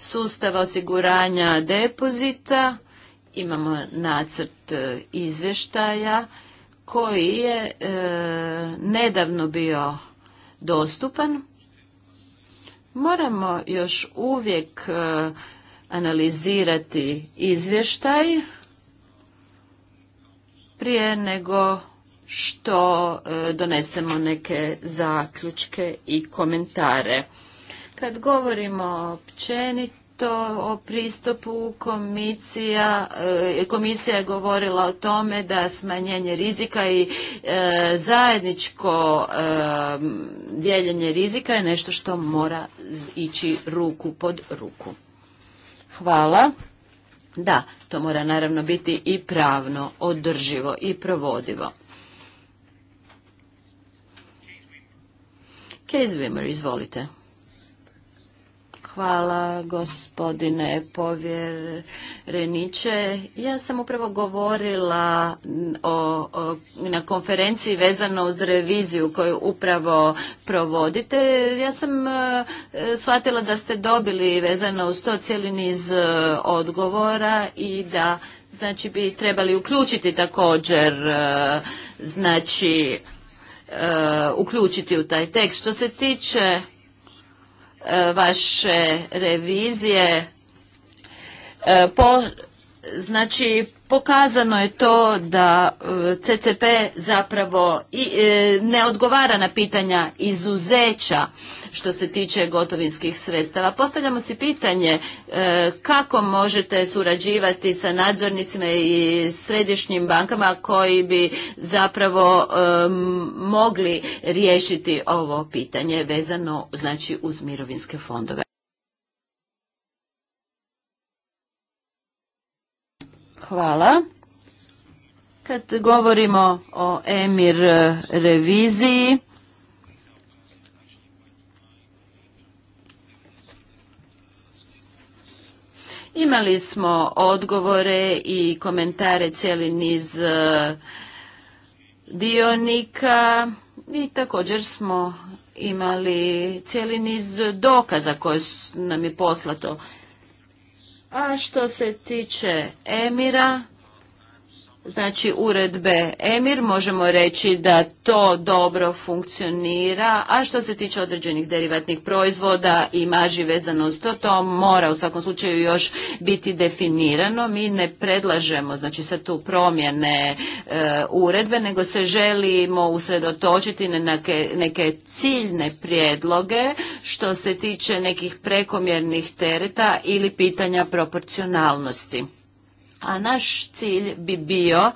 sustava osiguranja depozita. Imamo nacrt e, izvještaja koji je e, nedavno bio dostupan. Moramo još uvijek e, analizirati izvještaj prije nego što donesemo neke zaključke i komentare. Kad govorimo općenito o pristupu komisija, e, komisija je govorila o tome da smanjenje rizika i e, zajedničko e, dijeljenje rizika je nešto što mora ići ruku pod ruku. Hvala. Da, to mora naravno biti i pravno, održivo i provodivo. Case Wimmer, izvolite. Hvala gospodine povjereniče. Ja sam upravo govorila na konferenciji vezano uz reviziju koju upravo provodite. Ja sam e, shvatila da ste dobili vezano uz to cijeli niz e, odgovora i da znači bi trebali uključiti također e, znači e, uključiti u taj tekst. Što se tiče vaše revizije e, po Znači, pokazano je to da e, CCP zapravo e, ne odgovara na pitanja izuzeća što se tiče gotovinskih sredstava. Postavljamo si pitanje e, kako možete surađivati sa nadzornicima i središnjim bankama koji bi zapravo mogli riješiti ovo pitanje vezano znači uz mirovinske fondove. Hvala. Kad govorimo o Emir eh, reviziji, imali smo odgovore i komentare cijeli niz eh, dionika i također smo imali cijeli niz dokaza koje nam je poslato a što se tiče Emira, znači uredbe Emir, možemo reći da to dobro funkcionira, a što se tiče određenih derivatnih proizvoda i maži vezano to, to mora u svakom slučaju još biti definirano. Mi ne predlažemo znači sad tu promjene e, uredbe, nego se želimo usredotočiti na neke, neke ciljne prijedloge što se tiče nekih prekomjernih tereta ili pitanja proporcionalnosti a naš cilj bi bio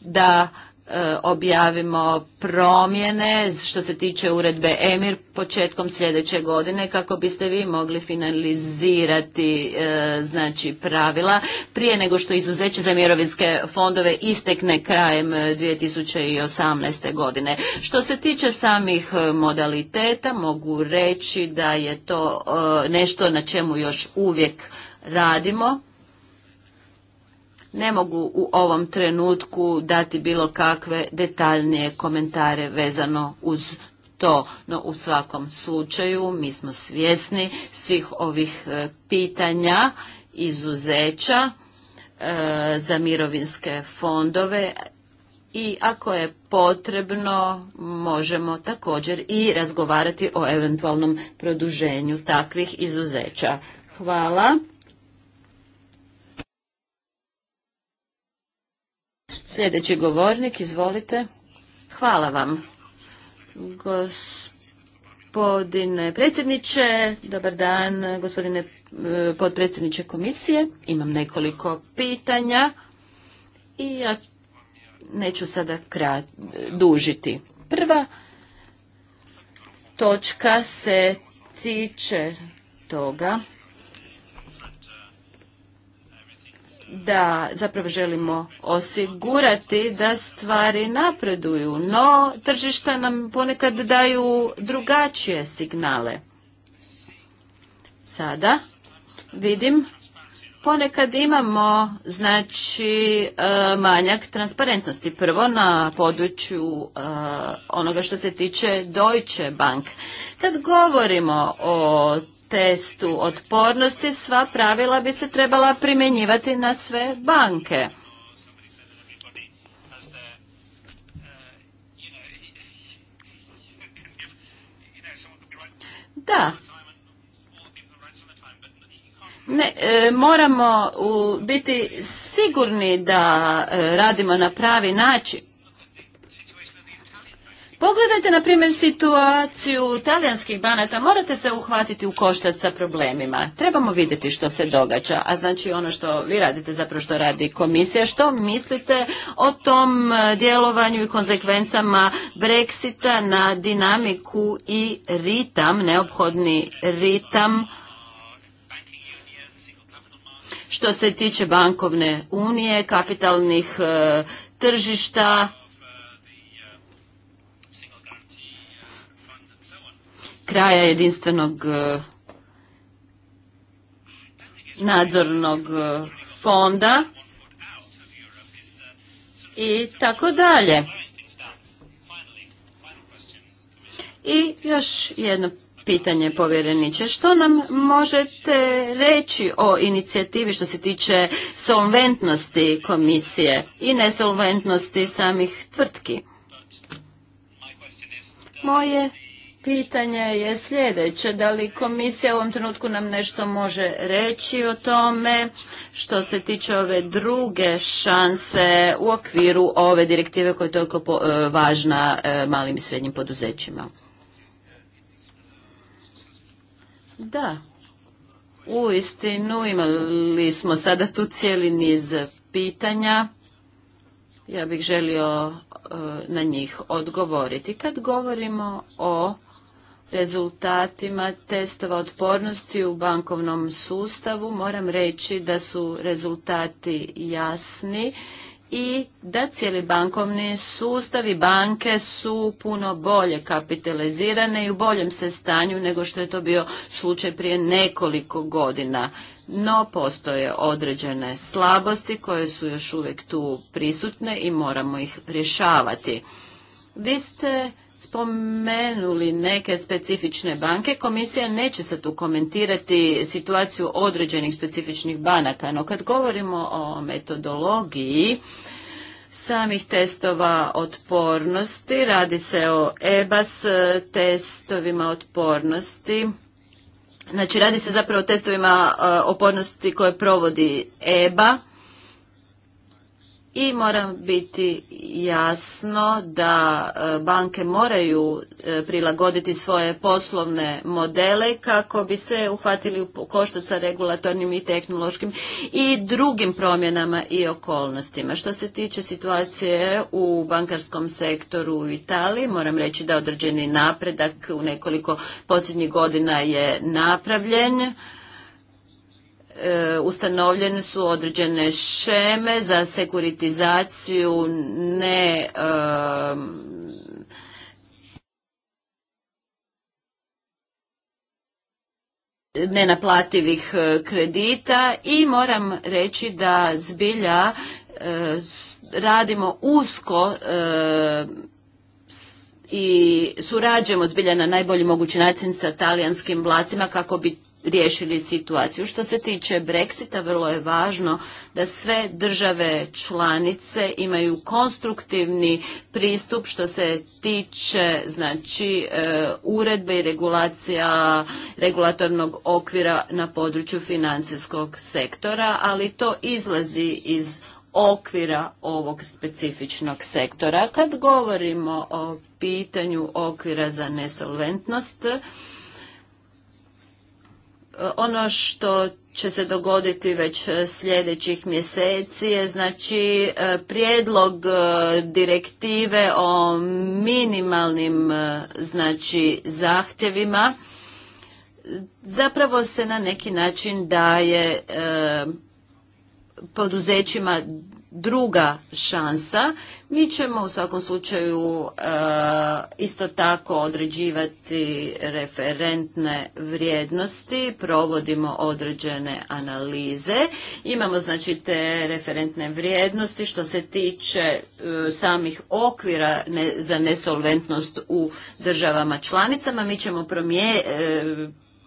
da e, objavimo promjene što se tiče uredbe EMIR početkom sljedeće godine kako biste vi mogli finalizirati e, znači pravila prije nego što izuzeće za mirovinske fondove istekne krajem 2018. E, godine. Što se tiče samih modaliteta mogu reći da je to nešto na čemu još uvijek radimo ne mogu u ovom trenutku dati bilo kakve detaljnije komentare vezano uz to, no u svakom slučaju mi smo svjesni svih ovih e, pitanja, izuzeća e, za mirovinske fondove i ako je potrebno možemo također i razgovarati o eventualnom produženju takvih izuzeća. Hvala. Sljedeći govornik, izvolite. Hvala vam. Gospodine predsjedniče, dobar dan, gospodine eh, potpredsjedniče komisije. Imam nekoliko pitanja i ja neću sada dužiti. Prva točka se tiče toga da zapravo želimo osigurati da stvari napreduju, no tržišta nam ponekad daju drugačije signale. Sada vidim ponekad imamo znači e, manjak transparentnosti. Prvo na području e, onoga što se tiče Deutsche Bank. Kad govorimo o testu otpornosti sva pravila bi se trebala primjenjivati na sve banke. Da. Ne, e, moramo biti sigurni da e, radimo na pravi način. Pogledajte, na primjer, situaciju talijanskih banata. Morate se uhvatiti u koštac sa problemima. Trebamo vidjeti što se događa. A znači ono što vi radite, zapravo što radi komisija, što mislite o tom e, djelovanju i konsekvencama Brexita na dinamiku i ritam, neophodni ritam, što se tiče bankovne unije, kapitalnih e, tržišta, kraja jedinstvenog e, nadzornog e, fonda i tako dalje. I još jedno pitanje povjereniče. Što nam možete reći o inicijativi što se tiče solventnosti komisije i nesolventnosti samih tvrtki? Moje pitanje je sljedeće. Da li komisija u ovom trenutku nam nešto može reći o tome što se tiče ove druge šanse u okviru ove direktive koja je toliko e, važna e, malim i srednjim poduzećima? Da. U istinu imali smo sada tu cijeli niz pitanja. Ja bih želio e, na njih odgovoriti. Kad govorimo o rezultatima testova otpornosti u bankovnom sustavu moram reći da su rezultati jasni i da cijeli bankovni sustav i banke su puno bolje kapitalizirane i u boljem se stanju nego što je to bio slučaj prije nekoliko godina. No, postoje određene slabosti koje su još uvijek tu prisutne i moramo ih rješavati. Vi ste spomenuli neke specifične banke. Komisija neće sad tu komentirati situaciju određenih specifičnih banaka, no kad govorimo o metodologiji samih testova otpornosti, radi se o EBAS testovima otpornosti, Znači, radi se zapravo o testovima e, otpornosti koje provodi EBA, i mora biti jasno da e, banke moraju e, prilagoditi svoje poslovne modele kako bi se uhvatili u koštac sa regulatornim i tehnološkim i drugim promjenama i okolnostima. Što se tiče situacije u bankarskom sektoru u Italiji, moram reći da određeni napredak u nekoliko posljednjih godina je napravljen E, ustanovljene su određene šeme za sekuritizaciju ne nenaplativih e, kredita i moram reći da zbilja e, radimo usko i surađujemo zbilja na najbolji mogući način sa talijanskim vlastima kako bi riješili situaciju. Što se tiče Brexita, vrlo je važno da sve države članice imaju konstruktivni pristup što se tiče znači e, uredbe i regulacija regulatornog okvira na području financijskog sektora, ali to izlazi iz okvira ovog specifičnog sektora. Kad govorimo o pitanju okvira za nesolventnost, ono što će se dogoditi već e, sljedećih mjeseci je znači e, prijedlog e, direktive o minimalnim znači zahtjevima zapravo se na neki način daje poduzećima druga šansa. Mi ćemo u svakom slučaju e, isto tako određivati referentne vrijednosti, provodimo određene analize. Imamo znači te referentne vrijednosti što se tiče e, samih okvira za nesolventnost u državama članicama. Mi ćemo e,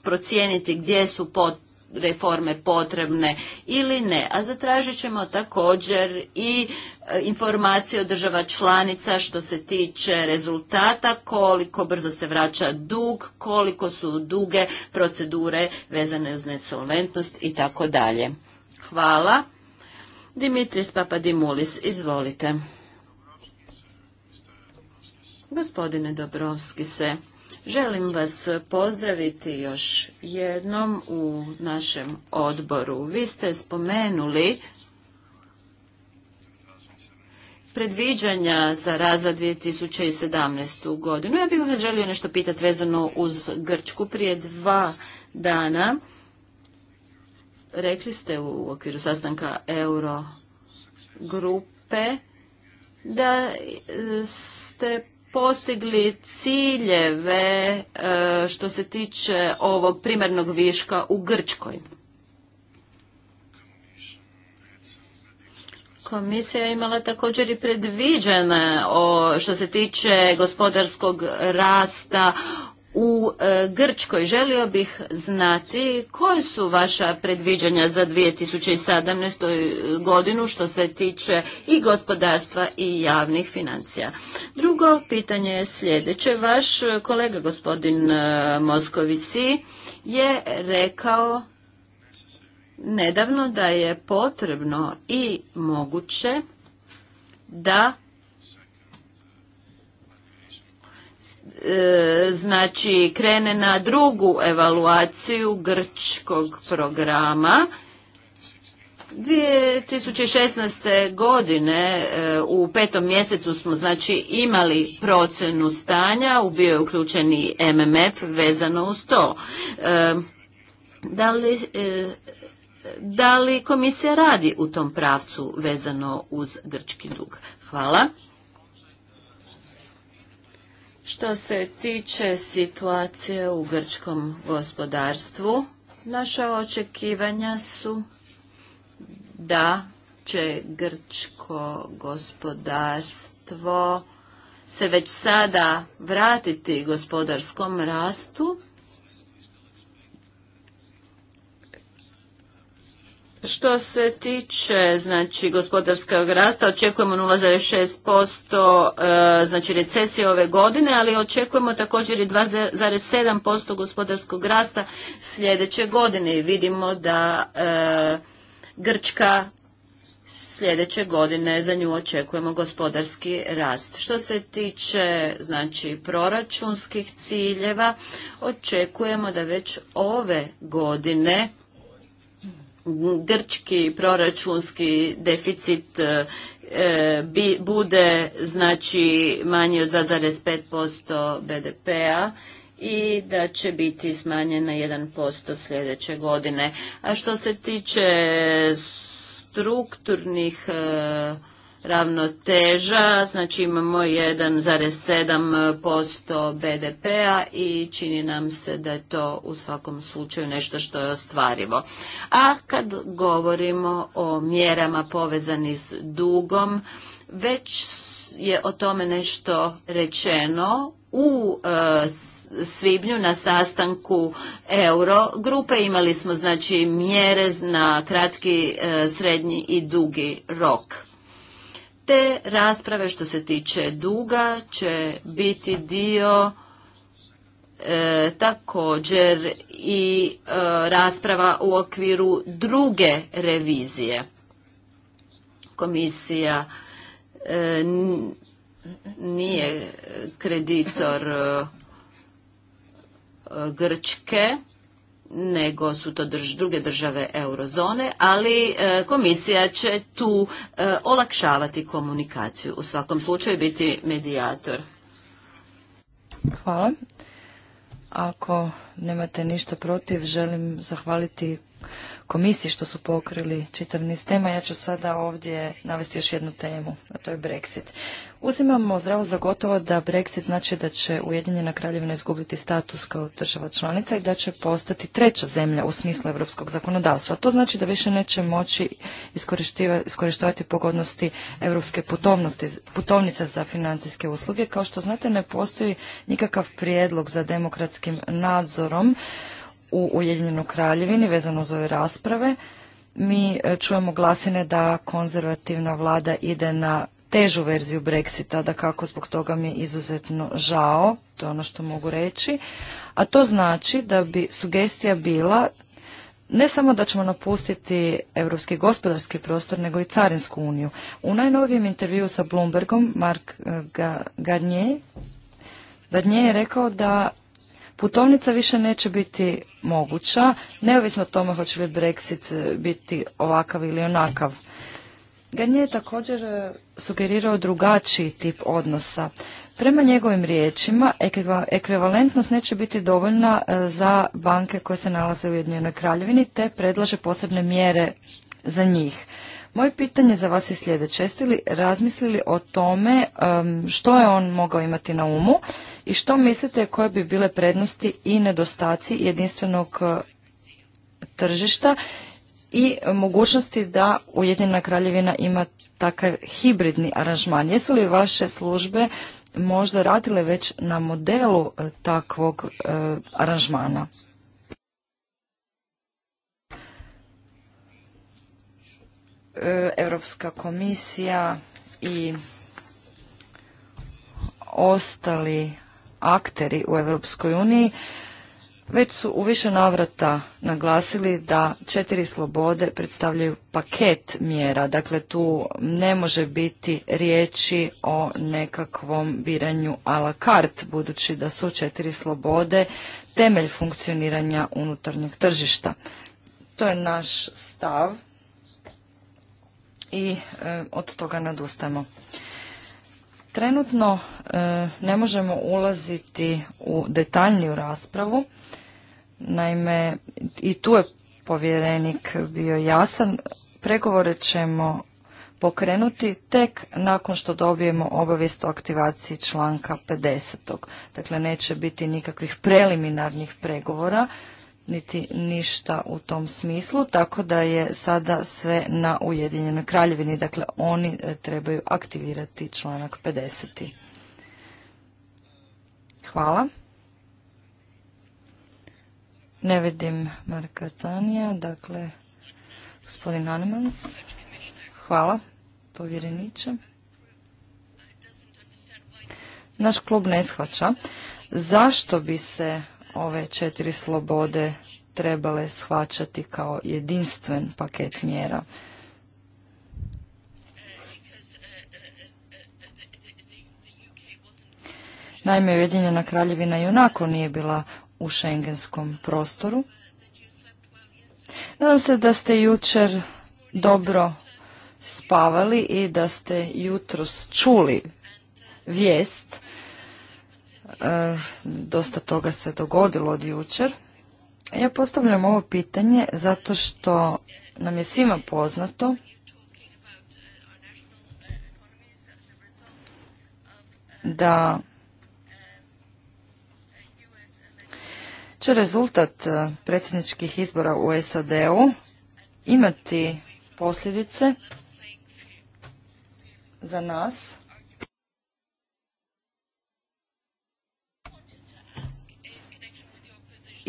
procijeniti gdje su pot, reforme potrebne ili ne. A zatražit ćemo također i e, informacije od država članica što se tiče rezultata, koliko brzo se vraća dug, koliko su duge procedure vezane uz nesolventnost i tako dalje. Hvala. Dimitris Papadimulis, izvolite. Gospodine Dobrovski se. Želim vas pozdraviti još jednom u našem odboru. Vi ste spomenuli predviđanja za raza 2017. godinu. Ja bih vas želio nešto pitati vezano uz Grčku. Prije dva dana rekli ste u okviru sastanka Eurogrupe da ste postigli ciljeve e, što se tiče ovog primarnog viška u Grčkoj. Komisija je imala također i predviđene što se tiče gospodarskog rasta u e, Grčkoj. Želio bih znati koje su vaša predviđanja za 2017. godinu što se tiče i gospodarstva i javnih financija. Drugo pitanje je sljedeće. Vaš kolega gospodin e, Moskovici je rekao nedavno da je potrebno i moguće da E, znači krene na drugu evaluaciju grčkog programa 2016. godine e, u petom mjesecu smo znači imali procjenu stanja, u bio je uključeni i MMF vezano uz to. E, da li, da li komisija radi u tom pravcu vezano uz grčki dug? Hvala. Što se tiče situacije u grčkom gospodarstvu, naša očekivanja su da će grčko gospodarstvo se već sada vratiti gospodarskom rastu Što se tiče znači, gospodarskog rasta, očekujemo 0,6% e, znači recesije ove godine, ali očekujemo također i 2,7% gospodarskog rasta sljedeće godine. I vidimo da e, Grčka sljedeće godine za nju očekujemo gospodarski rast. Što se tiče znači proračunskih ciljeva, očekujemo da već ove godine grčki proračunski deficit e, e, bude znači manji od 2,5% BDP-a i da će biti smanjen na 1% sljedeće godine. A što se tiče strukturnih e, ravnoteža, znači imamo 1,7% BDP-a i čini nam se da je to u svakom slučaju nešto što je ostvarivo. A kad govorimo o mjerama povezani s dugom, već je o tome nešto rečeno u e, svibnju na sastanku euro grupe imali smo znači mjere na kratki, e, srednji i dugi rok. Te rasprave što se tiče duga će biti dio e, također i e, rasprava u okviru druge revizije. Komisija e, nije kreditor Grčke nego su to druge države eurozone, ali e, komisija će tu e, olakšavati komunikaciju. U svakom slučaju biti medijator. Hvala. Ako nemate ništa protiv, želim zahvaliti komisiji što su pokrili čitav niz tema. Ja ću sada ovdje navesti još jednu temu, a to je Brexit. Uzimamo zdravo za gotovo da Brexit znači da će Ujedinjena kraljevina izgubiti status kao država članica i da će postati treća zemlja u smislu europskog zakonodavstva. To znači da više neće moći iskorištavati pogodnosti europske putovnice za financijske usluge. Kao što znate ne postoji nikakav prijedlog za demokratskim nadzorom u Ujedinjenoj kraljevini vezano uz ove rasprave. Mi e, čujemo glasine da konzervativna vlada ide na težu verziju Brexita, da kako zbog toga mi je izuzetno žao, to je ono što mogu reći. A to znači da bi sugestija bila ne samo da ćemo napustiti europski gospodarski prostor, nego i Carinsku uniju. U najnovijem intervju sa Bloombergom, Mark e, Garnier, Garnier je rekao da putovnica više neće biti moguća, neovisno o tome hoće li Brexit e, biti ovakav ili onakav. Garnier je također e, sugerirao drugačiji tip odnosa. Prema njegovim riječima, ekvivalentnost neće biti dovoljna e, za banke koje se nalaze u Ujedinjenoj kraljevini, te predlaže posebne mjere za njih. Moje pitanje za vas je sljedeće. Jeste li razmislili o tome što je on mogao imati na umu i što mislite koje bi bile prednosti i nedostaci jedinstvenog e, tržišta i mogućnosti da Ujedinjena kraljevina ima takav hibridni aranžman. Jesu li vaše službe možda radile već na modelu e, takvog e, aranžmana? Europska komisija i ostali akteri u Europskoj uniji već su u više navrata naglasili da četiri slobode predstavljaju paket mjera. Dakle, tu ne može biti riječi o nekakvom biranju a la carte, budući da su četiri slobode temelj funkcioniranja unutarnjeg tržišta. To je naš stav i e, od toga nadustamo. Trenutno e, ne možemo ulaziti u detaljniju raspravu. Naime, i tu je povjerenik bio jasan. Pregovore ćemo pokrenuti tek nakon što dobijemo obavijest o aktivaciji članka 50. Dakle, neće biti nikakvih preliminarnih pregovora niti ništa u tom smislu, tako da je sada sve na Ujedinjenoj kraljevini, dakle oni e, trebaju aktivirati članak 50. Hvala. Ne vidim Marka dakle gospodin Anemans. Hvala, povjereniče. Naš klub ne shvaća. Zašto bi se ove četiri slobode trebale shvaćati kao jedinstven paket mjera. Naime, Ujedinjena kraljevina i onako nije bila u šengenskom prostoru. Nadam se da ste jučer dobro spavali i da ste jutros čuli vijest E, dosta toga se dogodilo od jučer. Ja postavljam ovo pitanje zato što nam je svima poznato da će rezultat predsjedničkih izbora u SAD-u imati posljedice za nas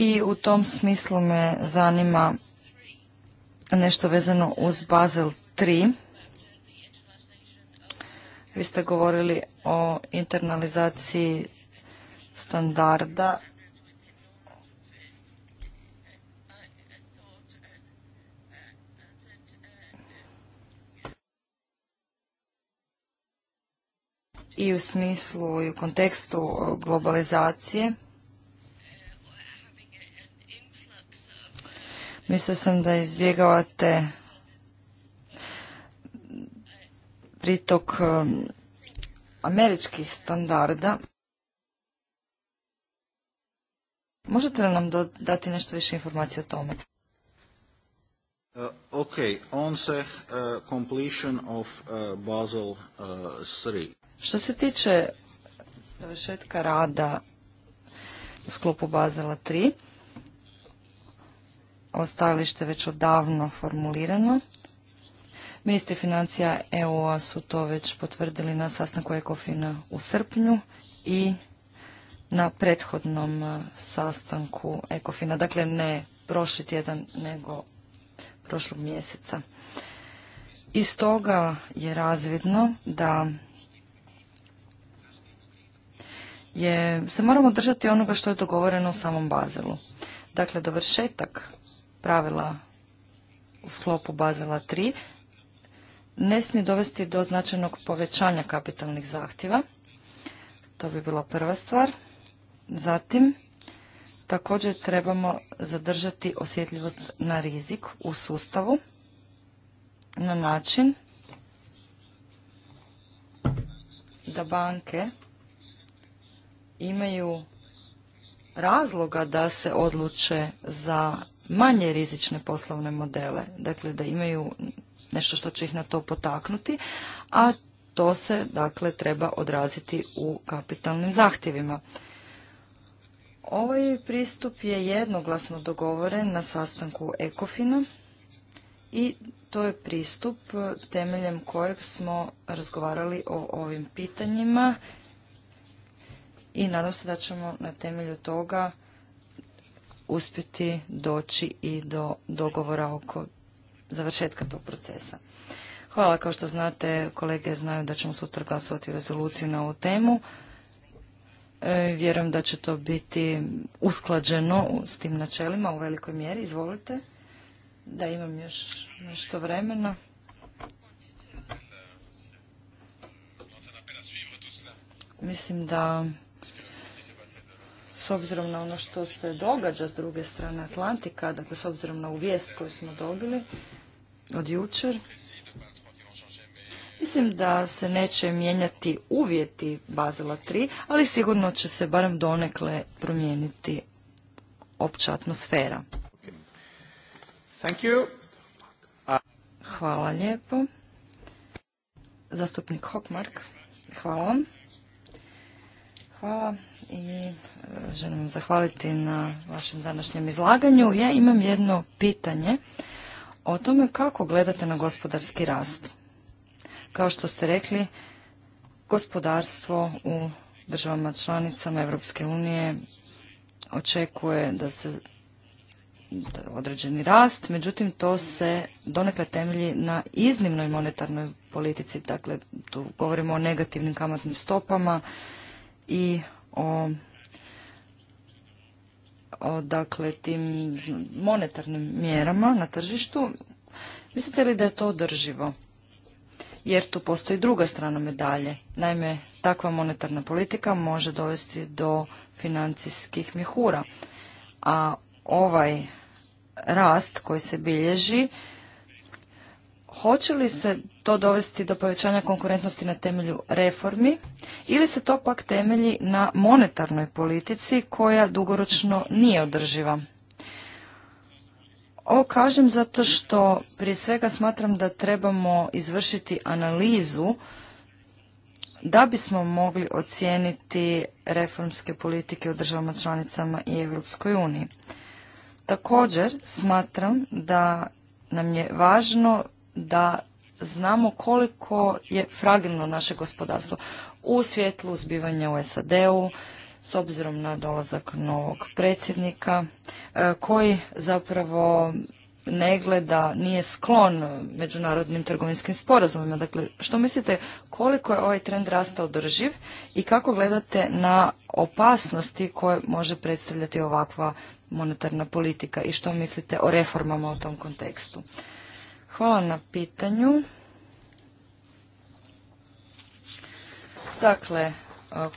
i u tom smislu me zanima nešto vezano uz Basel 3. Vi ste govorili o internalizaciji standarda i u smislu i u kontekstu globalizacije. Mislio sam da izbjegavate pritok um, američkih standarda. Možete li nam dati nešto više informacije o tome? Uh, on se uh, completion of uh, Basel 3. Što se tiče završetka rada u sklopu Basela 3, ovo stajalište već odavno formulirano. Ministri financija EU-a su to već potvrdili na sastanku ECOFIN-a u srpnju i na prethodnom e, sastanku ECOFIN-a. dakle ne prošli tjedan nego prošlog mjeseca. Iz toga je razvidno da se moramo držati onoga što je dogovoreno u samom Bazelu. Dakle, dovršetak pravila u sklopu Bazela 3 ne smije dovesti do značajnog povećanja kapitalnih zahtjeva. To bi bila prva stvar. Zatim, također trebamo zadržati osjetljivost na rizik u sustavu na način da banke imaju razloga da se odluče za manje rizične poslovne modele, dakle da imaju nešto što će ih na to potaknuti, a to se dakle treba odraziti u kapitalnim zahtjevima. Ovaj pristup je jednoglasno dogovoren na sastanku Ekofina i to je pristup temeljem kojeg smo razgovarali o ovim pitanjima i nadam se da ćemo na temelju toga uspjeti doći i do dogovora oko završetka tog procesa. Hvala, kao što znate, kolege znaju da ćemo sutra glasovati rezoluciju rezoluciji na ovu temu. E, vjerujem da će to biti usklađeno s tim načelima u velikoj mjeri. Izvolite da imam još nešto vremena. Mislim da s obzirom na ono što se događa s druge strane Atlantika, dakle s obzirom na uvijest koju smo dobili od jučer, mislim da se neće mijenjati uvjeti Bazela 3, ali sigurno će se barem donekle promijeniti opća atmosfera. Hvala lijepo. Zastupnik Hockmark, hvala Hvala i e, želim vam zahvaliti na vašem današnjem izlaganju. Ja imam jedno pitanje o tome kako gledate na gospodarski rast. Kao što ste rekli, gospodarstvo u državama članicama Europske unije očekuje da se određeni rast, međutim to se donekle temelji na iznimnoj monetarnoj politici, dakle tu govorimo o negativnim kamatnim stopama i o, o dakle tim monetarnim mjerama na tržištu. Mislite li da je to održivo? Jer tu postoji druga strana medalje. Naime, takva monetarna politika može dovesti do financijskih mihura. A ovaj rast koji se bilježi Hoće li se to dovesti do povećanja konkurentnosti na temelju reformi ili se to pak temelji na monetarnoj politici koja dugoročno nije održiva? Ovo kažem zato što prije svega smatram da trebamo izvršiti analizu da bismo mogli ocijeniti reformske politike u državama članicama i Europskoj uniji. Također smatram da nam je važno da znamo koliko je fragilno naše gospodarstvo u svjetlu zbivanja u SAD-u, s obzirom na dolazak novog predsjednika, e, koji zapravo ne gleda, nije sklon međunarodnim trgovinskim sporazumima. Dakle, što mislite, koliko je ovaj trend rasta održiv i kako gledate na opasnosti koje može predstavljati ovakva monetarna politika i što mislite o reformama u tom kontekstu? Hvala na pitanju. Dakle, e,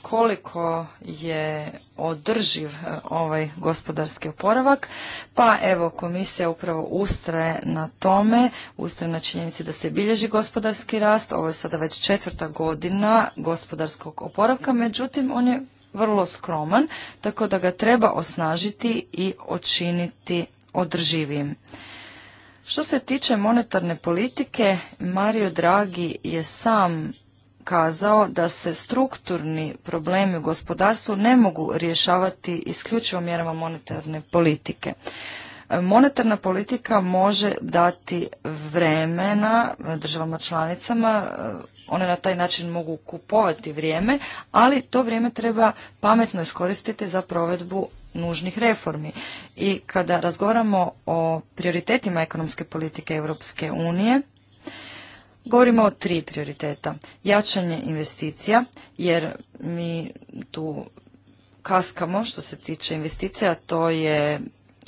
koliko je održiv e, ovaj gospodarski oporavak. Pa evo, komisija upravo ustraje na tome, ustraje na činjenici da se bilježi gospodarski rast. Ovo je sada već četvrta godina gospodarskog oporavka, međutim, on je vrlo skroman, tako da ga treba osnažiti i očiniti održivijim. Što se tiče monetarne politike, Mario Draghi je sam kazao da se strukturni problemi u gospodarstvu ne mogu rješavati isključivo mjerama monetarne politike. Monetarna politika može dati vremena državama članicama, one na taj način mogu kupovati vrijeme, ali to vrijeme treba pametno iskoristiti za provedbu nužnih reformi. I kada razgovaramo o prioritetima ekonomske politike Europske unije, Govorimo o tri prioriteta. Jačanje investicija, jer mi tu kaskamo što se tiče investicija, to je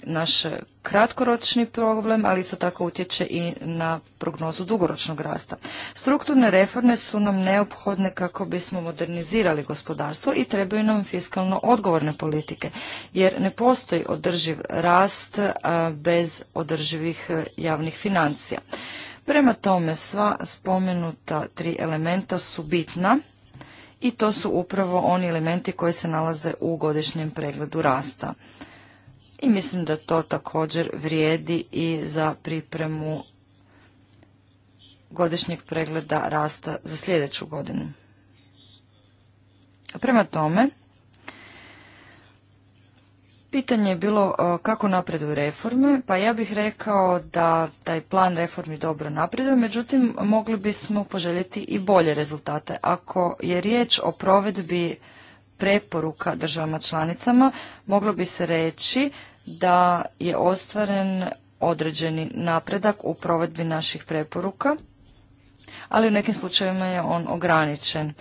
naš kratkoročni problem, ali isto tako utječe i na prognozu dugoročnog rasta. Strukturne reforme su nam neophodne kako bismo modernizirali gospodarstvo i trebaju nam fiskalno odgovorne politike, jer ne postoji održiv rast bez održivih e, javnih financija. Prema tome, sva spomenuta tri elementa su bitna i to su upravo oni elementi koji se nalaze u godišnjem pregledu rasta i mislim da to također vrijedi i za pripremu godišnjeg pregleda rasta za sljedeću godinu. Prema tome, pitanje je bilo e, kako napreduju reforme, pa ja bih rekao da taj plan reformi dobro napreduje, međutim mogli bismo poželjeti i bolje rezultate. Ako je riječ o provedbi preporuka državama članicama, moglo bi se reći da je ostvaren određeni napredak u provedbi naših preporuka, ali u nekim slučajevima je on ograničen.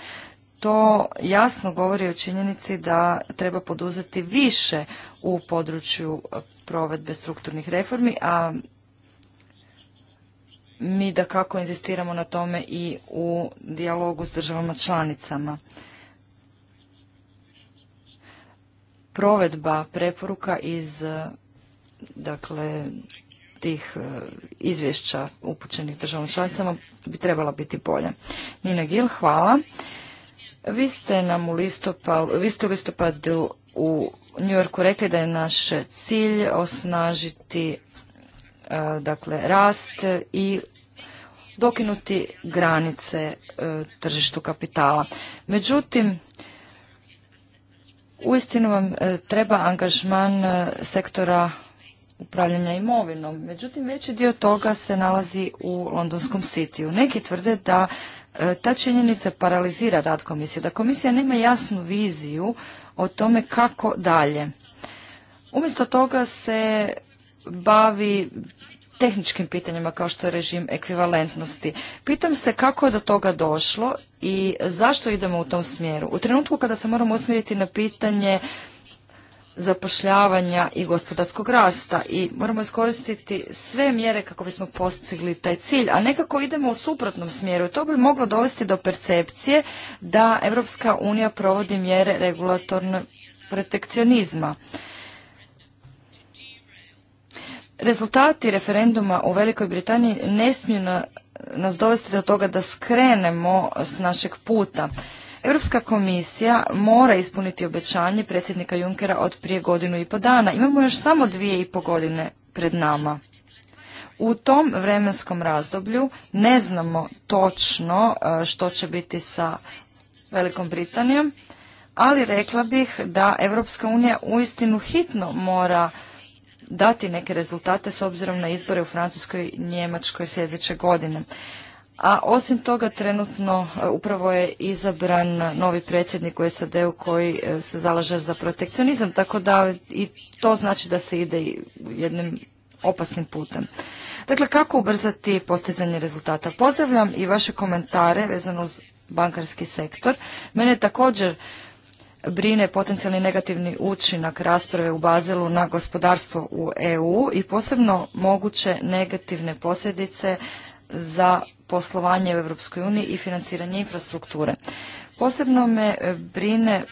To jasno govori o činjenici da treba poduzeti više u području provedbe strukturnih reformi, a mi da kako inzistiramo na tome i u dijalogu s državama članicama. provedba preporuka iz e, dakle tih e, izvješća upućenih državnim članicama bi trebala biti bolja. Nina Gil, hvala. Vi ste nam u listopadu, vi ste u listopadu u New Yorku rekli da je naš cilj osnažiti e, dakle rast i dokinuti granice tržištu kapitala. Međutim, uistinu vam e, treba angažman e, sektora upravljanja imovinom. Međutim, veći dio toga se nalazi u Londonskom sitiju. Neki tvrde da e, ta činjenica paralizira rad komisije, da komisija nema jasnu viziju o tome kako dalje. Umjesto toga se bavi tehničkim pitanjima kao što je režim ekvivalentnosti. Pitam se kako je do toga došlo i zašto idemo u tom smjeru. U trenutku kada se moramo usmjeriti na pitanje zapošljavanja i gospodarskog rasta i moramo iskoristiti sve mjere kako bismo postigli taj cilj, a nekako idemo u suprotnom smjeru. To bi moglo dovesti do percepcije da Europska unija provodi mjere regulatornog protekcionizma. Rezultati referenduma u Velikoj Britaniji ne smiju nas dovesti do toga da skrenemo s našeg puta. Europska komisija mora ispuniti obećanje predsjednika Junckera od prije godinu i po dana. Imamo još samo dvije i po godine pred nama. U tom vremenskom razdoblju ne znamo točno e, što će biti sa Velikom Britanijom, ali rekla bih da Europska unija uistinu hitno mora dati neke rezultate s obzirom na izbore u Francuskoj i Njemačkoj sljedeće godine. A osim toga trenutno e, upravo je izabran novi predsjednik u SAD-u koji e, se zalaže za protekcionizam, tako da i to znači da se ide jednim opasnim putem. Dakle, kako ubrzati postizanje rezultata? Pozdravljam i vaše komentare vezano uz bankarski sektor. Mene također brine potencijalni negativni učinak rasprave u Bazelu na gospodarstvo u EU i posebno moguće negativne posljedice za poslovanje u EU i financiranje infrastrukture. Posebno me brine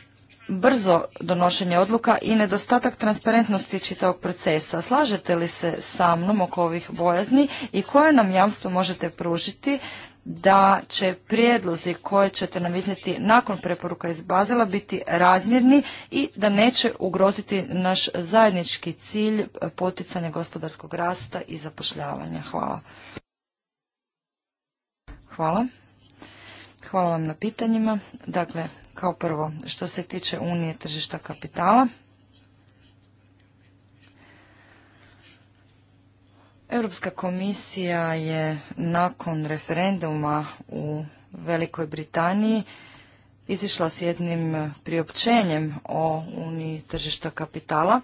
brzo donošenje odluka i nedostatak transparentnosti čitavog procesa. Slažete li se sa mnom oko ovih bojazni i koje nam jamstvo možete pružiti da će prijedlozi koje ćete nam iznijeti nakon preporuka iz Bazela biti razmjerni i da neće ugroziti naš zajednički cilj poticanja gospodarskog rasta i zapošljavanja. Hvala. Hvala. Hvala vam na pitanjima. Dakle, kao prvo, što se tiče Unije tržišta kapitala, Europska komisija je nakon referenduma u Velikoj Britaniji izišla s jednim priopćenjem o uniji tržišta kapitala.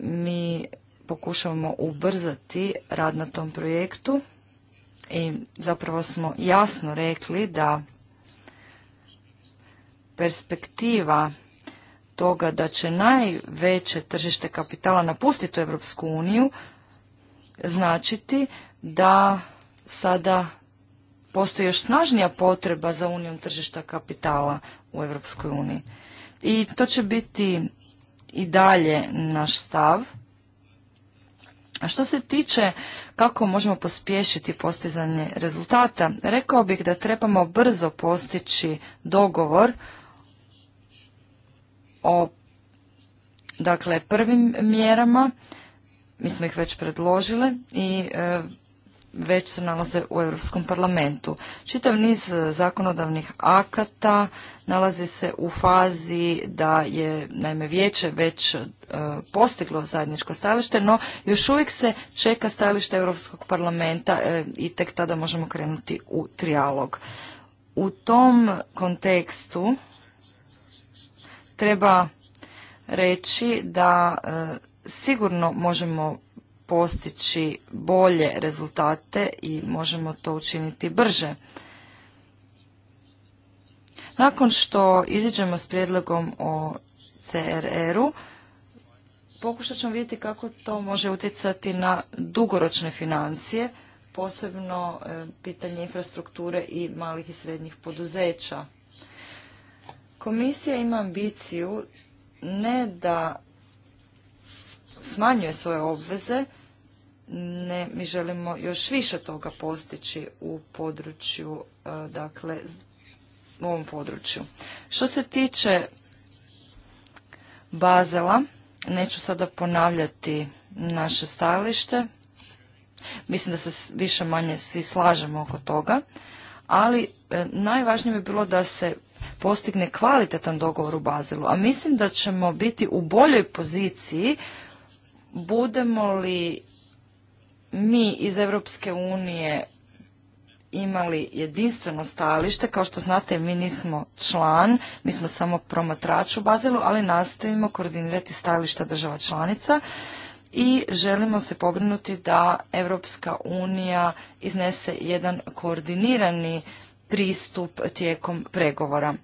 Mi pokušavamo ubrzati rad na tom projektu i zapravo smo jasno rekli da perspektiva toga da će najveće tržište kapitala napustiti u Europsku uniju značiti da sada postoji još snažnija potreba za unijom tržišta kapitala u Europskoj uniji. I to će biti i dalje naš stav. A što se tiče kako možemo pospješiti postizanje rezultata, rekao bih da trebamo brzo postići dogovor o dakle prvim mjerama mi smo ih već predložile i e, već se nalaze u Europskom parlamentu. Čitav niz zakonodavnih akata nalazi se u fazi da je, naime, vijeće već e, postiglo zajedničko stajalište, no još uvijek se čeka stajalište Europskog parlamenta e, i tek tada možemo krenuti u trijalog. U tom kontekstu treba reći da sigurno možemo postići bolje rezultate i možemo to učiniti brže. Nakon što iziđemo s prijedlogom o CRR-u, pokušat ćemo vidjeti kako to može utjecati na dugoročne financije, posebno e, pitanje infrastrukture i malih i srednjih poduzeća. Komisija ima ambiciju ne da smanjuje svoje obveze, ne, mi želimo još više toga postići u području, e, dakle, u ovom području. Što se tiče Bazela, neću sada ponavljati naše stajalište, mislim da se više manje svi slažemo oko toga, ali e, najvažnije bi bilo da se postigne kvalitetan dogovor u Bazelu, a mislim da ćemo biti u boljoj poziciji budemo li mi iz Europske unije imali jedinstveno stajalište. Kao što znate, mi nismo član, mi smo samo promatrač u Bazilu, ali nastavimo koordinirati stajališta država članica i želimo se pobrinuti da Europska unija iznese jedan koordinirani pristup tijekom pregovora.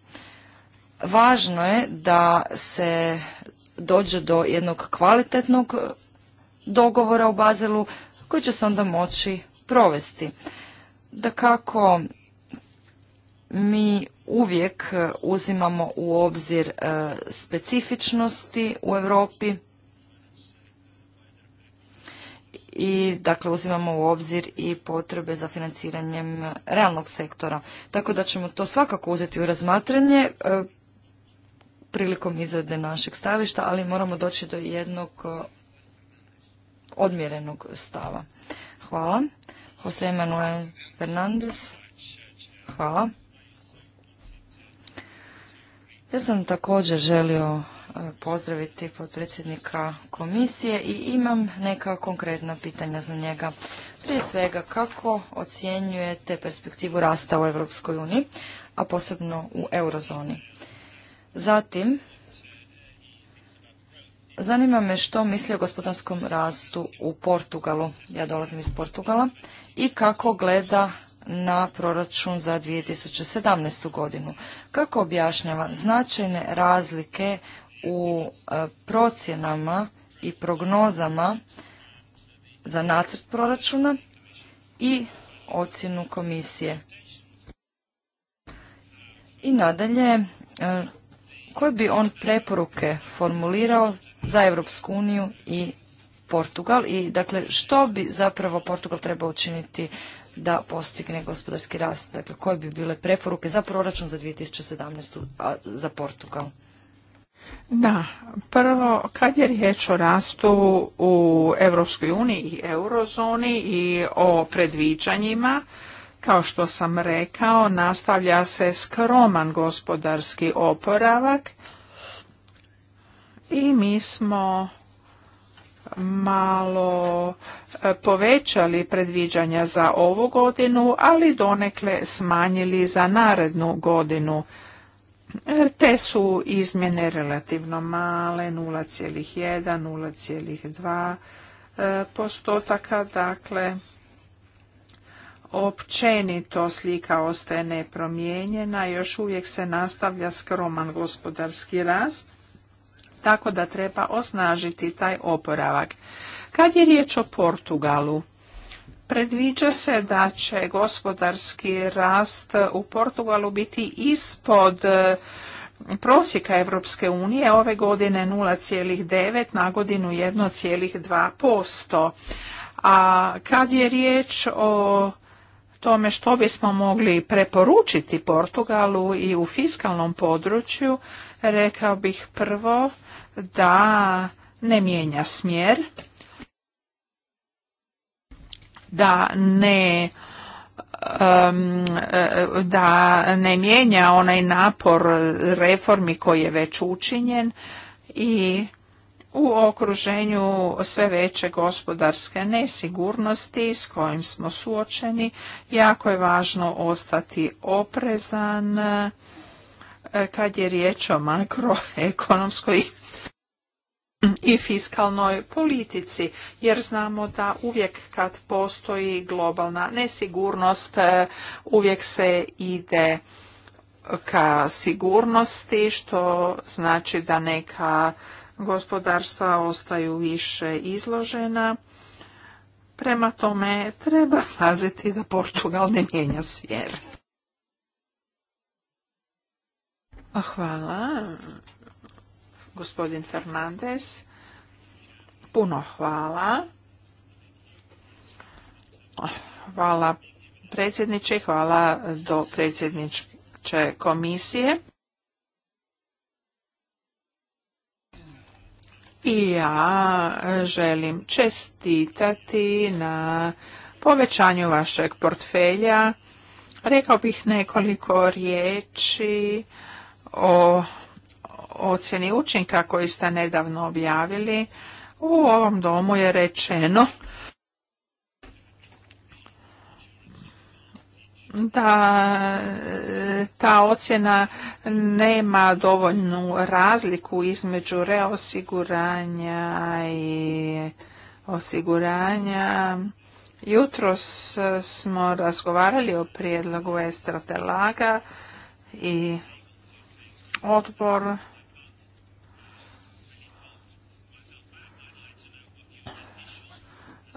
Važno je da se dođe do jednog kvalitetnog dogovora u Bazelu koji će se onda moći provesti. Da kako mi uvijek uzimamo u obzir e, specifičnosti u Europi i dakle uzimamo u obzir i potrebe za financiranjem realnog sektora. Tako da ćemo to svakako uzeti u razmatranje e, prilikom izrade našeg stajališta, ali moramo doći do jednog odmjerenog stava. Hvala. Jose Manuel Fernandez. Hvala. Ja sam također želio e, pozdraviti potpredsjednika komisije i imam neka konkretna pitanja za njega. Prije svega, kako ocjenjujete perspektivu rasta u Europskoj uniji, a posebno u eurozoni? Zatim, Zanima me što misli o gospodarskom rastu u Portugalu. Ja dolazim iz Portugala. I kako gleda na proračun za 2017. godinu. Kako objašnjava značajne razlike u e, procjenama i prognozama za nacrt proračuna i ocjenu komisije. I nadalje, e, koje bi on preporuke formulirao za Europsku uniju i Portugal i dakle što bi zapravo Portugal trebao učiniti da postigne gospodarski rast? Dakle, koje bi bile preporuke za proračun za 2017. A za Portugal? Da, prvo kad je riječ o rastu u Europskoj uniji i eurozoni i o predviđanjima, kao što sam rekao, nastavlja se skroman gospodarski oporavak i mi smo malo e, povećali predviđanja za ovu godinu, ali donekle smanjili za narednu godinu. E, te su izmjene relativno male, 0,1, 0,2 e, postotaka, dakle općenito slika ostaje nepromijenjena, još uvijek se nastavlja skroman gospodarski rast tako da treba osnažiti taj oporavak. Kad je riječ o Portugalu, predviđa se da će gospodarski rast u Portugalu biti ispod e, prosjeka Europske unije ove godine 0,9 na godinu 1,2%. A kad je riječ o tome što bismo mogli preporučiti Portugalu i u fiskalnom području, rekao bih prvo da ne mijenja smjer, da ne e, da ne mijenja onaj napor reformi koji je već učinjen i u okruženju sve veće gospodarske nesigurnosti s kojim smo suočeni jako je važno ostati oprezan e, kad je riječ o makroekonomskoj i fiskalnoj politici jer znamo da uvijek kad postoji globalna nesigurnost e, uvijek se ide ka sigurnosti što znači da neka gospodarstva ostaju više izložena prema tome treba paziti da Portugal ne mijenja smjer. Hvala gospodin Fernandez. Puno hvala. Hvala predsjedniče, hvala do predsjedniče komisije. I ja želim čestitati na povećanju vašeg portfelja. Rekao bih nekoliko riječi o ocjeni učinka koji ste nedavno objavili, u ovom domu je rečeno da e, ta ocjena nema dovoljnu razliku između reosiguranja i osiguranja. Jutros smo razgovarali o prijedlogu Estratelaga i odbor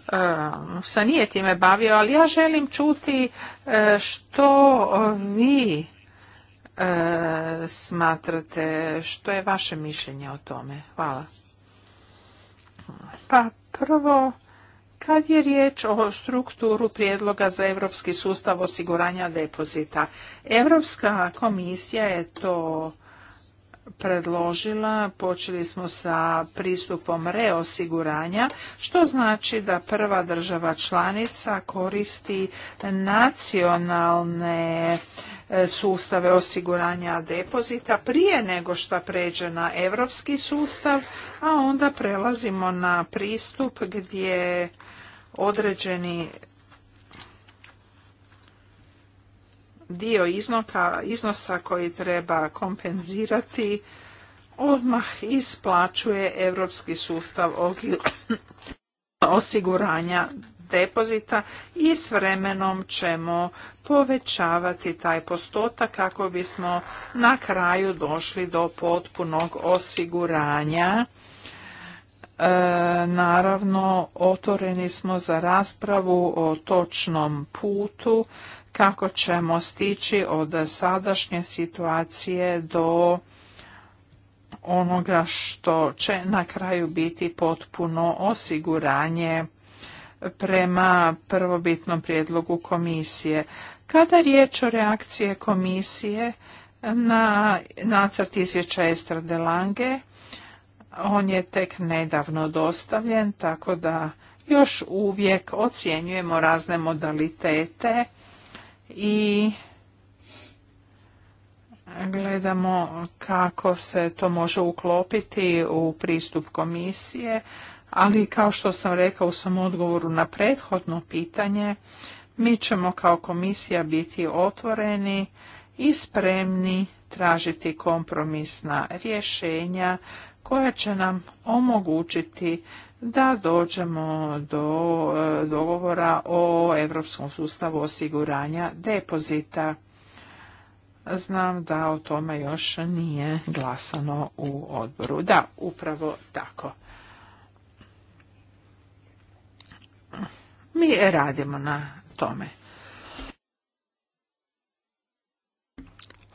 E, se nije time bavio, ali ja želim čuti e, što vi e, smatrate, što je vaše mišljenje o tome. Hvala. Pa prvo, kad je riječ o strukturu prijedloga za Europski sustav osiguranja depozita, Europska komisija je to predložila, počeli smo sa pristupom reosiguranja, što znači da prva država članica koristi nacionalne e, sustave osiguranja depozita prije nego što pređe na europski sustav, a onda prelazimo na pristup gdje određeni dio iznoka, iznosa koji treba kompenzirati odmah isplaćuje Europski sustav osiguranja depozita i s vremenom ćemo povećavati taj postotak kako bismo na kraju došli do potpunog osiguranja. E, naravno, otvoreni smo za raspravu o točnom putu kako ćemo stići od sadašnje situacije do onoga što će na kraju biti potpuno osiguranje prema prvobitnom prijedlogu komisije. Kada je riječ o reakcije komisije na nacrt izvješća Estrade Lange, on je tek nedavno dostavljen, tako da još uvijek ocjenjujemo razne modalitete i gledamo kako se to može uklopiti u pristup komisije, ali kao što sam rekla u svom odgovoru na prethodno pitanje, mi ćemo kao komisija biti otvoreni i spremni tražiti kompromisna rješenja koja će nam omogućiti da dođemo do e, dogovora o europskom sustavu osiguranja depozita. Znam da o tome još nije glasano u odboru. Da, upravo tako. Mi radimo na tome.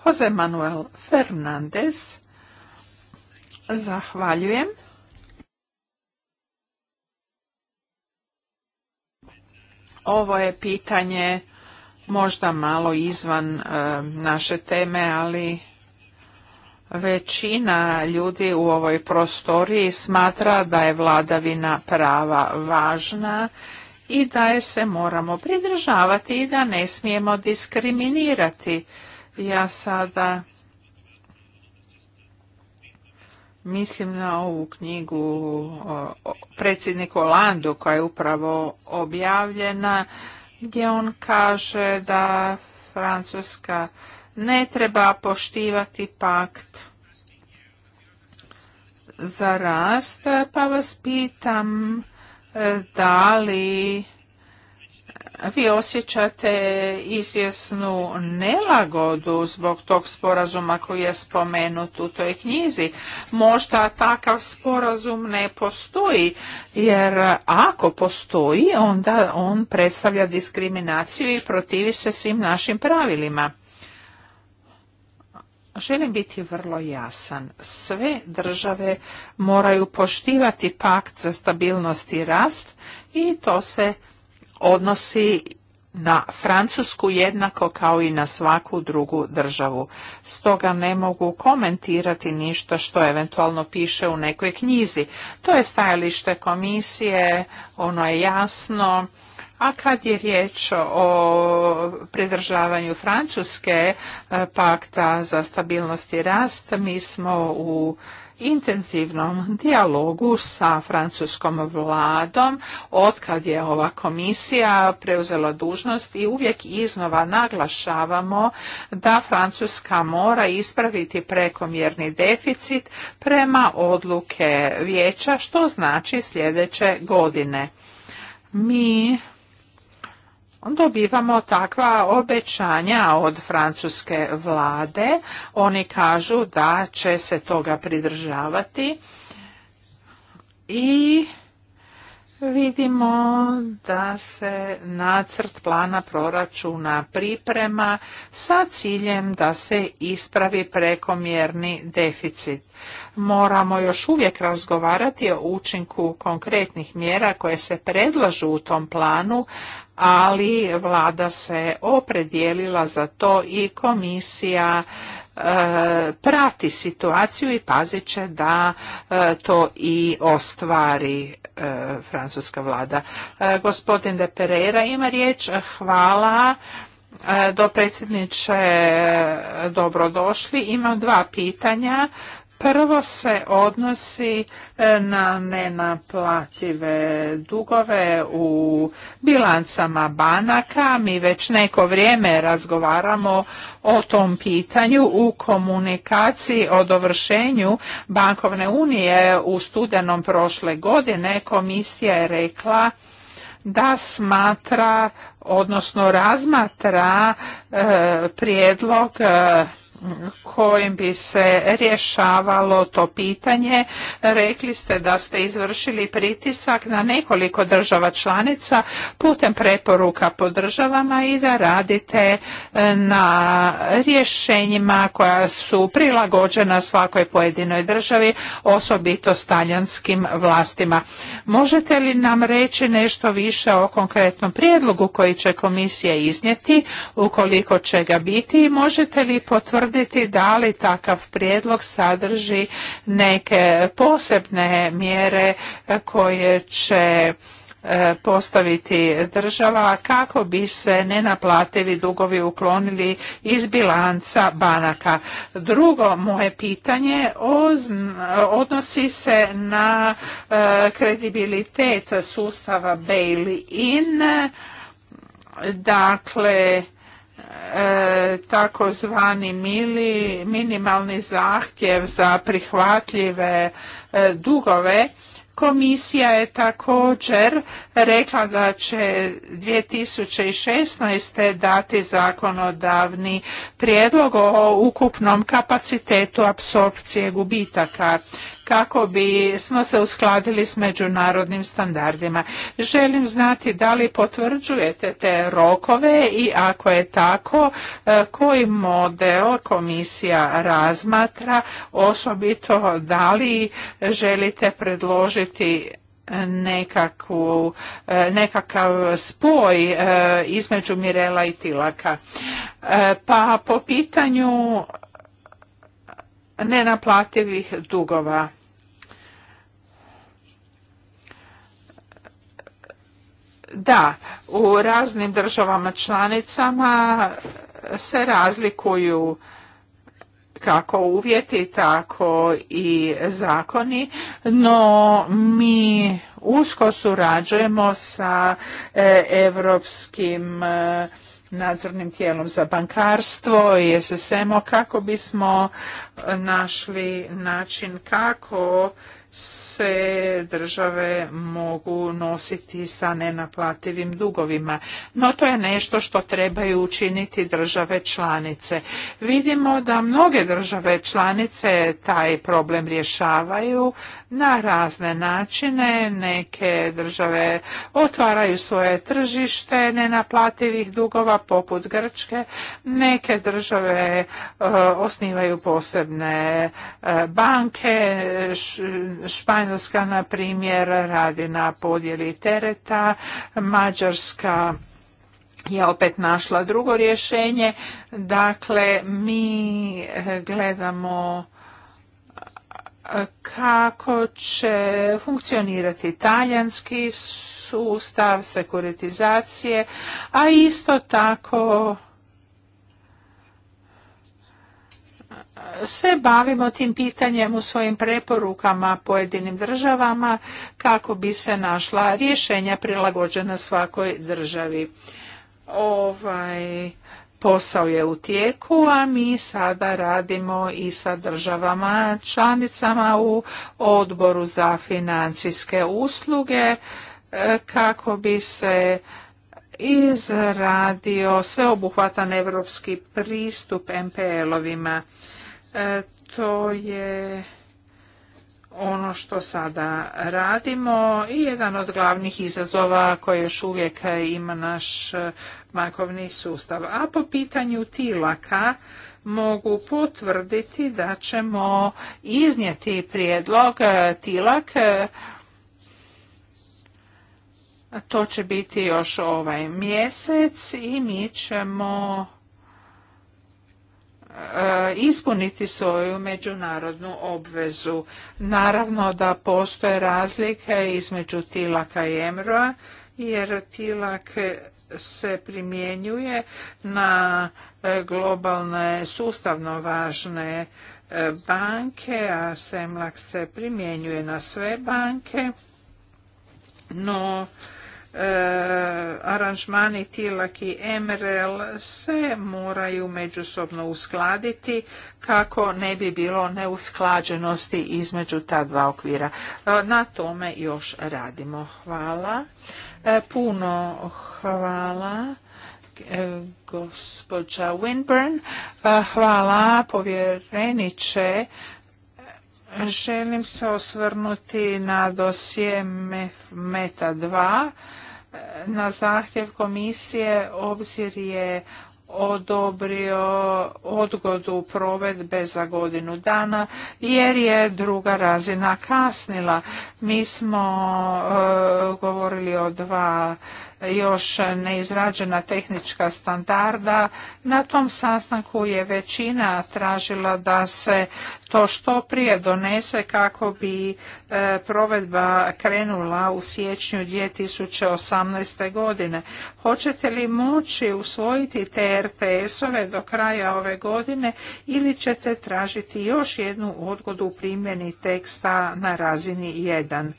Jose Manuel Fernandez, zahvaljujem. Ovo je pitanje možda malo izvan e, naše teme, ali većina ljudi u ovoj prostoriji smatra da je vladavina prava važna i da je se moramo pridržavati i da ne smijemo diskriminirati. Ja sada Mislim na ovu knjigu predsjedniku Olandu koja je upravo objavljena gdje on kaže da Francuska ne treba poštivati pakt za rast, pa vas pitam e, da li vi osjećate izvjesnu nelagodu zbog tog sporazuma koji je spomenut u toj knjizi. Možda takav sporazum ne postoji, jer ako postoji, onda on predstavlja diskriminaciju i protivi se svim našim pravilima. Želim biti vrlo jasan. Sve države moraju poštivati pakt za stabilnost i rast i to se odnosi na Francusku jednako kao i na svaku drugu državu. Stoga ne mogu komentirati ništa što eventualno piše u nekoj knjizi. To je stajalište komisije, ono je jasno. A kad je riječ o pridržavanju Francuske eh, pakta za stabilnost i rast, mi smo u intenzivnom dijalogu sa francuskom vladom otkad je ova komisija preuzela dužnost i uvijek iznova naglašavamo da Francuska mora ispraviti prekomjerni deficit prema odluke vijeća što znači sljedeće godine. Mi dobivamo takva obećanja od francuske vlade. Oni kažu da će se toga pridržavati i vidimo da se nacrt plana proračuna priprema sa ciljem da se ispravi prekomjerni deficit. Moramo još uvijek razgovarati o učinku konkretnih mjera koje se predlažu u tom planu, ali vlada se opredijelila za to i komisija e, prati situaciju i pazit će da e, to i ostvari e, francuska vlada. Gospodin de Pereira ima riječ. Hvala. Do Dopredsjedniče, dobrodošli. Imam dva pitanja. Prvo se odnosi e, na nenaplative dugove u bilancama banaka. Mi već neko vrijeme razgovaramo o tom pitanju u komunikaciji o dovršenju bankovne unije u studenom prošle godine. Komisija je rekla da smatra, odnosno razmatra e, prijedlog e, kojim bi se rješavalo to pitanje. Rekli ste da ste izvršili pritisak na nekoliko država članica putem preporuka po državama i da radite e, na rješenjima koja su prilagođena svakoj pojedinoj državi, osobito s talijanskim vlastima. Možete li nam reći nešto više o konkretnom prijedlogu koji će komisija iznijeti, ukoliko će ga biti i možete li potvrditi utvrditi da li takav prijedlog sadrži neke posebne mjere koje će e, postaviti država kako bi se nenaplativi dugovi uklonili iz bilanca banaka. Drugo moje pitanje odnosi se na e, kredibilitet sustava bail-in. Dakle, E, takozvani minimalni zahtjev za prihvatljive e, dugove Komisija je također rekla da će 2016. dati zakonodavni prijedlog o ukupnom kapacitetu apsorpcije gubitaka kako bi smo se uskladili s međunarodnim standardima. Želim znati da li potvrđujete te rokove i ako je tako, e, koji model komisija razmatra, osobito da li želite predložiti nekakvu, e, nekakav spoj e, između Mirela i Tilaka. Pa po pitanju nenaplativih dugova. Da, u raznim državama članicama se razlikuju kako uvjeti, tako i zakoni, no mi usko surađujemo sa europskim nadzornim tijelom za bankarstvo i ssm kako bismo e, našli način kako se države mogu nositi sa nenaplativim dugovima. No to je nešto što trebaju učiniti države članice. Vidimo da mnoge države članice taj problem rješavaju na razne načine. Neke države otvaraju svoje tržište nenaplativih dugova poput Grčke. Neke države e, osnivaju posebne e, banke, Španjolska, na primjer, radi na podjeli tereta, Mađarska je opet našla drugo rješenje. Dakle, mi gledamo eh, kako će funkcionirati talijanski sustav sekuritizacije, a isto tako se bavimo tim pitanjem u svojim preporukama pojedinim državama kako bi se našla rješenja prilagođena svakoj državi. Ovaj posao je u tijeku, a mi sada radimo i sa državama članicama u odboru za financijske usluge e, kako bi se izradio sveobuhvatan europski pristup MPL-ovima. E, to je ono što sada radimo i jedan od glavnih izazova koje još uvijek ima naš makovni e, sustav. A po pitanju tilaka mogu potvrditi da ćemo iznijeti prijedlog e, tilak to će biti još ovaj mjesec i mi ćemo E, ispuniti svoju međunarodnu obvezu. Naravno da postoje razlike između tilaka i emroa, jer tilak se primjenjuje na e, globalne sustavno važne e, banke, a Semlak se primjenjuje na sve banke, no E, aranžmani Tilak i Emerel se moraju međusobno uskladiti kako ne bi bilo neusklađenosti između ta dva okvira. E, na tome još radimo. Hvala. E, puno hvala gospođa Winburn. Hvala povjereniče. Želim se osvrnuti na dosije Meta 2 na zahtjev komisije obzir je odobrio odgodu provedbe za godinu dana jer je druga razina kasnila. Mi smo e, govorili o dva još neizrađena tehnička standarda. Na tom sastanku je većina tražila da se to što prije donese kako bi e, provedba krenula u siječnju 2018. godine. Hoćete li moći usvojiti te RTS-ove do kraja ove godine ili ćete tražiti još jednu odgodu u primjeni teksta na razini 1?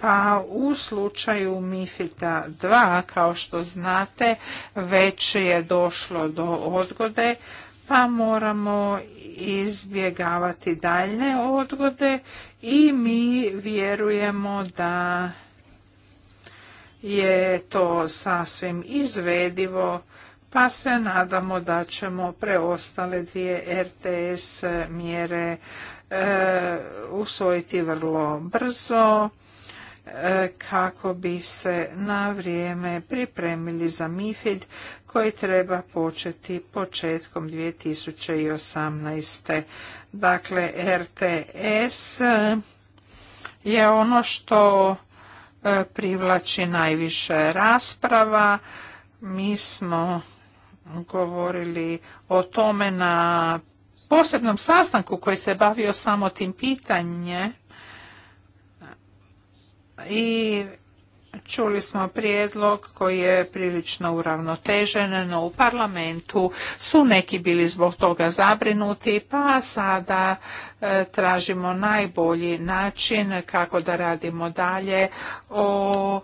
Pa u slučaju MIFITA 2, kao što znate, već je došlo do odgode, pa moramo izbjegavati daljne odgode i mi vjerujemo da je to sasvim izvedivo, pa se nadamo da ćemo preostale dvije RTS mjere e, usvojiti vrlo brzo. E, kako bi se na vrijeme pripremili za MIFID koji treba početi početkom 2018. Dakle, RTS je ono što e, privlači najviše rasprava. Mi smo govorili o tome na posebnom sastanku koji se bavio samo tim pitanjem i Čuli smo prijedlog koji je prilično uravnotežen, no u parlamentu su neki bili zbog toga zabrinuti, pa sada e, tražimo najbolji način kako da radimo dalje o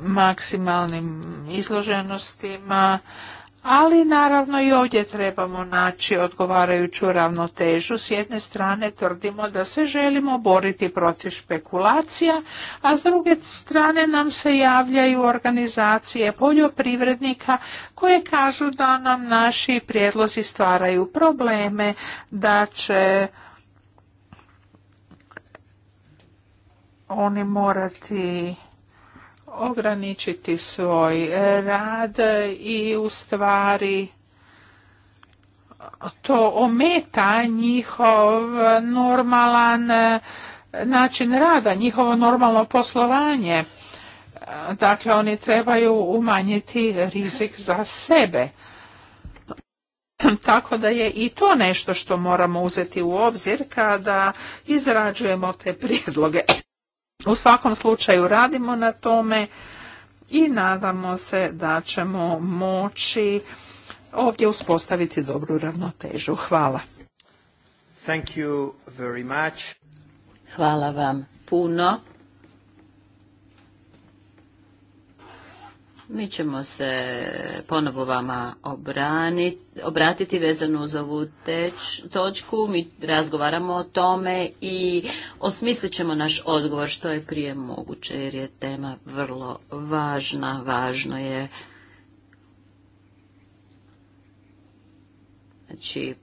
maksimalnim izloženostima ali naravno i ovdje trebamo naći odgovarajuću ravnotežu. S jedne strane tvrdimo da se želimo boriti protiv špekulacija, a s druge strane nam se javljaju organizacije poljoprivrednika koje kažu da nam naši prijedlozi stvaraju probleme, da će oni morati ograničiti svoj rad i u stvari to ometa njihov normalan e, način rada, njihovo normalno poslovanje. E, dakle, oni trebaju umanjiti rizik za sebe. Tako da je i to nešto što moramo uzeti u obzir kada izrađujemo te prijedloge. U svakom slučaju radimo na tome i nadamo se da ćemo moći ovdje uspostaviti dobru ravnotežu. Hvala. Thank you very much. Hvala vam puno. Mi ćemo se ponovo vama obratiti vezano uz ovu točku. Mi razgovaramo o tome i osmislit ćemo naš odgovor što je prije moguće jer je tema vrlo važna. Važno je znači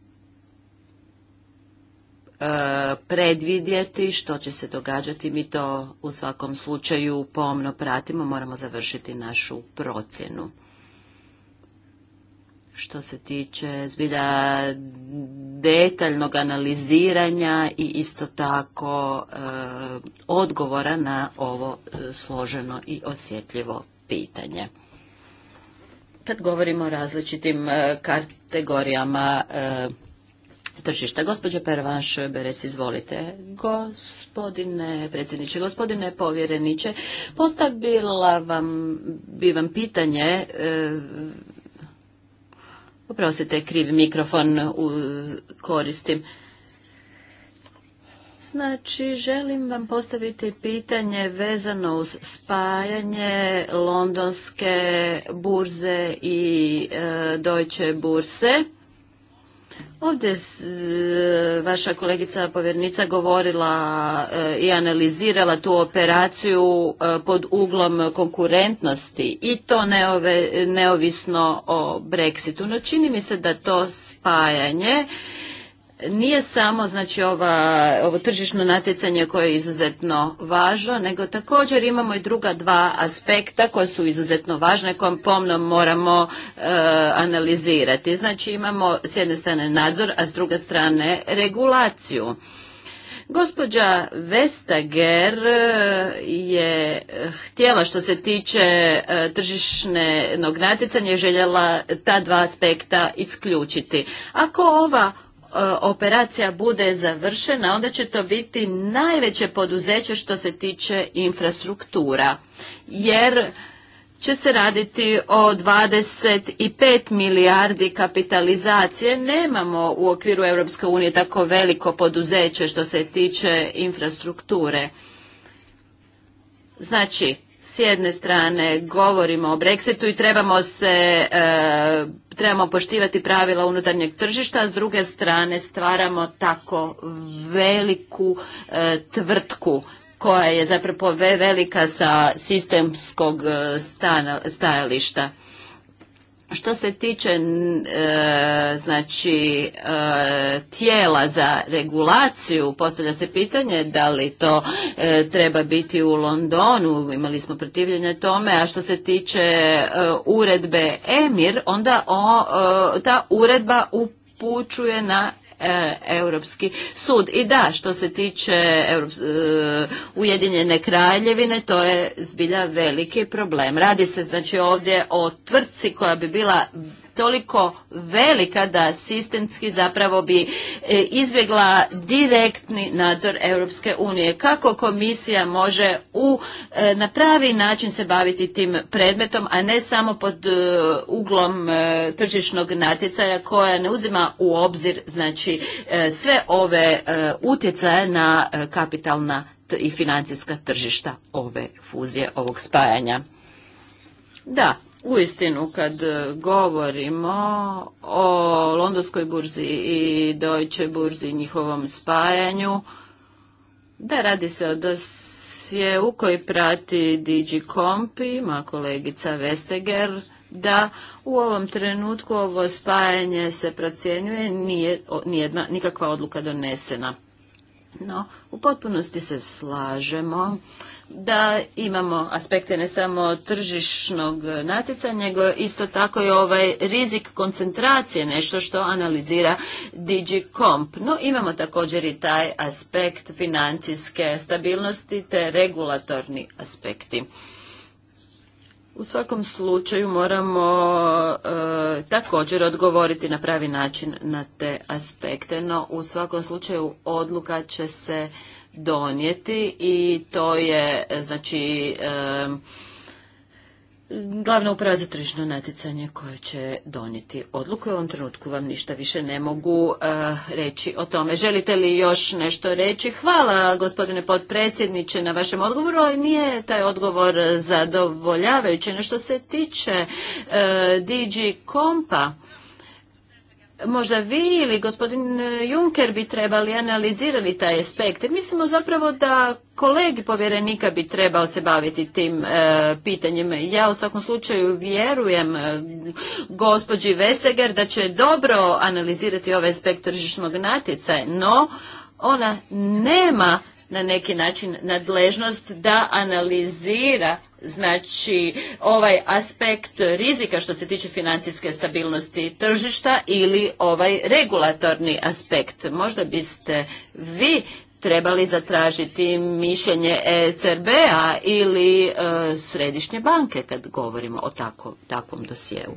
E, predvidjeti što će se događati. Mi to u svakom slučaju pomno pratimo, moramo završiti našu procjenu. Što se tiče zbilja detaljnog analiziranja i isto tako e, odgovora na ovo e, složeno i osjetljivo pitanje. Kad govorimo o različitim kategorijama tržišta. Gospođa Pervaš Beres, izvolite. Gospodine predsjedniče, gospodine povjereniče, postavila vam, bi vam pitanje, uprosite e, krivi mikrofon koristim. Znači, želim vam postaviti pitanje vezano uz spajanje londonske burze i e, dojče burse. Ovdje e, vaša kolegica povjernica govorila e, i analizirala tu operaciju e, pod uglom konkurentnosti i to neovisno o Brexitu. No čini mi se da to spajanje nije samo znači ova, ovo tržišno natjecanje koje je izuzetno važno, nego također imamo i druga dva aspekta koja su izuzetno važne koje, pomno moramo e, analizirati. Znači imamo s jedne strane nadzor, a s druge strane regulaciju. Gospođa Vestager e, je htjela što se tiče e, tržišnog natjecanja željela ta dva aspekta isključiti. Ako ova E, operacija bude završena, onda će to biti najveće poduzeće što se tiče infrastruktura. Jer će se raditi o 25 milijardi kapitalizacije. Nemamo u okviru EU tako veliko poduzeće što se tiče infrastrukture. Znači, jedne strane govorimo o Brexitu i trebamo se e, trebamo poštivati pravila unutarnjeg tržišta, a s druge strane stvaramo tako veliku e, tvrtku koja je zapravo velika sa sistemskog e, stajališta. Što se tiče e, znači e, tijela za regulaciju, postavlja se pitanje da li to e, treba biti u Londonu, imali smo protivljenje tome, a što se tiče uredbe Emir, onda o, ta uredba upućuje na E, Europski sud. I da, što se tiče e, Ujedinjene kraljevine, to je zbilja veliki problem. Radi se znači ovdje o tvrtci koja bi bila toliko velika da sistemski zapravo bi e, izbjegla direktni nadzor Europske unije. Kako komisija može u, e, na pravi način se baviti tim predmetom, a ne samo pod e, uglom tržišnog natjecaja koja ne uzima u obzir znači sve ove utjecaje na kapitalna i financijska tržišta ove fuzije, ovog spajanja. Da, uistinu kad e, govorimo o Londonskoj burzi i Deutsche burzi i njihovom spajanju, da radi se o dosje u koji prati DG Kompi, ima kolegica Vesteger, da u ovom trenutku ovo spajanje se procjenjuje, nije nijedna, nikakva odluka donesena. No, u potpunosti se slažemo da imamo aspekte ne samo tržišnog natjecanja, nego isto tako i ovaj rizik koncentracije, nešto što analizira DigiComp. No, imamo također i taj aspekt financijske stabilnosti te regulatorni aspekti. U svakom slučaju moramo e, također odgovoriti na pravi način na te aspekte, no u svakom slučaju odluka će se donijeti i to je e, znači e, glavna uprava za tržišno natjecanje koje će donijeti odluku. U ovom trenutku vam ništa više ne mogu eh, reći o tome. Želite li još nešto reći? Hvala gospodine potpredsjedniče na vašem odgovoru, ali nije taj odgovor zadovoljavajući. Na što se tiče uh, eh, DG Kompa, možda vi ili gospodin e, Juncker bi trebali analizirali taj aspekt. mislimo zapravo da kolegi povjerenika bi trebao se baviti tim e, pitanjem. Ja u svakom slučaju vjerujem e, gospođi Veseger da će dobro analizirati ovaj aspekt tržišnog natjecaja, no ona nema na neki način nadležnost da analizira znači ovaj aspekt rizika što se tiče financijske stabilnosti tržišta ili ovaj regulatorni aspekt. Možda biste vi trebali zatražiti mišljenje ECRB-a ili e, Središnje banke kad govorimo o tako, takvom dosjeu.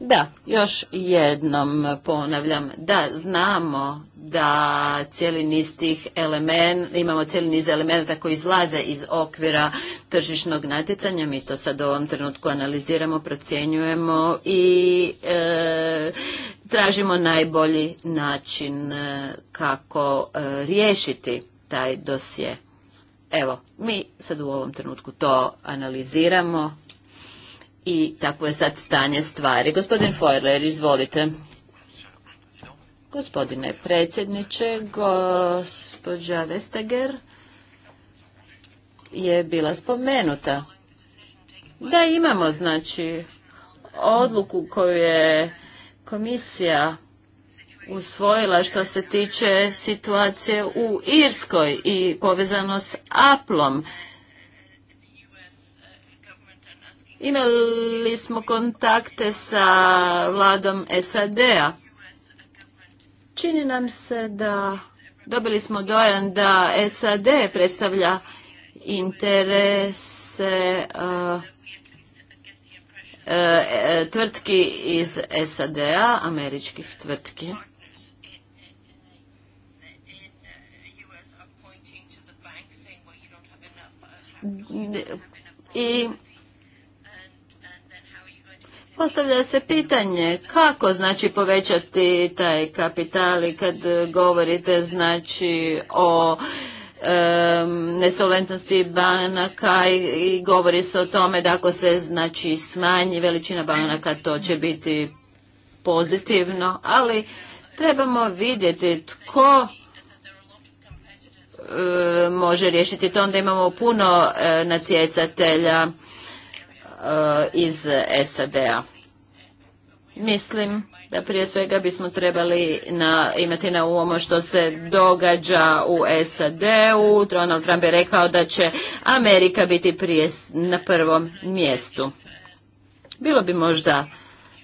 Da, još jednom ponavljam da znamo da cijeli niz tih element, imamo cijeli niz elemenata koji izlaze iz okvira tržišnog natjecanja, mi to sad u ovom trenutku analiziramo, procjenjujemo i e, tražimo najbolji način e, kako e, riješiti taj dosje. Evo, mi sad u ovom trenutku to analiziramo i takvo je sad stanje stvari. Gospodin Feuerler, izvolite. Gospodine predsjedniče, gospođa Vestager je bila spomenuta. Da, imamo znači odluku koju je komisija usvojila što se tiče situacije u Irskoj i povezano s Aplom. Imali smo kontakte sa vladom SAD-a. Čini nam se da dobili smo dojam da SAD predstavlja interese eh, eh, tvrtki iz SAD-a, američkih tvrtki. I Postavlja se pitanje kako znači povećati taj kapital i kad govorite znači o nesolventnosti banaka i, govori se o tome da ako se znači smanji veličina banaka to će biti pozitivno, ali trebamo vidjeti tko e, može riješiti to, onda imamo puno e, natjecatelja Eh, iz SAD-a. Mislim da prije svega bismo trebali na, imati na umu što se događa u SAD-u. Donald Trump je rekao da će Amerika biti prije na prvom mjestu. Bilo bi možda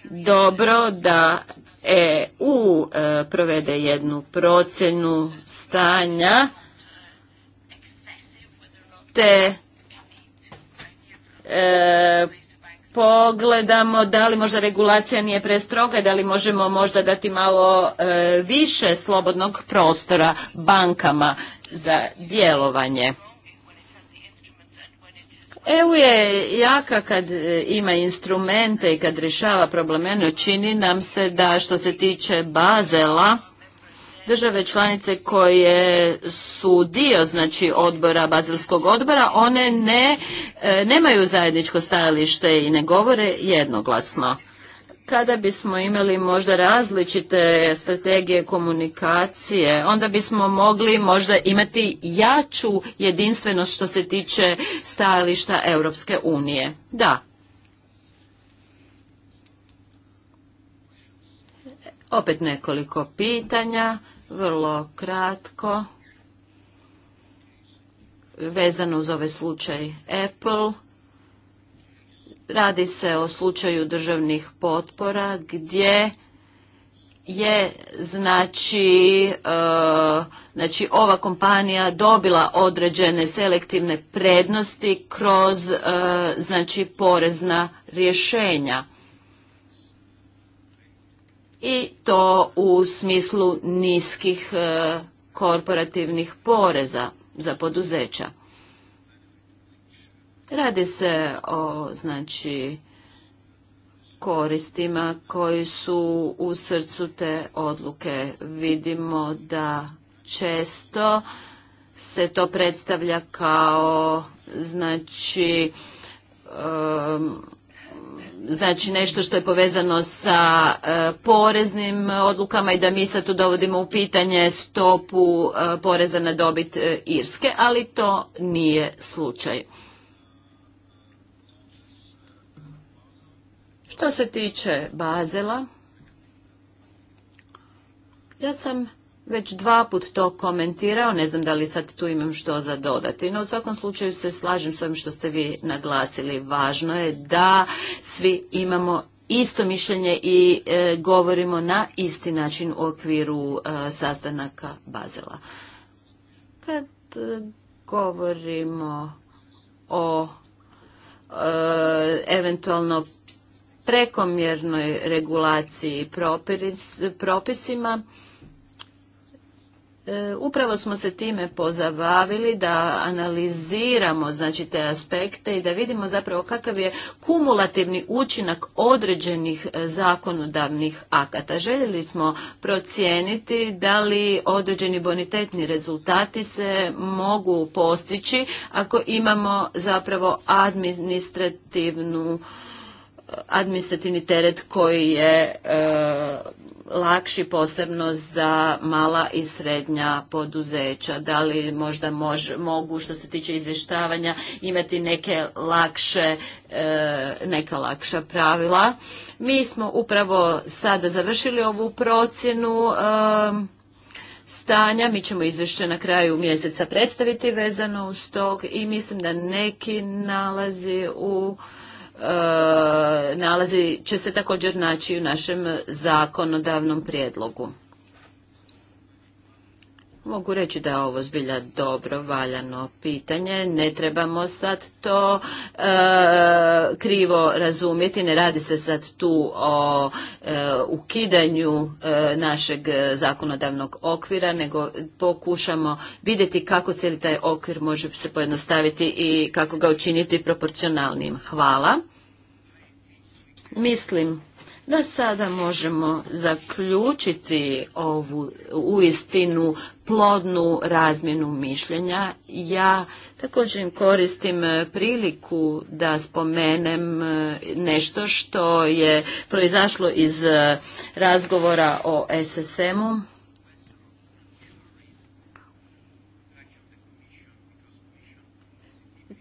dobro da EU eh, provede jednu procjenu stanja te E, pogledamo da li možda regulacija nije prestroga, da li možemo možda dati malo e, više slobodnog prostora bankama za djelovanje. EU je jaka kad e, ima instrumente i kad rješava probleme, čini nam se da što se tiče Bazela, Države članice koje su dio znači odbora, bazilskog odbora, one ne, e, nemaju zajedničko stajalište i ne govore jednoglasno. Kada bismo imali možda različite strategije komunikacije, onda bismo mogli možda imati jaču jedinstvenost što se tiče stajališta Europske unije. Da, Opet nekoliko pitanja vrlo kratko vezano uz ovaj slučaj Apple. Radi se o slučaju državnih potpora gdje je znači e, znači ova kompanija dobila određene selektivne prednosti kroz e, znači porezna rješenja i to u smislu niskih e, korporativnih poreza za poduzeća. Radi se o znači koristima koji su u srcu te odluke. Vidimo da često se to predstavlja kao znači e, znači nešto što je povezano sa e, poreznim odlukama i da mi sad tu dovodimo u pitanje stopu e, poreza na dobit e, Irske, ali to nije slučaj. Što se tiče Bazela, ja sam već dva put to komentirao, ne znam da li sad tu imam što za dodati, no u svakom slučaju se slažem s ovim što ste vi naglasili. Važno je da svi imamo isto mišljenje i e, govorimo na isti način u okviru e, sastanaka Bazela. Kad e, govorimo o eventualno prekomjernoj regulaciji propisima, E, upravo smo se time pozabavili da analiziramo znači te aspekte i da vidimo zapravo kakav je kumulativni učinak određenih e, zakonodavnih akata. Željeli smo procijeniti da li određeni bonitetni rezultati se mogu postići ako imamo zapravo administrativnu e, administrativni teret koji je lakši posebno za mala i srednja poduzeća? Da li možda mogu što se tiče izvještavanja imati neke lakše, e, neka lakša pravila? Mi smo upravo sada završili ovu procjenu e, stanja. Mi ćemo izvješće na kraju mjeseca predstaviti vezano uz tog i mislim da neki nalazi u E, nalazi će se također naći u našem zakonodavnom prijedlogu. Mogu reći da je ovo zbilja dobro valjano pitanje, ne trebamo sad to e, krivo razumjeti, ne radi se sad tu o e, ukidanju e, našeg zakonodavnog okvira, nego pokušamo vidjeti kako cijeli taj okvir može se pojednostaviti i kako ga učiniti proporcionalnim. Hvala. Mislim da sada možemo zaključiti ovu uistinu plodnu razmjenu mišljenja. Ja također koristim e, priliku da spomenem e, nešto što je proizašlo iz e, razgovora o SSM-u.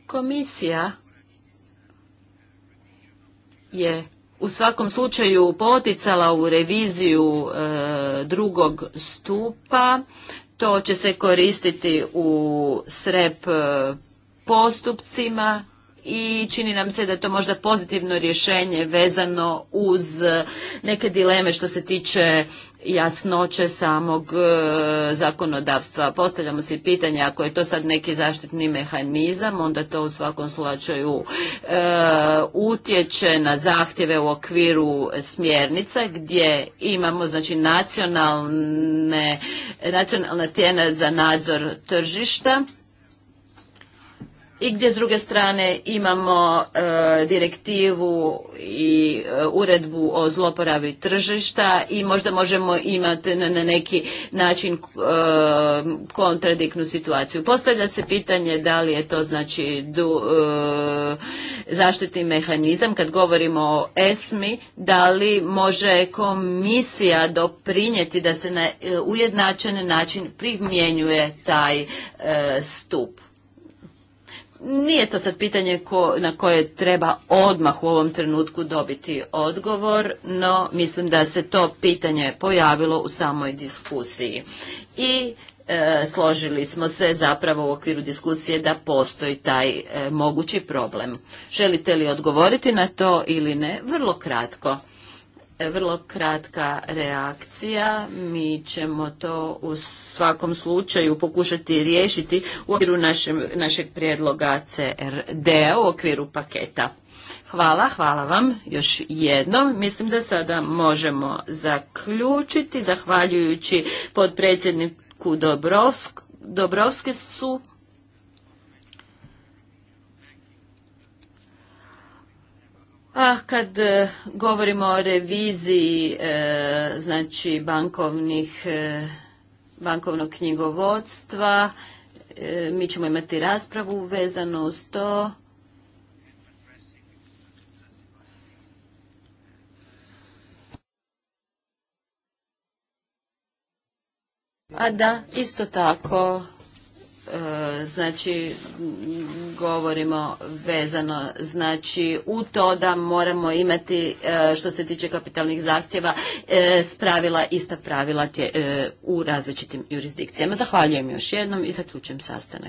Komisija je u svakom slučaju poticala u reviziju e, drugog stupa. To će se koristiti u srep e, postupcima i čini nam se da je to možda pozitivno rješenje vezano uz e, neke dileme što se tiče jasnoće samog e, zakonodavstva. Postavljamo si pitanje ako je to sad neki zaštitni mehanizam, onda to u svakom slučaju e, utječe na zahtjeve u okviru smjernica gdje imamo znači nacionalne, nacionalna tijena za nadzor tržišta i gdje s druge strane imamo e, direktivu i e, uredbu o zloporavi tržišta i možda možemo imati na, neki način e, kontradiknu situaciju. Postavlja se pitanje da li je to znači zaštitni mehanizam kad govorimo o ESMI, da li može komisija doprinijeti da se na ujednačen način primjenjuje taj stup nije to sad pitanje ko, na koje treba odmah u ovom trenutku dobiti odgovor, no mislim da se to pitanje pojavilo u samoj diskusiji. I e, složili smo se zapravo u okviru diskusije da postoji taj e, mogući problem. Želite li odgovoriti na to ili ne? Vrlo kratko vrlo kratka reakcija. Mi ćemo to u svakom slučaju pokušati riješiti u okviru našem, našeg prijedloga CRD u okviru paketa. Hvala, hvala vam još jednom. Mislim da sada možemo zaključiti zahvaljujući podpredsjedniku Dobrovsk, Dobrovski su A kad e, govorimo o reviziji e, znači bankovnih, e, bankovnog knjigovodstva, mi ćemo imati raspravu vezano uz to. A da, isto tako E, znači govorimo vezano znači u to da moramo imati e, što se tiče kapitalnih zahtjeva e, spravila ista pravila u različitim jurisdikcijama. Zahvaljujem još jednom i zaključujem sastanak.